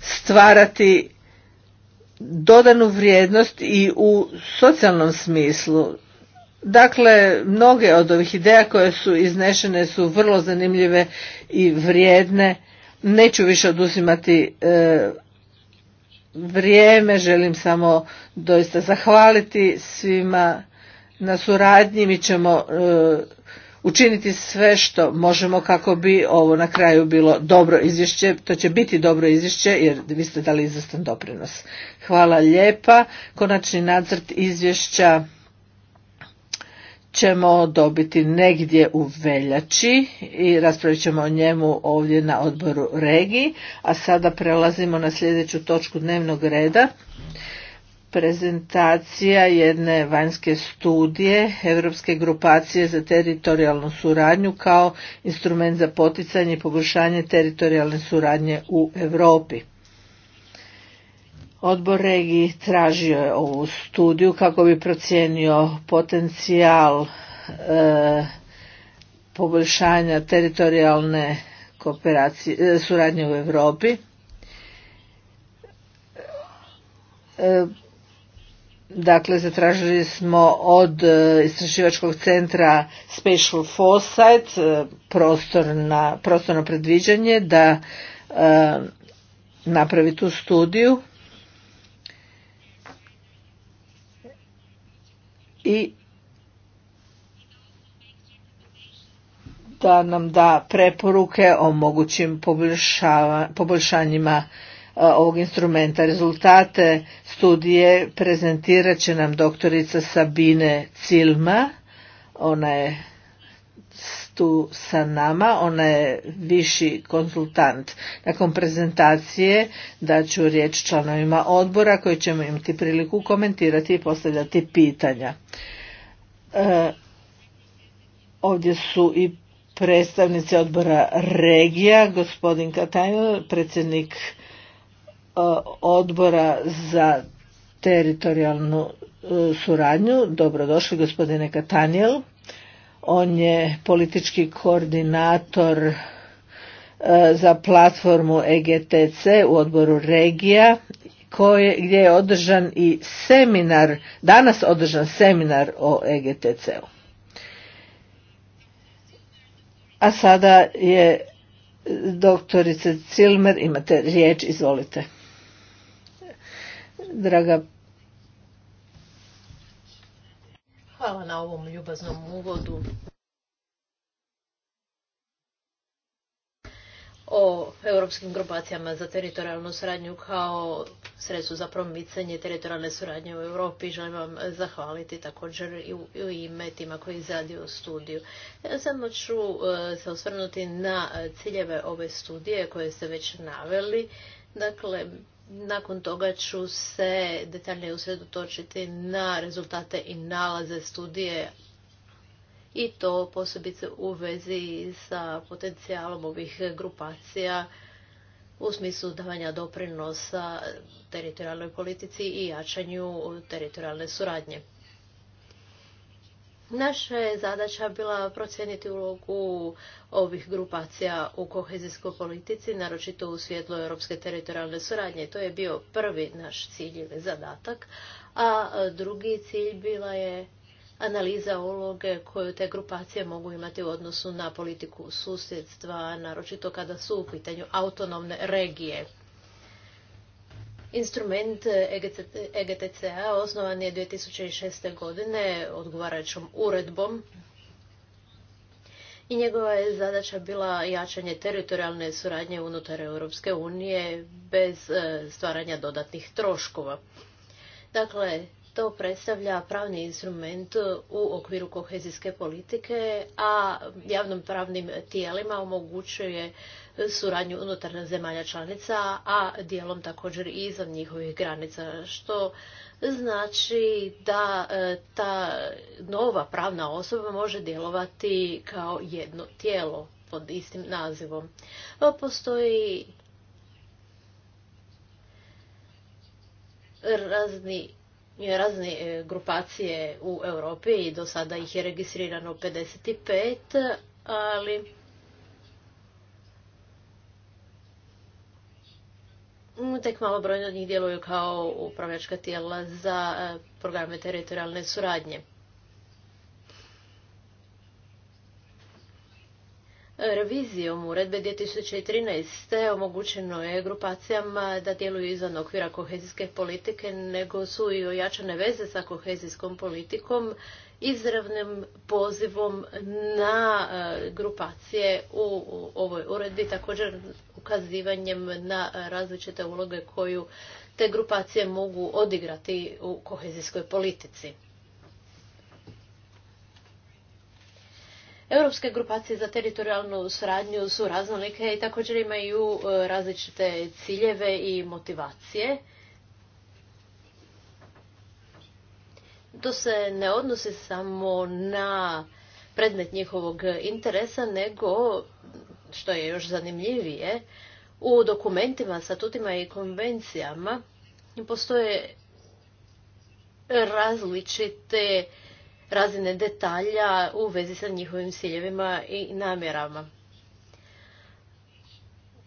stvarati dodanu vrijednost i u socijalnom smislu. Dakle, mnoge od ovih ideja koje su iznešene su vrlo zanimljive i vrijedne. Neću više oduzimati e, vrijeme, želim samo doista zahvaliti svima na suradnji. Mi ćemo e, učiniti sve što možemo kako bi ovo na kraju bilo dobro izvješće. To će biti dobro izvješće jer vi ste dali izvrstan doprinos. Hvala lijepa. Konačni nadzrt izvješća ćemo dobiti negdje u veljači i raspravit ćemo o njemu ovdje na odboru regiji. A sada prelazimo na sljedeću točku dnevnog reda prezentacija jedne vanjske studije Europske grupacije za teritorijalnu suradnju kao instrument za poticanje i poboljšanje teritorijalne suradnje u Europi. Odbor regiji tražio je ovu studiju kako bi procijenio potencijal e, poboljšanja teritorijalne e, suradnje u Europi. E, Dakle, zatražili smo od e, istraživačkog centra Special Foresight e, na prostorno predviđanje da e, napravi tu studiju i da nam da preporuke o mogućim poboljšanjima E, ovog instrumenta. Rezultate studije prezentirat će nam doktorica Sabine Cilma. Ona je tu sa nama, ona je viši konsultant. Nakon prezentacije daću riječ članovima odbora koji ćemo imati priliku komentirati i postavljati pitanja. E, ovdje su i predstavnici odbora regija, gospodin Katajl, predsjednik E, odbora za teritorijalnu e, suradnju. Dobrodošli gospodine Katanijel. On je politički koordinator e, za platformu EGTC u odboru Regija gdje je održan i seminar, danas održan seminar o EGTC-u. A sada je doktorice Cilmer, imate riječ, izvolite draga Hvala na ovom ljubaznom uvodu. o europskim grupacijama za teritorijalnu suradnju kao sredstvu za promicanje teritorijalne suradnje u Europi. Želim vam zahvaliti također i u ime tima koji izradio studiju. Ja samo ću e, se osvrnuti na ciljeve ove studije koje ste već naveli. Dakle, nakon toga ću se detaljnije usredotočiti na rezultate i nalaze studije i to posebice u vezi sa potencijalom ovih grupacija u smislu davanja doprinosa teritorijalnoj politici i jačanju teritorijalne suradnje. Naša je zadaća bila procijeniti ulogu ovih grupacija u kohezijskoj politici, naročito u svjetlu europske teritorijalne suradnje. To je bio prvi naš cilj ili zadatak, a drugi cilj bila je analiza uloge koju te grupacije mogu imati u odnosu na politiku susjedstva, naročito kada su u pitanju autonomne regije. Instrument EGTCA eh, e e osnovan je 2006. godine odgovarajućom uredbom i njegova je zadaća bila jačanje teritorijalne suradnje unutar Europske unije bez eh, stvaranja dodatnih troškova. Dakle, to predstavlja pravni instrument u okviru kohezijske politike, a javnom pravnim tijelima omogućuje suradnju unutar zemalja članica, a dijelom također i izvan njihovih granica, što znači da e, ta nova pravna osoba može djelovati kao jedno tijelo pod istim nazivom. E, postoji razni razne e, grupacije u Europi i do sada ih je registrirano 55, ali tek malo brojno od njih djeluju kao upravljačka tijela za e, programe teritorijalne suradnje. Revizijom uredbe 2013. omogućeno je grupacijama da djeluju izvan okvira kohezijske politike, nego su i ojačane veze sa kohezijskom politikom izravnim pozivom na e, grupacije u ovoj uredbi, također ukazivanjem na različite uloge koju te grupacije mogu odigrati u kohezijskoj politici. Europske grupacije za teritorijalnu suradnju su raznolike i također imaju e, različite ciljeve i motivacije. To se ne odnosi samo na predmet njihovog interesa, nego, što je još zanimljivije, u dokumentima, statutima i konvencijama postoje različite razine detalja u vezi sa njihovim ciljevima i namjerama.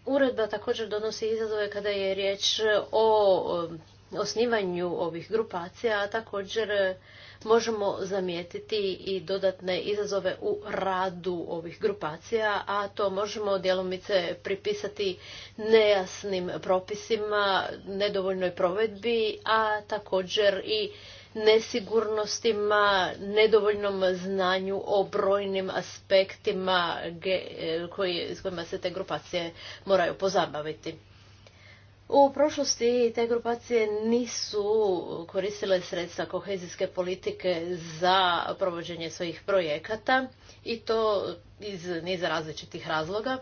Uredba također donosi izazove kada je riječ o um, osnivanju ovih grupacija, a također e, možemo zamijetiti i dodatne izazove u radu ovih grupacija, a to možemo djelomice pripisati nejasnim propisima, nedovoljnoj provedbi, a također i nesigurnostima, nedovoljnom znanju o brojnim aspektima eh, s kojima se te grupacije moraju pozabaviti. U prošlosti te grupacije nisu koristile sredstva kohezijske politike za provođenje svojih projekata i to iz niza različitih razloga.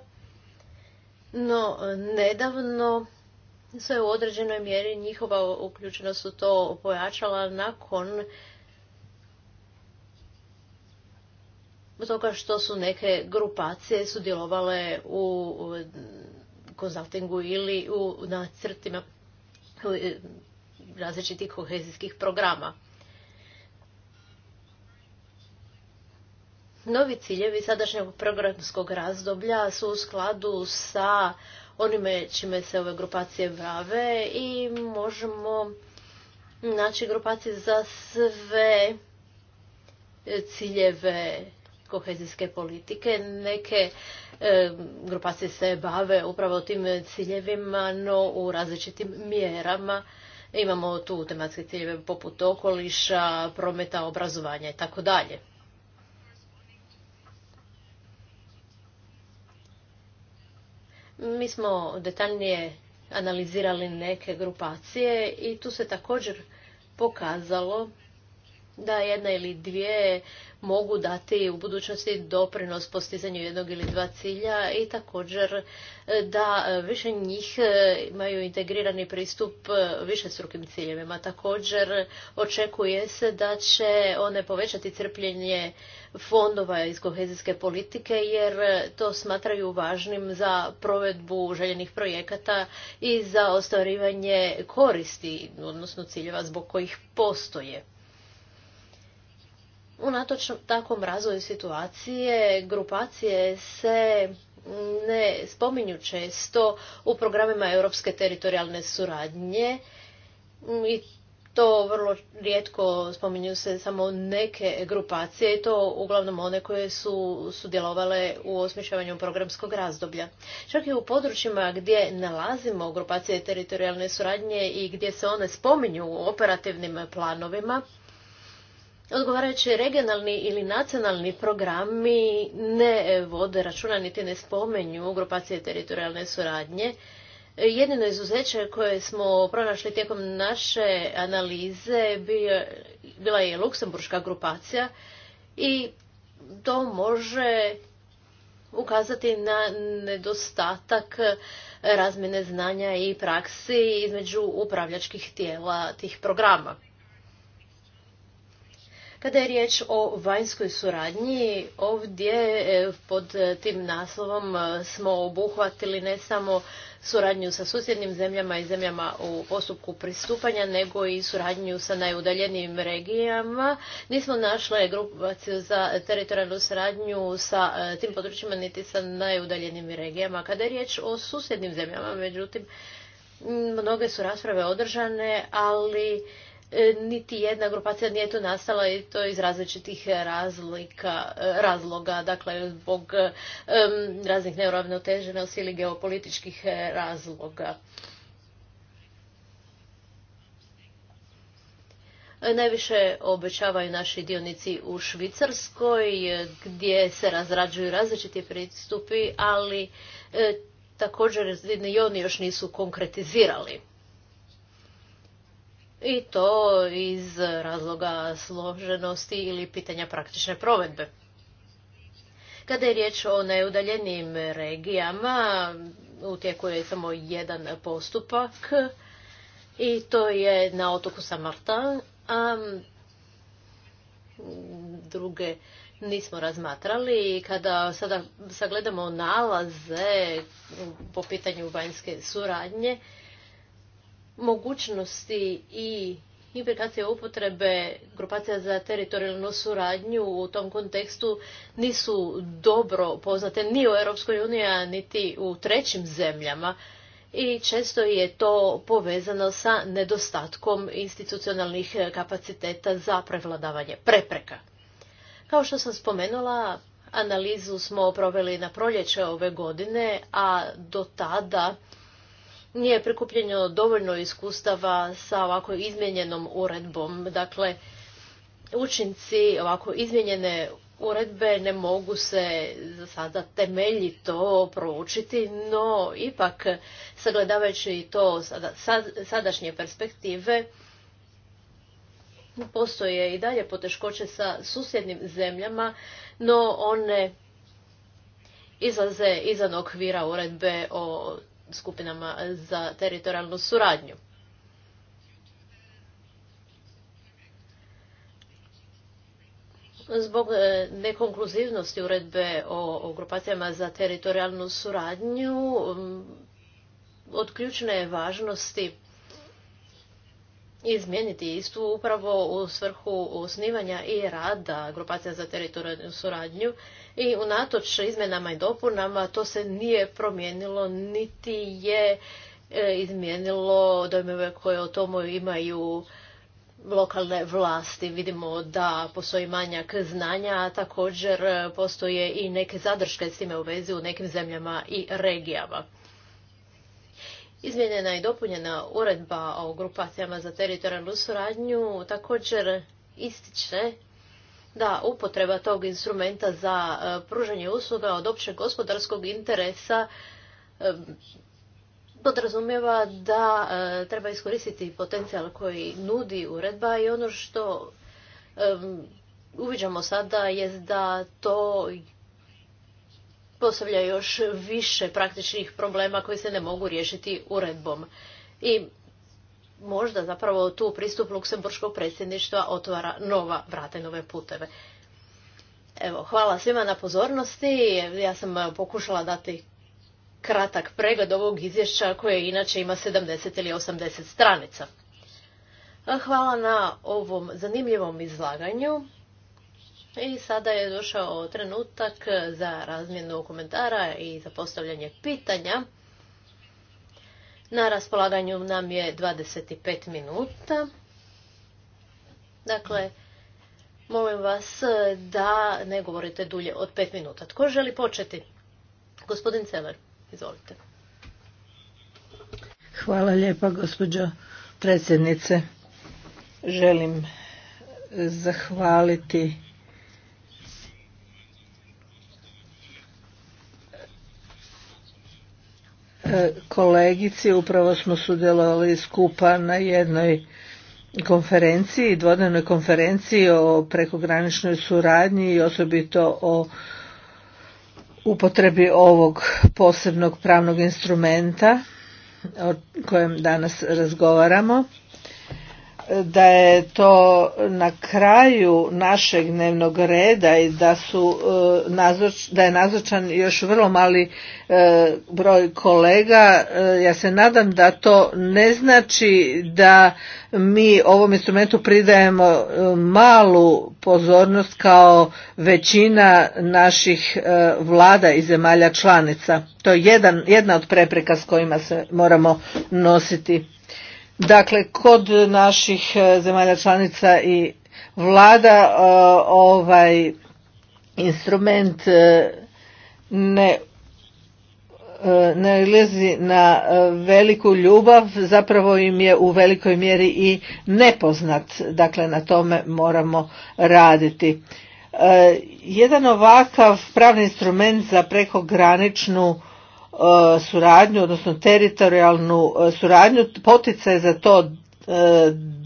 No, nedavno se u određenoj mjeri njihova uključenost su to pojačala nakon toga što su neke grupacije sudjelovale u konzultingu ili u nacrtima e, različitih kohezijskih programa. Novi ciljevi sadašnjeg programskog razdoblja su u skladu sa onime čime se ove grupacije bave i možemo naći grupacije za sve ciljeve kohezijske politike. Neke e, grupacije se bave upravo tim ciljevima, no u različitim mjerama. Imamo tu tematske ciljeve poput okoliša, prometa, obrazovanja i tako dalje. Mi smo detaljnije analizirali neke grupacije i tu se također pokazalo da jedna ili dvije mogu dati u budućnosti doprinos postizanju jednog ili dva cilja i također e, da e, više njih e, imaju integrirani pristup višestrukim ciljevima. Također očekuje se da će one povećati crpljenje fondova iz kohezijske politike jer to smatraju važnim za provedbu željenih projekata i za ostvarivanje koristi, odnosno ciljeva zbog kojih postoje. Unatoč takvom razvoju situacije, grupacije se ne spominju često u programima europske teritorijalne suradnje i to vrlo rijetko spominju se samo neke grupacije i to uglavnom one koje su sudjelovale u osmišljavanju programskog razdoblja. Čak i u područjima gdje nalazimo grupacije teritorijalne suradnje i gdje se one spominju u operativnim planovima, odgovarajući regionalni ili nacionalni programi ne vode računa niti ne spomenju grupacije teritorijalne suradnje. Jedino izuzeće koje smo pronašli tijekom naše analize bila je luksemburška grupacija i to može ukazati na nedostatak razmjene znanja i praksi između upravljačkih tijela tih programa. Kada je riječ o vanjskoj suradnji, ovdje e, pod e, tim naslovom e, smo obuhvatili ne samo suradnju sa susjednim zemljama i zemljama u postupku pristupanja, nego i suradnju sa najudaljenijim regijama. Nismo našli grupaciju za teritorijalnu suradnju sa tim područjima, niti sa najudaljenim regijama. Kada je riječ o susjednim zemljama, međutim, mnoge su rasprave održane, ali E, niti jedna grupacija nije tu nastala i to iz različitih razlika, e, razloga, dakle zbog um, raznih neuravnoteženosti ili geopolitičkih razloga. Najviše obećavaju naši dionici u Švicarskoj gdje se razrađuju različiti pristupi, ali također ni oni još nisu konkretizirali i to iz razloga složenosti ili pitanja praktične provedbe. Kada je riječ o neudaljenim regijama, u je samo jedan postupak i to je na otoku Samarta, a druge nismo razmatrali i kada sada sagledamo nalaze po pitanju vanjske suradnje, mogućnosti i implikacije upotrebe grupacija za teritorijalnu suradnju u tom kontekstu nisu dobro poznate ni u Europskoj uniji, niti u trećim zemljama i često je to povezano sa nedostatkom institucionalnih kapaciteta za prevladavanje prepreka. Kao što sam spomenula, analizu smo proveli na proljeće ove godine, a do tada nije prikupljeno dovoljno iskustava sa ovako izmijenjenom uredbom. Dakle, učinci ovako izmijenjene uredbe ne mogu se za sada temeljito proučiti, no ipak sagledavajući to sadašnje perspektive, postoje i dalje poteškoće sa susjednim zemljama, no one izlaze izvan okvira uredbe o skupinama za teritorijalnu suradnju. Zbog e, nekonkluzivnosti uredbe o grupacijama za teritorijalnu suradnju od ključne je važnosti izmijeniti istu upravo u svrhu osnivanja i rada grupacija za teritorijalnu suradnju i unatoč izmjenama i dopunama to se nije promijenilo niti je e, izmijenilo dojmove koje o tomu imaju lokalne vlasti. Vidimo da postoji manjak znanja, a također e, postoje i neke zadrške s time u vezi u nekim zemljama i regijama. Izmijenjena i dopunjena uredba o grupacijama za teritorijalnu suradnju također ističe da upotreba tog instrumenta za e, pružanje usluga od općeg gospodarskog interesa e, podrazumijeva da e, treba iskoristiti potencijal koji nudi uredba i ono što uviđamo sada je da to postavlja još više praktičnih problema koji se ne mogu riješiti uredbom. I možda zapravo tu pristup luksemburškog predsjedništva otvara nova vrata i nove puteve. Evo, hvala svima na pozornosti. Ja sam pokušala dati kratak pregled ovog izvješća koje inače ima 70 ili 80 stranica. Hvala na ovom zanimljivom izlaganju. I sada je došao trenutak za razmjenu komentara i za postavljanje pitanja. Na raspolaganju nam je 25 minuta. Dakle, molim vas da ne govorite dulje od 5 minuta. Tko želi početi? Gospodin Celer, izvolite. Hvala lijepa, gospođo predsjednice. Želim zahvaliti kolegici. Upravo smo sudjelovali skupa na jednoj konferenciji, dvodnevnoj konferenciji o prekograničnoj suradnji i osobito o upotrebi ovog posebnog pravnog instrumenta o kojem danas razgovaramo da je to na kraju našeg dnevnog reda i da, su, e, da je nazočan još vrlo mali e, broj kolega. E, ja se nadam da to ne znači da mi ovom instrumentu pridajemo malu pozornost kao većina naših vlada i zemalja članica. To je jedan, jedna od prepreka s kojima se moramo nositi. Dakle, kod naših e, zemalja članica i vlada e, ovaj instrument e, ne lezi na veliku ljubav, zapravo im je u velikoj mjeri i nepoznat, dakle na tome moramo raditi. Jedan ovakav pravni instrument za prekograničnu E, suradnju, odnosno teritorijalnu e, suradnju. Poticaj za to e,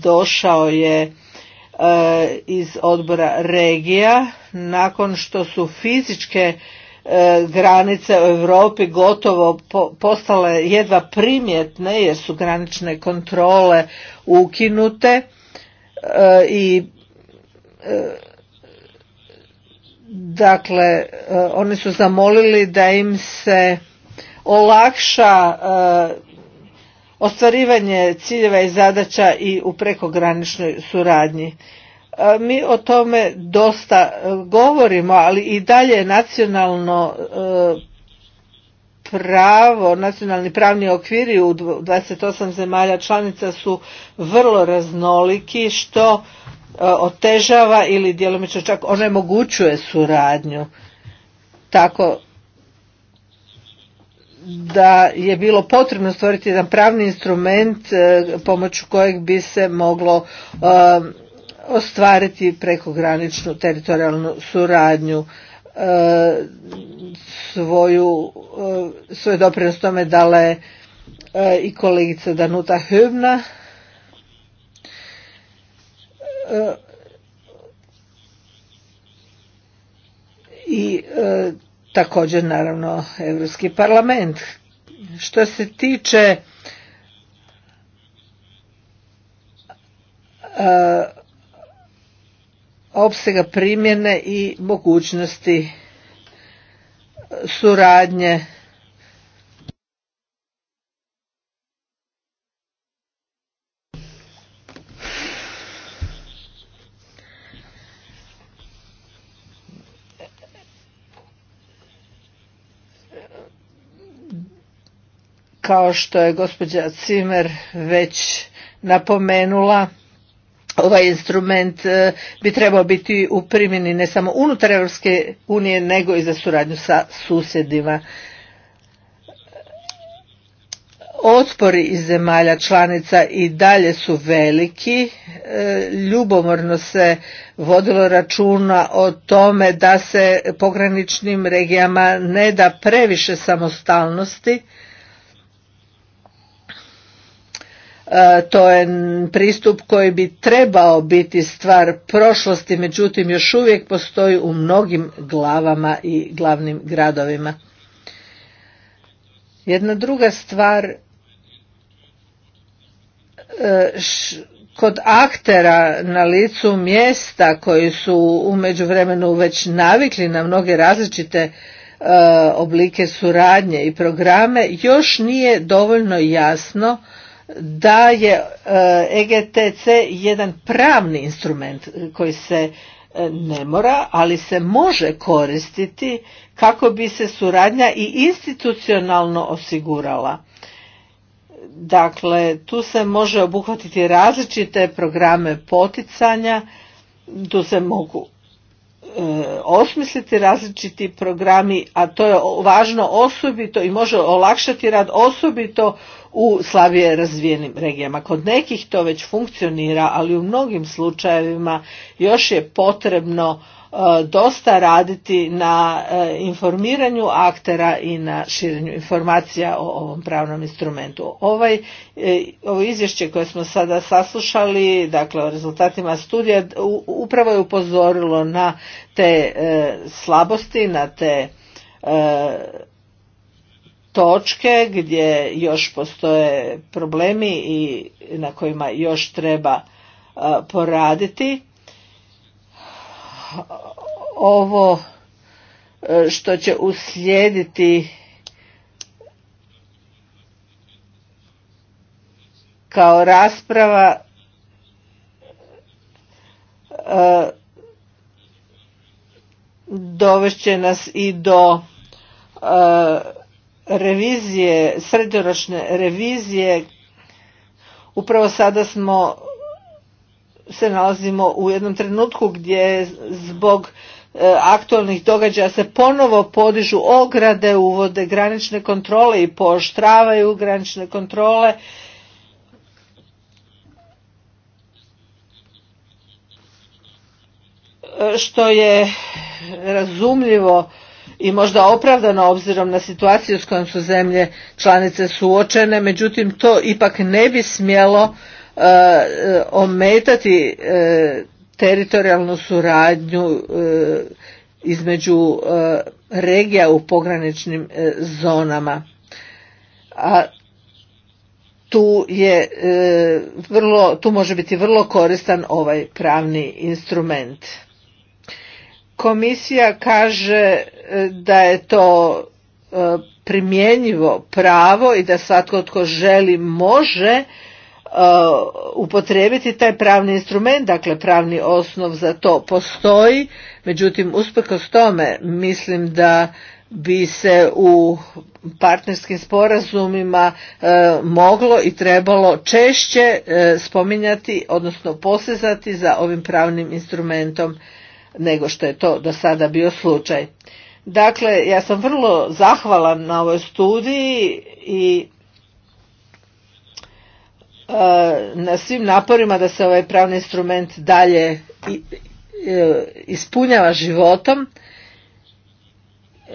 došao je iz odbora regija nakon što su fizičke granice u Europi gotovo postale jedva primjetne jer su granične kontrole ukinute i dakle oni su zamolili da im se olakša eh, ostvarivanje ciljeva i zadaća i u prekograničnoj suradnji. Eh, mi o tome dosta eh, govorimo, ali i dalje nacionalno pravo, nacionalni pravni okviri u 28 zemalja članica su vrlo raznoliki što otežava ili djelomično čak onemogućuje suradnju. Tako da je bilo potrebno stvoriti jedan pravni instrument e, pomoću kojeg bi se moglo e, ostvariti prekograničnu teritorijalnu suradnju e, svoju svoj doprinos tome dala je i kolegica Danuta Hübna i također naravno Europski parlament. Što se tiče e, opsega primjene i mogućnosti suradnje Kao što je gospođa Cimer već napomenula, ovaj instrument e, bi trebao biti u primjeni ne samo unutar Europske unije, nego i za suradnju sa susjedima. Otpori iz zemalja članica i dalje su veliki. E, ljubomorno se vodilo računa o tome da se pograničnim regijama ne da previše samostalnosti E, to je pristup koji bi trebao biti stvar prošlosti, međutim još uvijek postoji u mnogim glavama i glavnim gradovima. Jedna druga stvar e, kod aktera na licu mjesta koji su u međuvremenu već navikli na mnoge različite e, oblike suradnje i programe još nije dovoljno jasno da je EGTC e jedan pravni instrument e, koji se e, ne mora, ali se može koristiti kako bi se suradnja i institucionalno osigurala. Dakle, tu se može obuhvatiti različite programe poticanja, tu se mogu osmisliti različiti programi, a to je važno osobito i može olakšati rad osobito u slabije razvijenim regijama. Kod nekih to već funkcionira, ali u mnogim slučajevima još je potrebno e, dosta raditi na e, informiranju aktera i na širenju informacija o ovom pravnom instrumentu. Ovaj, e, ovo izvješće koje smo sada saslušali, dakle o rezultatima studija, upravo je upozorilo na te slabosti, na te točke gdje još postoje problemi i na kojima još treba e, poraditi. Ovo e, što će uslijediti kao rasprava e, dovešće nas i do revizije, srednjoročne revizije, upravo sada smo se nalazimo u jednom trenutku gdje zbog e, aktualnih događaja se ponovo podižu ograde, uvode granične kontrole i pooštravaju granične kontrole. E, što je razumljivo i možda opravdano obzirom na situaciju s kojom su zemlje članice suočene, međutim to ipak ne bi smjelo e, ometati e, teritorijalnu suradnju e, između regija u pograničnim zonama. A tu je vrlo, tu može biti vrlo koristan ovaj pravni instrument. Komisija kaže da je to e, primjenjivo pravo i da svatko tko želi može e, upotrijebiti taj pravni instrument, dakle pravni osnov za to postoji, međutim usprkos tome mislim da bi se u partnerskim sporazumima e, moglo i trebalo češće spominjati, odnosno posezati za ovim pravnim instrumentom nego što je to do sada bio slučaj. Dakle, ja sam vrlo zahvalan na ovoj studiji i e, na svim naporima da se ovaj pravni instrument dalje e, ispunjava životom.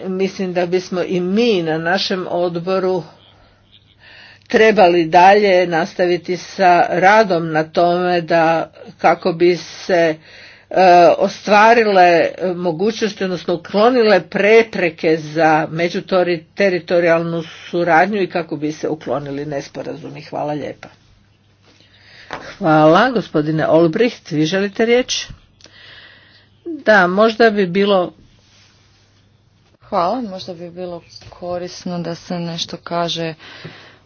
Mislim da bismo i mi na našem odboru trebali dalje nastaviti sa radom na tome da kako bi se E, ostvarile mogućnosti, odnosno uklonile prepreke za međuteritorijalnu suradnju i kako bi se uklonili nesporazumi. Hvala lijepa. Hvala, gospodine Olbricht, vi želite riječ? Da, možda bi bilo... Hvala, možda bi bilo korisno da se nešto kaže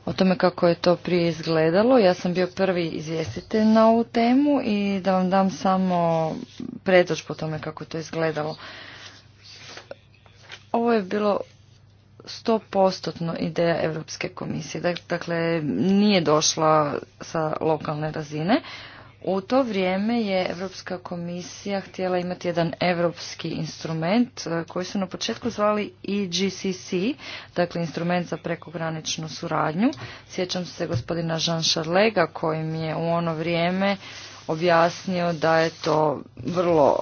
o tome kako je to prije izgledalo. Ja sam bio prvi izvjestitelj na ovu temu i da vam dam samo predoč po tome kako je to izgledalo. Ovo je bilo postotno ideja Europske komisije. Dakle, nije došla sa lokalne razine. U to vrijeme je Europska komisija htjela imati jedan europski instrument e, koji su na početku zvali EGCC, dakle instrument za prekograničnu suradnju. Sjećam se gospodina Jean Charlega mi je u ono vrijeme objasnio da je to vrlo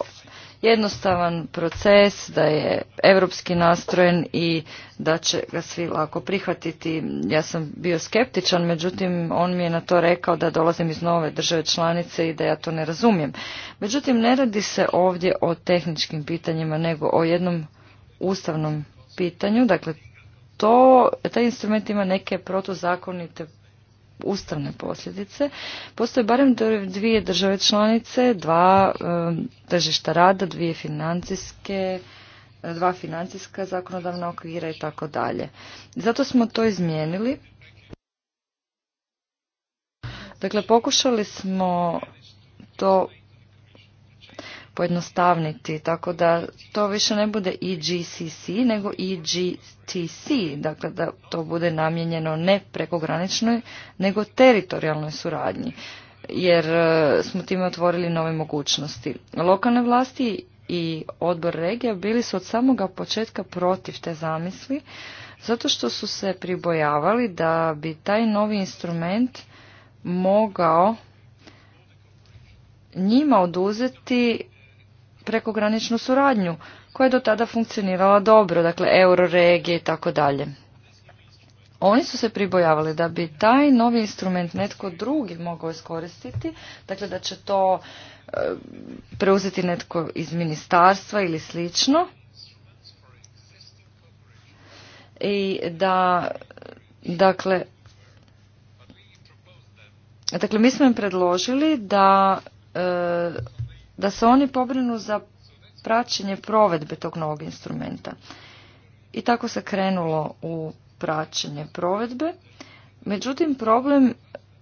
jednostavan proces, da je europski nastrojen i da će ga svi lako prihvatiti. Ja sam bio skeptičan, međutim on mi je na to rekao da dolazim iz nove države članice i da ja to ne razumijem. Međutim, ne radi se ovdje o tehničkim pitanjima, nego o jednom ustavnom pitanju, dakle to, taj instrument ima neke protuzakonite ustavne posljedice. Postoje barem dvije države članice, dva tržišta rada, dvije financijske dva financijska zakonodavna okvira i tako dalje. Zato smo to izmijenili. Dakle, pokušali smo to pojednostavniti, tako da to više ne bude EGCC nego EGTC, dakle da to bude namijenjeno ne prekograničnoj, nego teritorijalnoj suradnji, jer e, smo time otvorili nove mogućnosti. Lokalne vlasti i odbor regija bili su od samoga početka protiv te zamisli, zato što su se pribojavali da bi taj novi instrument mogao njima oduzeti prekograničnu suradnju koja je do tada funkcionirala dobro, dakle euroregije i tako dalje. Oni su se pribojavali da bi taj novi instrument netko drugi mogao iskoristiti, dakle da će to e, preuzeti netko iz ministarstva ili slično i da dakle dakle mi smo im predložili da e, da se oni pobrinu za praćenje provedbe tog novog instrumenta. I tako se krenulo u praćenje provedbe. Međutim, problem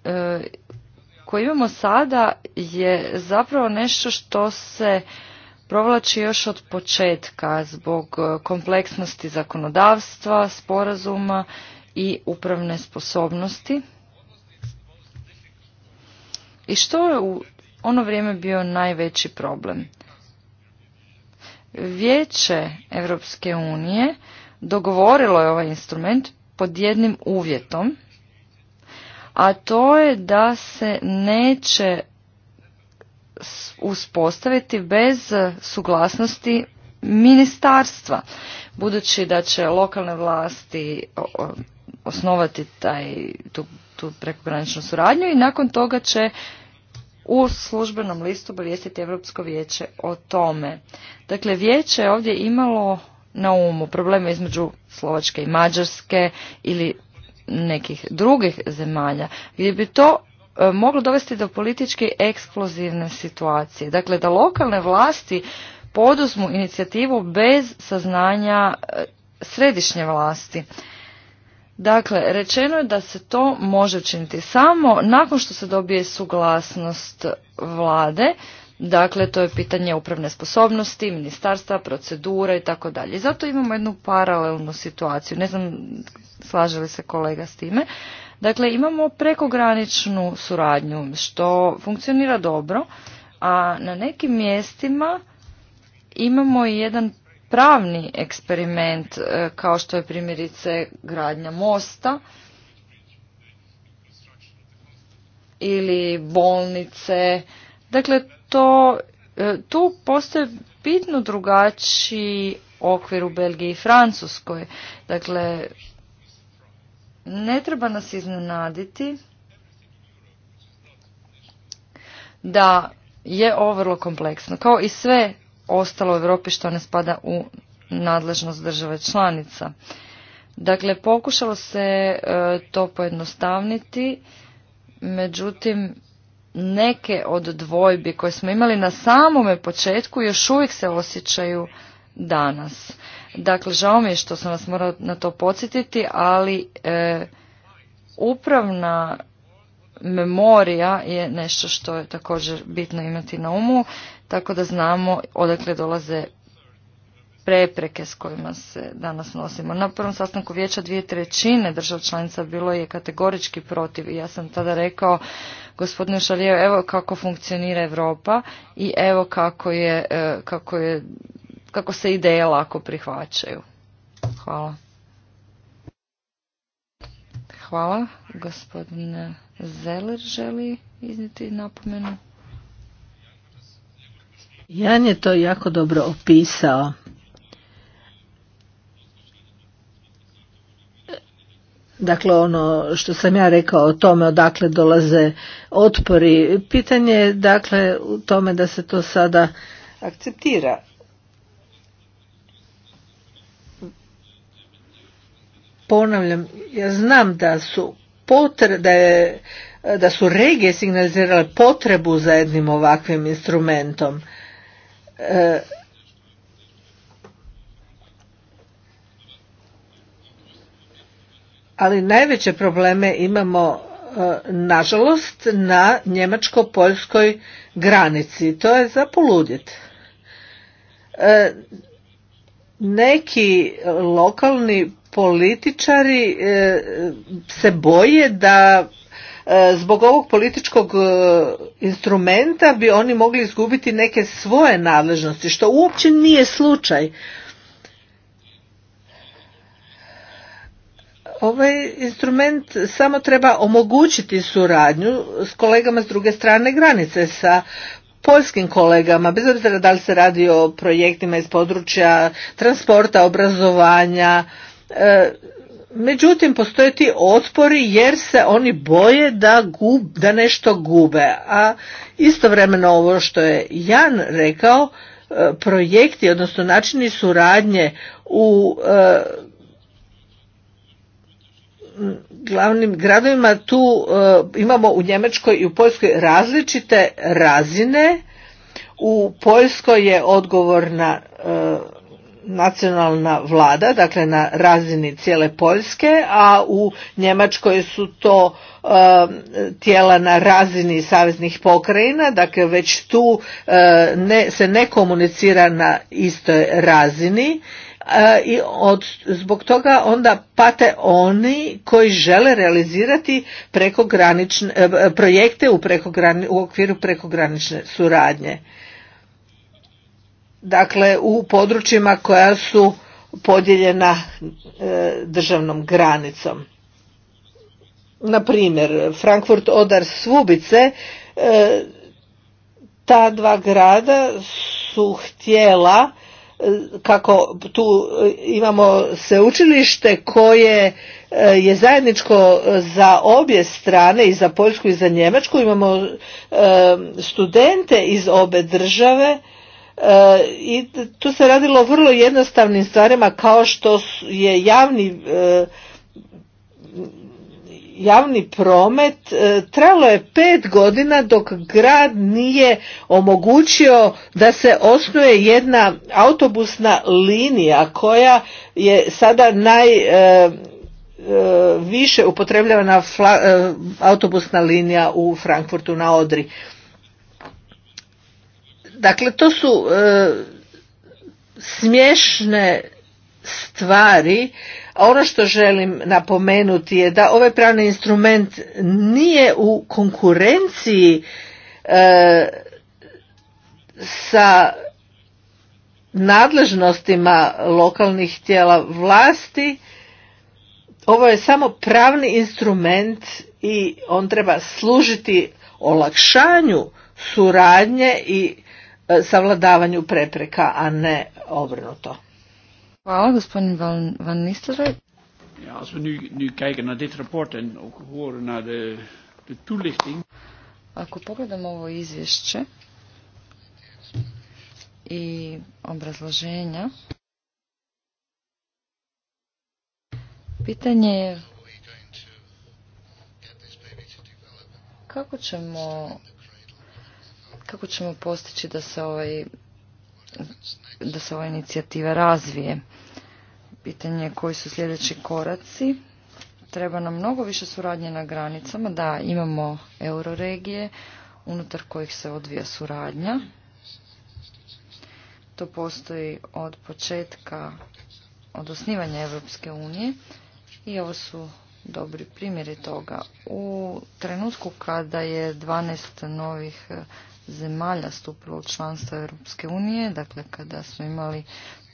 e, koji imamo sada je zapravo nešto što se provlači još od početka zbog e, kompleksnosti zakonodavstva, sporazuma i upravne sposobnosti. I što je u ono vrijeme bio najveći problem. Vijeće Europske unije dogovorilo je ovaj instrument pod jednim uvjetom, a to je da se neće uspostaviti bez suglasnosti ministarstva. Budući da će lokalne vlasti osnovati taj, tu, tu prekograničnu suradnju i nakon toga će u službenom listu obavijestiti Europsko vijeće o tome. Dakle, vijeće je ovdje imalo na umu probleme između Slovačke i Mađarske ili nekih drugih zemalja, gdje bi to e, moglo dovesti do politički eksplozivne situacije. Dakle, da lokalne vlasti poduzmu inicijativu bez saznanja e, središnje vlasti. Dakle, rečeno je da se to može učiniti samo nakon što se dobije suglasnost vlade, dakle to je pitanje upravne sposobnosti, ministarstva, procedura i tako dalje. Zato imamo jednu paralelnu situaciju, ne znam slaže li se kolega s time. Dakle, imamo prekograničnu suradnju što funkcionira dobro, a na nekim mjestima imamo i jedan pravni eksperiment e, kao što je primjerice gradnja mosta ili bolnice. Dakle, to, e, tu postoje bitno drugačiji okvir u Belgiji i Francuskoj. Dakle, ne treba nas iznenaditi da je ovo vrlo kompleksno. Kao i sve ostalo u Europi što ne spada u nadležnost države članica. Dakle, pokušalo se e, to pojednostavniti, međutim, neke od dvojbi koje smo imali na samome početku još uvijek se osjećaju danas. Dakle, žao mi je što sam vas morala na to podsjetiti, ali e, upravna memorija je nešto što je također bitno imati na umu, tako da znamo odakle dolaze prepreke s kojima se danas nosimo. Na prvom sastanku vijeća dvije trećine država članica bilo je kategorički protiv i ja sam tada rekao gospodinu Šarijevu evo kako funkcionira Europa i evo kako je, e, kako je kako se ideje lako prihvaćaju. Hvala. Hvala gospodine Zeler želi izniti napomenu. Jan je to jako dobro opisao. Dakle, ono što sam ja rekao o tome odakle dolaze otpori, pitanje je dakle u tome da se to sada akceptira. Ponavljam, ja znam da su potre, da, da su regije signalizirale potrebu za jednim ovakvim instrumentom. E, ali najveće probleme imamo e, nažalost na njemačko-poljskoj granici. To je za poludjet. E, neki lokalni političari e, se boje da e, zbog ovog političkog e, instrumenta bi oni mogli izgubiti neke svoje nadležnosti što uopće nije slučaj ovaj instrument samo treba omogućiti suradnju s kolegama s druge strane granice sa poljskim kolegama, bez obzira da li se radi o projektima iz područja transporta, obrazovanja, e, međutim postoje ti otpori jer se oni boje da, da nešto gube. A istovremeno ovo što je Jan rekao, e, projekti, odnosno načini suradnje u e, glavnim gradovima tu eh, imamo u Njemačkoj i u Poljskoj različite razine. U Poljskoj je odgovorna eh, nacionalna vlada, dakle na razini cijele Poljske, a u Njemačkoj su to eh, tijela na razini saveznih pokrajina, dakle već tu ne, se ne komunicira na istoj razini E, i od, zbog toga onda pate oni koji žele realizirati e, projekte u, u okviru prekogranične suradnje. Dakle, u područjima koja su podijeljena e, državnom granicom. Na Frankfurt Odar Svubice, ta dva grada su htjela kako tu imamo sveučilište koje e, je zajedničko za obje strane i za Poljsku i za Njemačku imamo e, studente iz obe države e, i tu se radilo o vrlo jednostavnim stvarima kao što je javni javni promet e, trajalo je pet godina dok grad nije omogućio da se osnuje jedna autobusna linija koja je sada najviše e, e, upotrebljavana autobusna linija u Frankfurtu na Odri. Dakle, to su smiješne stvari, ono što želim napomenuti je da ovaj pravni instrument nije u konkurenciji e, sa nadležnostima lokalnih tijela vlasti. Ovo je samo pravni instrument i on treba služiti olakšanju suradnje i e, savladavanju prepreka, a ne obrnuto. Hvala, gospodin Van, Van Nistelrooy. Ja, als we nu, nu kijken naar dit rapport en ook horen naar de, de toelichting. Ako pogledamo ovo izvješće i obrazloženja, pitanje je kako ćemo kako ćemo postići da se ovaj da se ova inicijativa razvije. Pitanje je koji su sljedeći koraci. Treba nam mnogo više suradnje na granicama, da imamo euroregije unutar kojih se odvija suradnja. To postoji od početka, od osnivanja Europske unije i ovo su dobri primjeri toga. U trenutku kada je 12 novih zemalja stupilo u članstvo Europske unije, dakle kada smo imali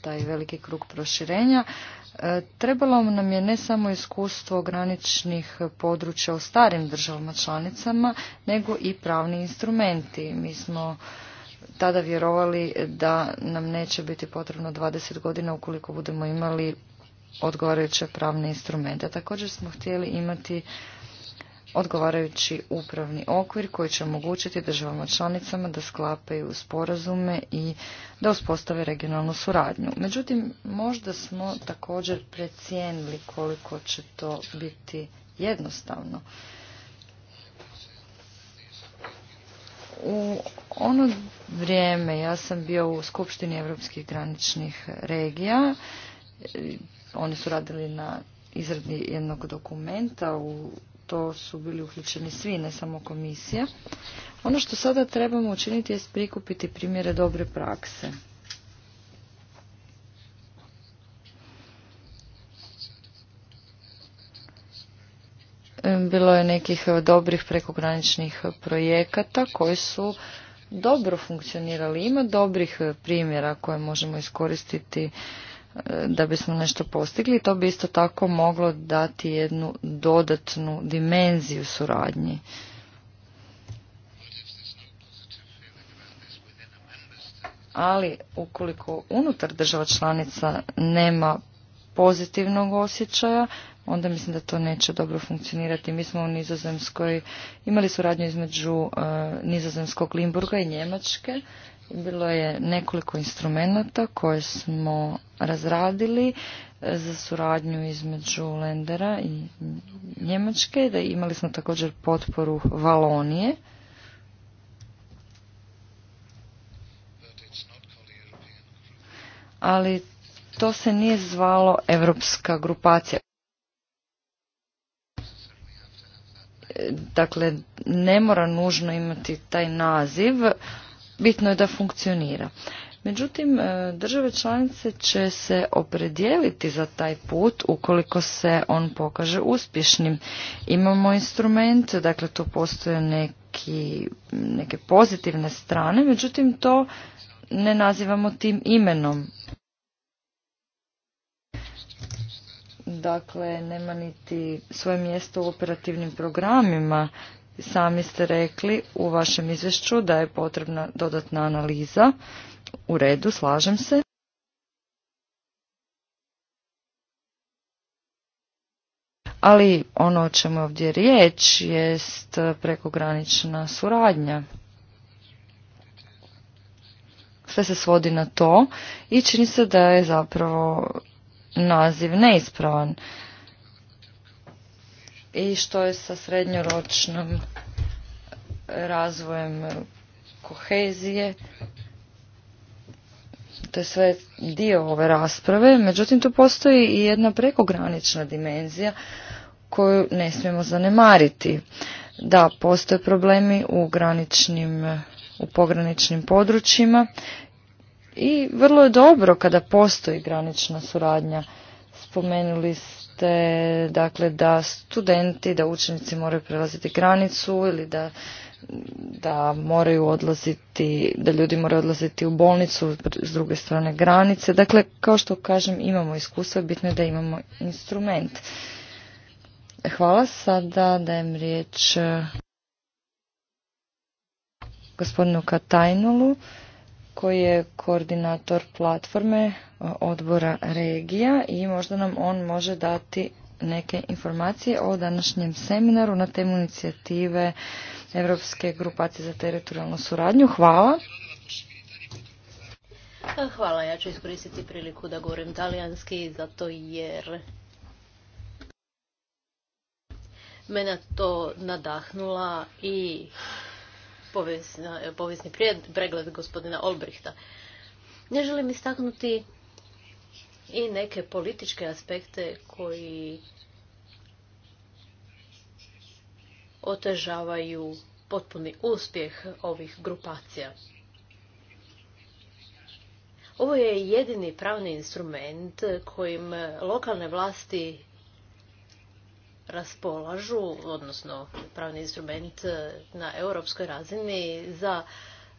taj veliki krug proširenja, e, trebalo nam je ne samo iskustvo graničnih područja u starim državama članicama, nego i pravni instrumenti. Mi smo tada vjerovali da nam neće biti potrebno 20 godina ukoliko budemo imali odgovarajuće pravne instrumente. Također smo htjeli imati odgovarajući upravni okvir koji će omogućiti državama članicama da sklapaju sporazume i da uspostave regionalnu suradnju. Međutim, možda smo također precijenili koliko će to biti jednostavno. U ono vrijeme ja sam bio u Skupštini Europskih graničnih regija. Oni su radili na izradi jednog dokumenta u to su bili uključeni svi, ne samo komisija. Ono što sada trebamo učiniti je prikupiti primjere dobre prakse. Bilo je nekih dobrih prekograničnih projekata koji su dobro funkcionirali. Ima dobrih primjera koje možemo iskoristiti da bismo nešto postigli. To bi isto tako moglo dati jednu dodatnu dimenziju suradnji. Ali ukoliko unutar država članica nema pozitivnog osjećaja, onda mislim da to neće dobro funkcionirati. Mi smo u Nizozemskoj imali suradnju između e, Nizozemskog Limburga i Njemačke bilo je nekoliko instrumenata koje smo razradili e, za suradnju između Lendera i Njemačke. Da imali smo također potporu Valonije. Ali to se nije zvalo Europska grupacija. Dakle, ne mora nužno imati taj naziv bitno je da funkcionira. Međutim, e, države članice će se opredijeliti za taj put ukoliko se on pokaže uspješnim. Imamo instrument, dakle tu postoje neki, neke pozitivne strane, međutim to ne nazivamo tim imenom. Dakle, nema niti svoje mjesto u operativnim programima Sami ste rekli u vašem izvješću da je potrebna dodatna analiza. U redu, slažem se. Ali ono o čemu ovdje riječ jest prekogranična suradnja. Sve se svodi na to i čini se da je zapravo naziv neispravan i što je sa srednjoročnom razvojem kohezije. To je sve dio ove rasprave, međutim tu postoji i jedna prekogranična dimenzija koju ne smijemo zanemariti. Da, postoje problemi u graničnim, u pograničnim područjima i vrlo je dobro kada postoji granična suradnja. Spomenuli ste dakle da studenti, da učenici moraju prelaziti granicu ili da da moraju odlaziti, da ljudi moraju odlaziti u bolnicu s druge strane granice. Dakle, kao što kažem, imamo iskustva, bitno je da imamo instrument. Hvala sada, dajem riječ eh, gospodinu Katajnulu koji je koordinator platforme e, odbora regija i možda nam on može dati neke informacije o današnjem seminaru na temu inicijative Europske grupacije za teritorijalnu suradnju. Hvala. Hvala, ja ću iskoristiti priliku da govorim talijanski, zato jer mene to nadahnula i E, povijesni pregled gospodina Olbrichta. Ne želim istaknuti i neke političke aspekte koji otežavaju potpuni uspjeh ovih grupacija. Ovo je jedini pravni instrument kojim lokalne vlasti raspolažu, odnosno pravni instrument e, na europskoj razini za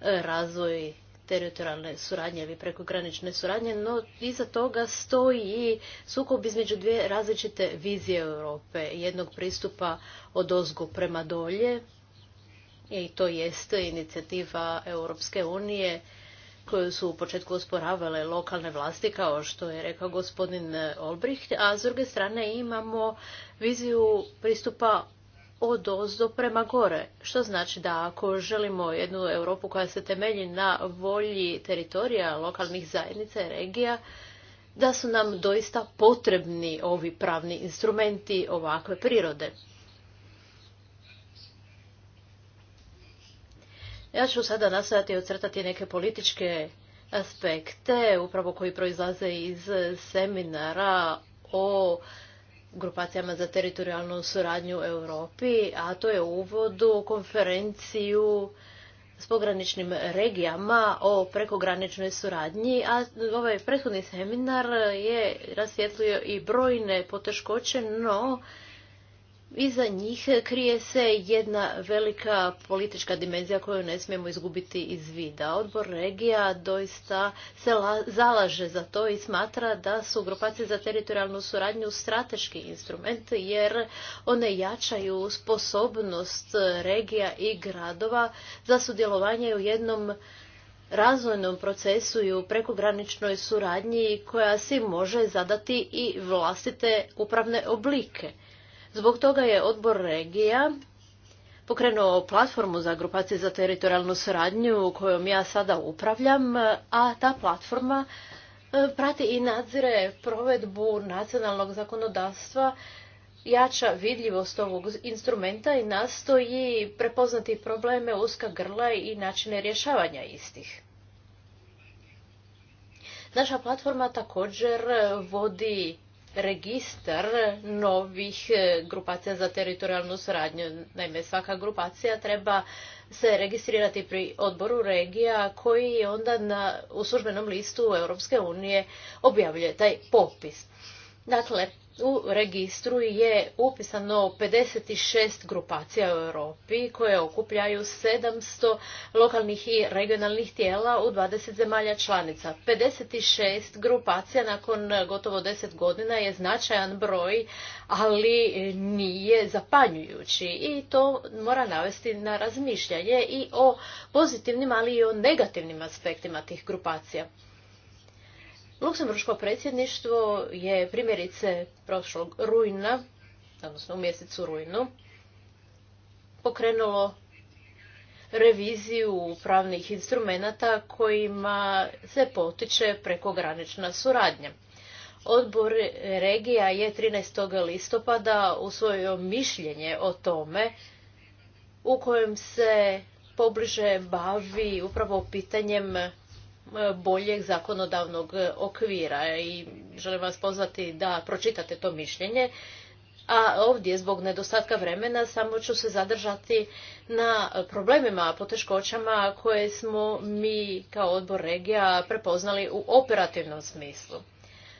e, razvoj teritorijalne suradnje ili prekogranične suradnje, no iza toga stoji sukob između dvije različite vizije Europe. Jednog pristupa od ozgu prema dolje, i to jeste inicijativa Europske unije koju su u početku osporavale lokalne vlasti, kao što je rekao gospodin e, Olbricht, a s druge strane imamo viziju pristupa od ozdo prema gore, što znači da ako želimo jednu Europu koja se temelji na volji teritorija lokalnih zajednica i regija, da su nam doista potrebni ovi pravni instrumenti ovakve prirode. Ja ću sada nastojati ocrtati neke političke aspekte, upravo koji proizlaze iz seminara o grupacijama za teritorijalnu suradnju u Europi, a to je uvodu konferenciju s pograničnim regijama o prekograničnoj suradnji, a ovaj prethodni seminar je rasvjetlio i brojne poteškoće, no iza njih krije se jedna velika politička dimenzija koju ne smijemo izgubiti iz vida. Odbor regija doista se zalaže za to i smatra da su grupacije za teritorijalnu suradnju strateški instrument jer one jačaju sposobnost regija i gradova za sudjelovanje u jednom razvojnom procesu i u prekograničnoj suradnji koja si može zadati i vlastite upravne oblike. Zbog toga je odbor regija pokrenuo platformu za grupacije za teritorijalnu suradnju kojom ja sada upravljam, a ta platforma e, prati i nadzire provedbu nacionalnog zakonodavstva, jača vidljivost ovog instrumenta i nastoji prepoznati probleme uska grla i načine rješavanja istih. Naša platforma također vodi registar novih e, grupacija za teritorijalnu suradnju. Naime, svaka grupacija treba se registrirati pri odboru regija koji je onda na, u službenom listu Europske unije objavljuje taj popis. Dakle, u registru je upisano 56 grupacija u Europi koje okupljaju 700 lokalnih i regionalnih tijela u 20 zemalja članica. 56 grupacija nakon gotovo 10 godina je značajan broj, ali nije zapanjujući i to mora navesti na razmišljanje i o pozitivnim, ali i o negativnim aspektima tih grupacija. Luksemburško predsjedništvo je primjerice prošlog rujna, odnosno u mjesecu rujnu, pokrenulo reviziju pravnih instrumenata kojima se potiče prekogranična suradnja. Odbor regija je 13. listopada usvojio mišljenje o tome u kojem se pobliže bavi upravo pitanjem boljeg zakonodavnog okvira i želim vas pozvati da pročitate to mišljenje. A ovdje zbog nedostatka vremena samo ću se zadržati na problemima, poteškoćama koje smo mi kao odbor regija prepoznali u operativnom smislu.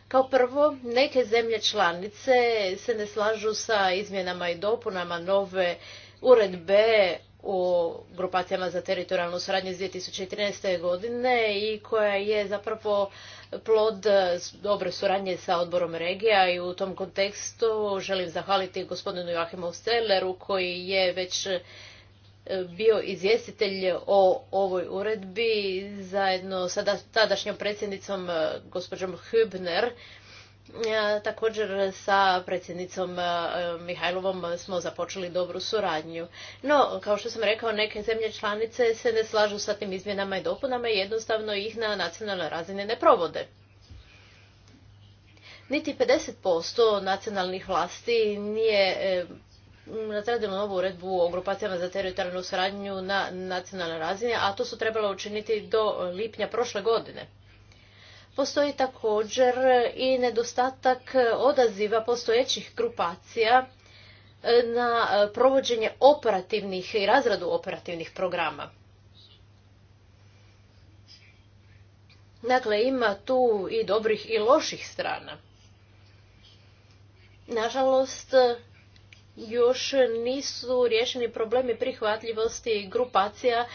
Kao prvo, neke zemlje članice se ne slažu sa izmjenama i dopunama nove uredbe u grupacijama za teritorijalnu suradnju iz 2013. godine i koja je zapravo plod dobre suradnje sa odborom regija i u tom kontekstu želim zahvaliti gospodinu Joachimu Stelleru koji je već e, bio izvjestitelj o ovoj uredbi zajedno sa tadašnjom predsjednicom e, gospođom Hübner Također sa predsjednicom e, Mihajlovom smo započeli dobru suradnju. No, kao što sam rekao, neke zemlje članice se ne slažu sa tim izmjenama i dopunama i jednostavno ih na nacionalnoj razini ne provode. Niti 50% nacionalnih vlasti nije e, razradilo novu uredbu o grupacijama za teritorijalnu suradnju na nacionalnoj razini, a to su trebalo učiniti do lipnja prošle godine postoji također i nedostatak odaziva postojećih grupacija e, na e, provođenje operativnih i razradu operativnih programa. Dakle, ima tu i dobrih i loših strana. Nažalost, još nisu riješeni problemi prihvatljivosti grupacija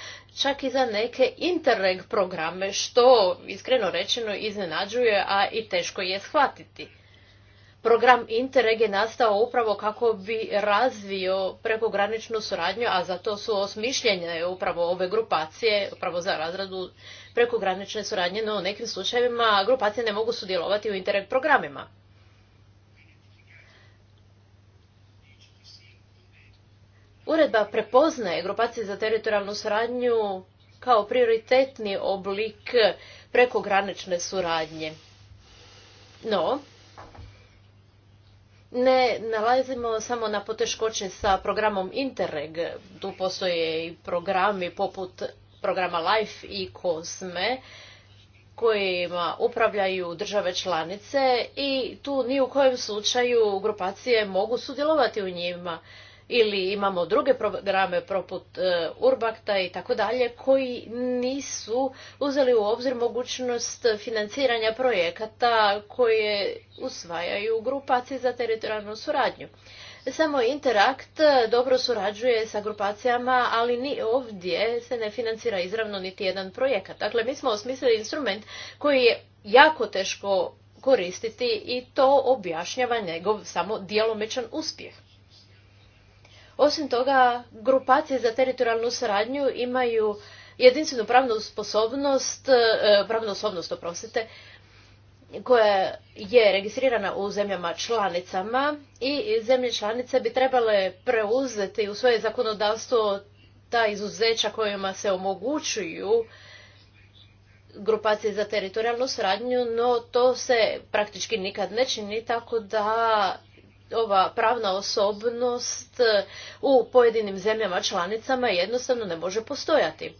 čak i za neke interreg programe, što iskreno rečeno iznenađuje, a i teško je shvatiti. Program Interreg je nastao upravo kako bi razvio prekograničnu suradnju, a za to su osmišljene upravo ove grupacije, upravo za razradu prekogranične suradnje, no u nekim slučajevima grupacije ne mogu sudjelovati u Interreg programima. Uredba prepoznaje grupacije za teritorijalnu suradnju kao prioritetni oblik prekogranične suradnje. No, ne nalazimo samo na poteškoće sa programom Interreg. Tu postoje i programi poput programa Life i Cosme kojima upravljaju države članice i tu ni u kojem slučaju grupacije mogu sudjelovati u njima ili imamo druge programe poput e, Urbakta i tako dalje koji nisu uzeli u obzir mogućnost financiranja projekata koje usvajaju grupacije za teritorijalnu suradnju. Samo Interakt dobro surađuje sa grupacijama, ali ni ovdje se ne financira izravno niti jedan projekat. Dakle, mi smo osmislili instrument koji je jako teško koristiti i to objašnjava njegov samo djelomičan uspjeh. Osim toga, grupacije za teritorijalnu suradnju imaju jedinstvenu pravnu sposobnost, e, pravnu osobnost, oprostite, koja je registrirana u zemljama članicama i zemlje članice bi trebale preuzeti u svoje zakonodavstvo ta izuzeća kojima se omogućuju grupacije za teritorijalnu suradnju, no to se praktički nikad ne čini, tako da ova pravna osobnost e, u pojedinim zemljama članicama jednostavno ne može postojati.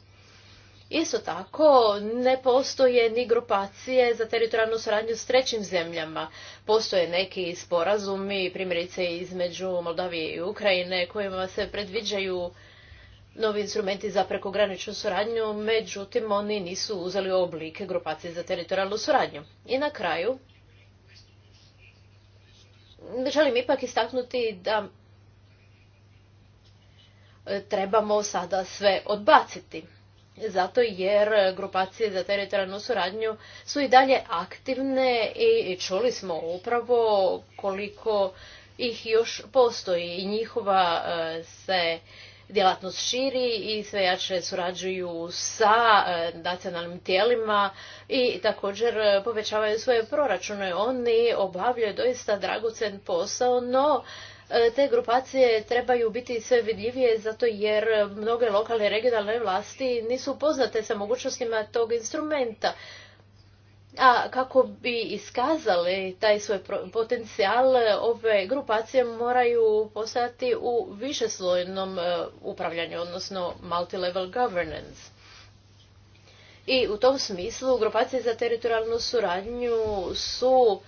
Isto tako, ne postoje ni grupacije za teritorijalnu suradnju s trećim zemljama. Postoje neki sporazumi, primjerice između Moldavije i Ukrajine, kojima se predviđaju novi instrumenti za prekograničnu suradnju, međutim oni nisu uzeli oblike grupacije za teritorijalnu suradnju. I na kraju, želim ipak istaknuti da e, trebamo sada sve odbaciti. Zato jer grupacije za teritorijalnu suradnju su i dalje aktivne i čuli smo upravo koliko ih još postoji i njihova e, se djelatnost širi i sve jače surađuju sa e, nacionalnim tijelima i također e, povećavaju svoje proračune. Oni obavljaju doista dragocen posao, no e, te grupacije trebaju biti sve vidljivije zato jer mnoge lokalne i regionalne vlasti nisu poznate sa mogućnostima tog instrumenta. A kako bi iskazali taj svoj potencijal, ove grupacije moraju postati u višeslojnom e, upravljanju, odnosno multi-level governance. I u tom smislu grupacije za teritorijalnu suradnju su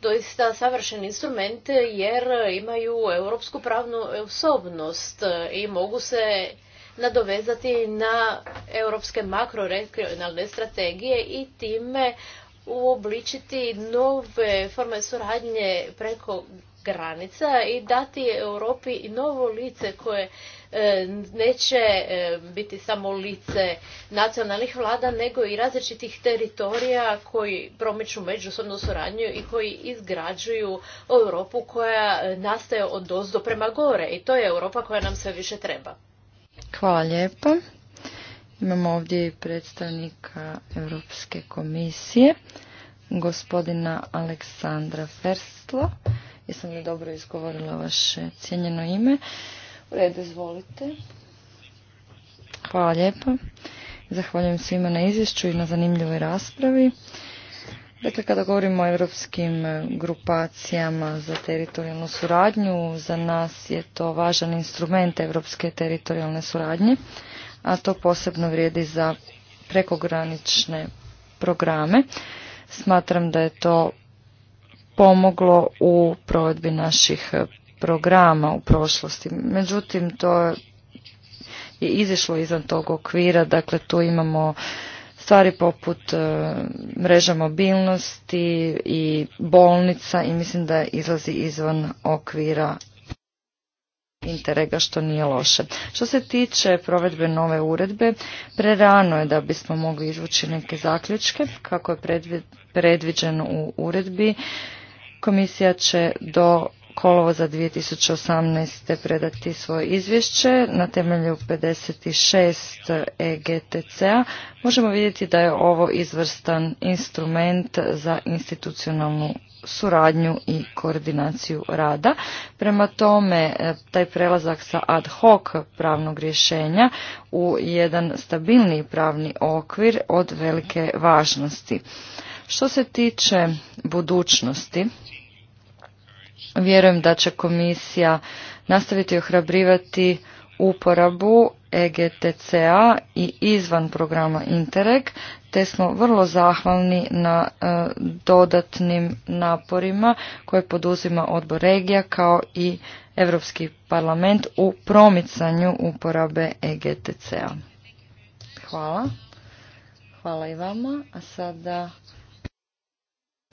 doista savršen instrument jer imaju europsku pravnu osobnost i mogu se nadovezati na europske makroregionalne strategije i time uobličiti nove forme suradnje preko granica i dati Europi novo lice koje e, neće e, biti samo lice nacionalnih vlada nego i različitih teritorija koji promiču međusobnu suradnju i koji izgrađuju Europu koja e, nastaje od ozdo prema gore i to je Europa koja nam sve više treba. Hvala lijepo. Imamo ovdje i predstavnika Europske komisije, gospodina Aleksandra Ferstla. Jesam li dobro izgovorila vaše cijenjeno ime? U redu, izvolite. Hvala lijepo. Zahvaljujem svima na izvješću i na zanimljivoj raspravi. Dakle, kada govorimo o europskim e, grupacijama za teritorijalnu suradnju, za nas je to važan instrument europske teritorijalne suradnje, a to posebno vrijedi za prekogranične programe. Smatram da je to pomoglo u provedbi naših e, programa u prošlosti. Međutim, to je izišlo izvan tog okvira, dakle tu imamo stvari poput e, mreža mobilnosti i bolnica i mislim da izlazi izvan okvira Interega što nije loše. Što se tiče provedbe nove uredbe, prerano je da bismo mogli izvući neke zaključke kako je predviđeno u uredbi. Komisija će do kolovoza 2018. predati svoje izvješće na temelju 56 EGTC-a, možemo vidjeti da je ovo izvrstan instrument za institucionalnu suradnju i koordinaciju rada. Prema tome, e, taj prelazak sa ad hoc pravnog rješenja u jedan stabilni pravni okvir od velike važnosti. Što se tiče budućnosti, Vjerujem da će komisija nastaviti ohrabrivati uporabu EGTCA i izvan programa Interreg, te smo vrlo zahvalni na e, dodatnim naporima koje poduzima odbor regija kao i Europski parlament u promicanju uporabe EGTCA. Hvala. Hvala i vama. A sada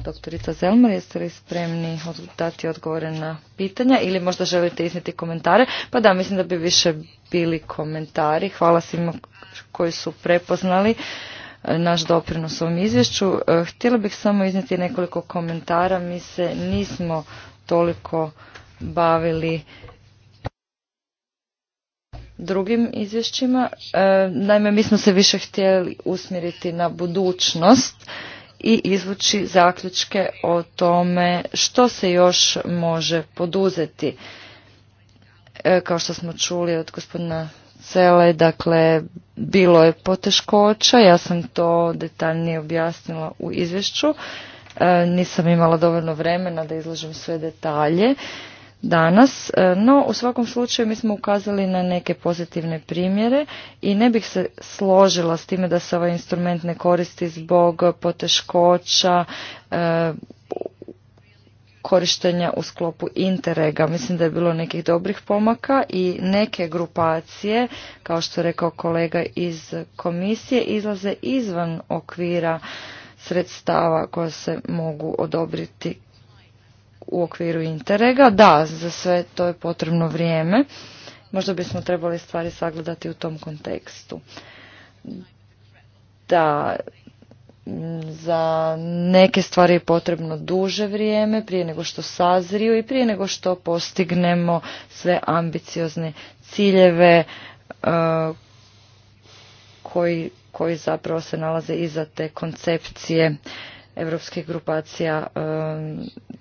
Doktorica Zelmar, jeste li spremni dati odgovore na pitanja ili možda želite izniti komentare? Pa da, mislim da bi više bili komentari. Hvala svima koji su prepoznali e, naš doprinos ovom izvješću. E, htjela bih samo izniti nekoliko komentara. Mi se nismo toliko bavili drugim izvješćima. E, naime, mi smo se više htjeli usmjeriti na budućnost i izvući zaključke o tome što se još može poduzeti. E, kao što smo čuli od gospodina Cele, dakle, bilo je poteškoća, ja sam to detaljnije objasnila u izvješću. E, nisam imala dovoljno vremena da izložim sve detalje danas, e, no u svakom slučaju mi smo ukazali na neke pozitivne primjere i ne bih se složila s time da se ovaj instrument ne koristi zbog poteškoća e, korištenja u sklopu interega. Mislim da je bilo nekih dobrih pomaka i neke grupacije, kao što je rekao kolega iz komisije, izlaze izvan okvira sredstava koja se mogu odobriti u okviru Interrega. Da, za sve to je potrebno vrijeme. Možda bismo trebali stvari sagledati u tom kontekstu. Da, za neke stvari je potrebno duže vrijeme prije nego što sazriju i prije nego što postignemo sve ambiciozne ciljeve e, koji, koji zapravo se nalaze iza te koncepcije europskih grupacija e,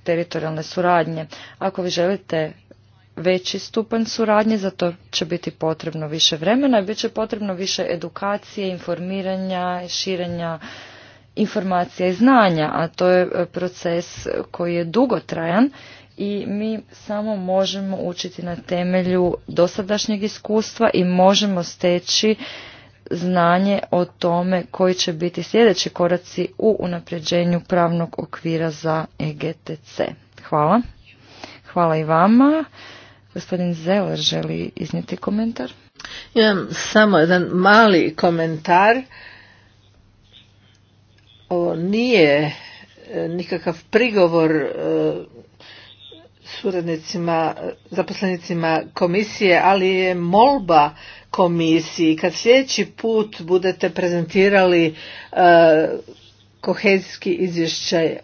teritorijalne suradnje. Ako vi želite veći stupanj suradnje, za to će biti potrebno više vremena i bit će potrebno više edukacije, informiranja, širenja informacija i znanja, a to je e, proces koji je dugotrajan i mi samo možemo učiti na temelju dosadašnjeg iskustva i možemo steći znanje o tome koji će biti sljedeći koraci u unapređenju pravnog okvira za EGTC. Hvala. Hvala i vama. Gospodin Zeller želi iznijeti komentar. Imam samo jedan mali komentar. Ovo nije e, nikakav prigovor e, suradnicima, zaposlenicima komisije, ali je molba komisiji. Kad sljedeći put budete prezentirali e, kohezijski izvješćaj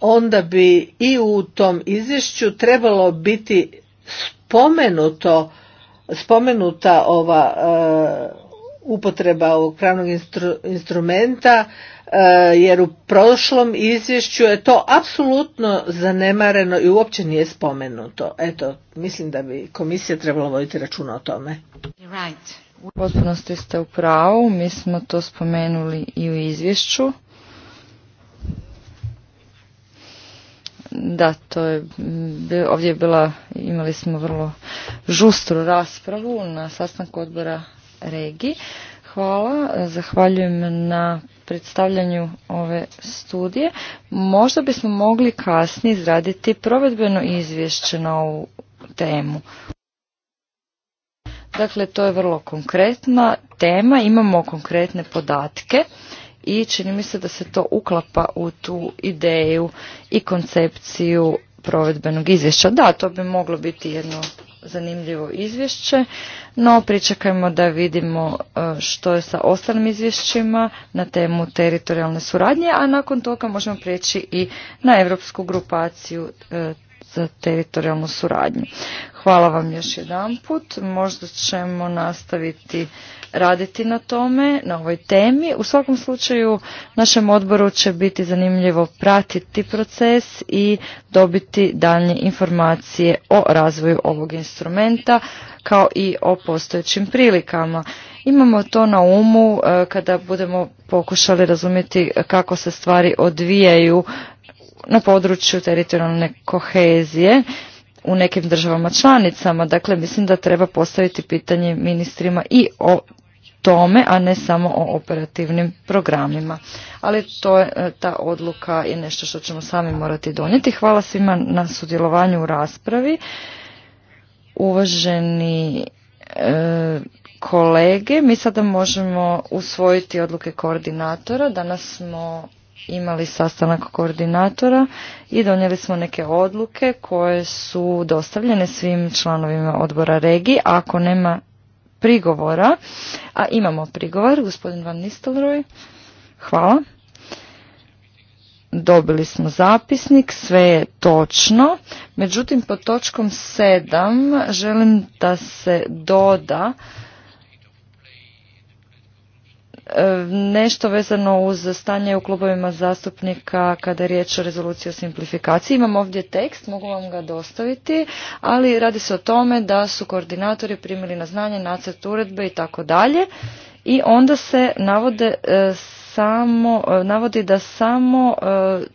onda bi i u tom izvješću trebalo biti spomenuto spomenuta ova e, upotreba ovog pravnog instrumenta e, jer u prošlom izvješću je to apsolutno zanemareno i uopće nije spomenuto. Eto, mislim da bi komisija trebala voditi računa o tome. U potpunosti ste u pravu, mi smo to spomenuli i u izvješću. Da, to je, ovdje je bila, imali smo vrlo žustru raspravu na sastanku odbora regiji. Hvala, zahvaljujem na predstavljanju ove studije. Možda bismo mogli kasnije izraditi provedbeno izvješće na ovu temu. Dakle, to je vrlo konkretna tema, imamo konkretne podatke i čini mi se da se to uklapa u tu ideju i koncepciju provedbenog izvješća. Da, to bi moglo biti jedno zanimljivo izvješće, no pričekajmo da vidimo e, što je sa ostalim izvješćima na temu teritorijalne suradnje, a nakon toga možemo prijeći i na europsku grupaciju e, za teritorijalnu suradnju. Hvala vam još jedanput. Možda ćemo nastaviti raditi na tome, na ovoj temi. U svakom slučaju našem odboru će biti zanimljivo pratiti proces i dobiti dalje informacije o razvoju ovog instrumenta kao i o postojećim prilikama. Imamo to na umu e, kada budemo pokušali razumjeti kako se stvari odvijaju na području teritorijalne kohezije u nekim državama članicama. Dakle, mislim da treba postaviti pitanje ministrima i o tome, a ne samo o operativnim programima. Ali to je, e, ta odluka i nešto što ćemo sami morati donijeti. Hvala svima na sudjelovanju u raspravi. Uvaženi e, kolege, mi sada možemo usvojiti odluke koordinatora. Danas smo imali sastanak koordinatora i donijeli smo neke odluke koje su dostavljene svim članovima odbora regiji. Ako nema prigovora, a imamo prigovor, gospodin Van Nistelroj, hvala. Dobili smo zapisnik, sve je točno. Međutim, pod točkom 7 želim da se doda E, nešto vezano uz stanje u klubovima zastupnika kada je riječ o rezoluciji o simplifikaciji. Imam ovdje tekst, mogu vam ga dostaviti, ali radi se o tome da su koordinatori primili na znanje nacrt uredbe i tako dalje i onda se navode e, samo, e, navodi da samo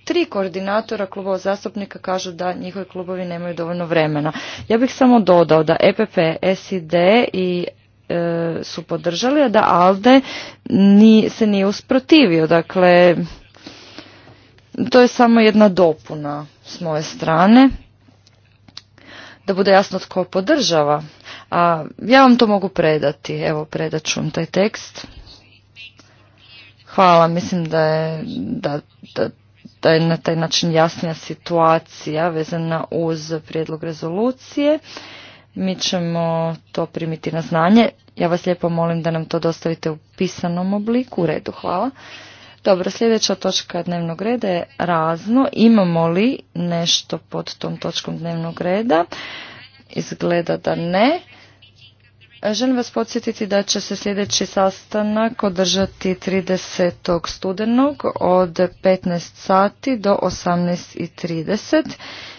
tri koordinatora klubova zastupnika kažu da njihovi klubovi nemaju dovoljno vremena. Ja bih samo dodao da EPP, SID i E, su podržali, a da Alde ni, se nije usprotivio. Dakle, to je samo jedna dopuna s moje strane. Da bude jasno tko podržava. A ja vam to mogu predati. Evo, predat ću vam taj tekst. Hvala, mislim da je, da, da, da je na taj način jasnija situacija vezana uz prijedlog rezolucije. Mi ćemo to primiti na znanje. Ja vas lijepo molim da nam to dostavite u pisanom obliku. U redu, hvala. Dobro, sljedeća točka dnevnog reda je razno. Imamo li nešto pod tom točkom dnevnog reda? Izgleda da ne. Želim vas podsjetiti da će se sljedeći sastanak održati 30. studenog od 15 sati do 18.30.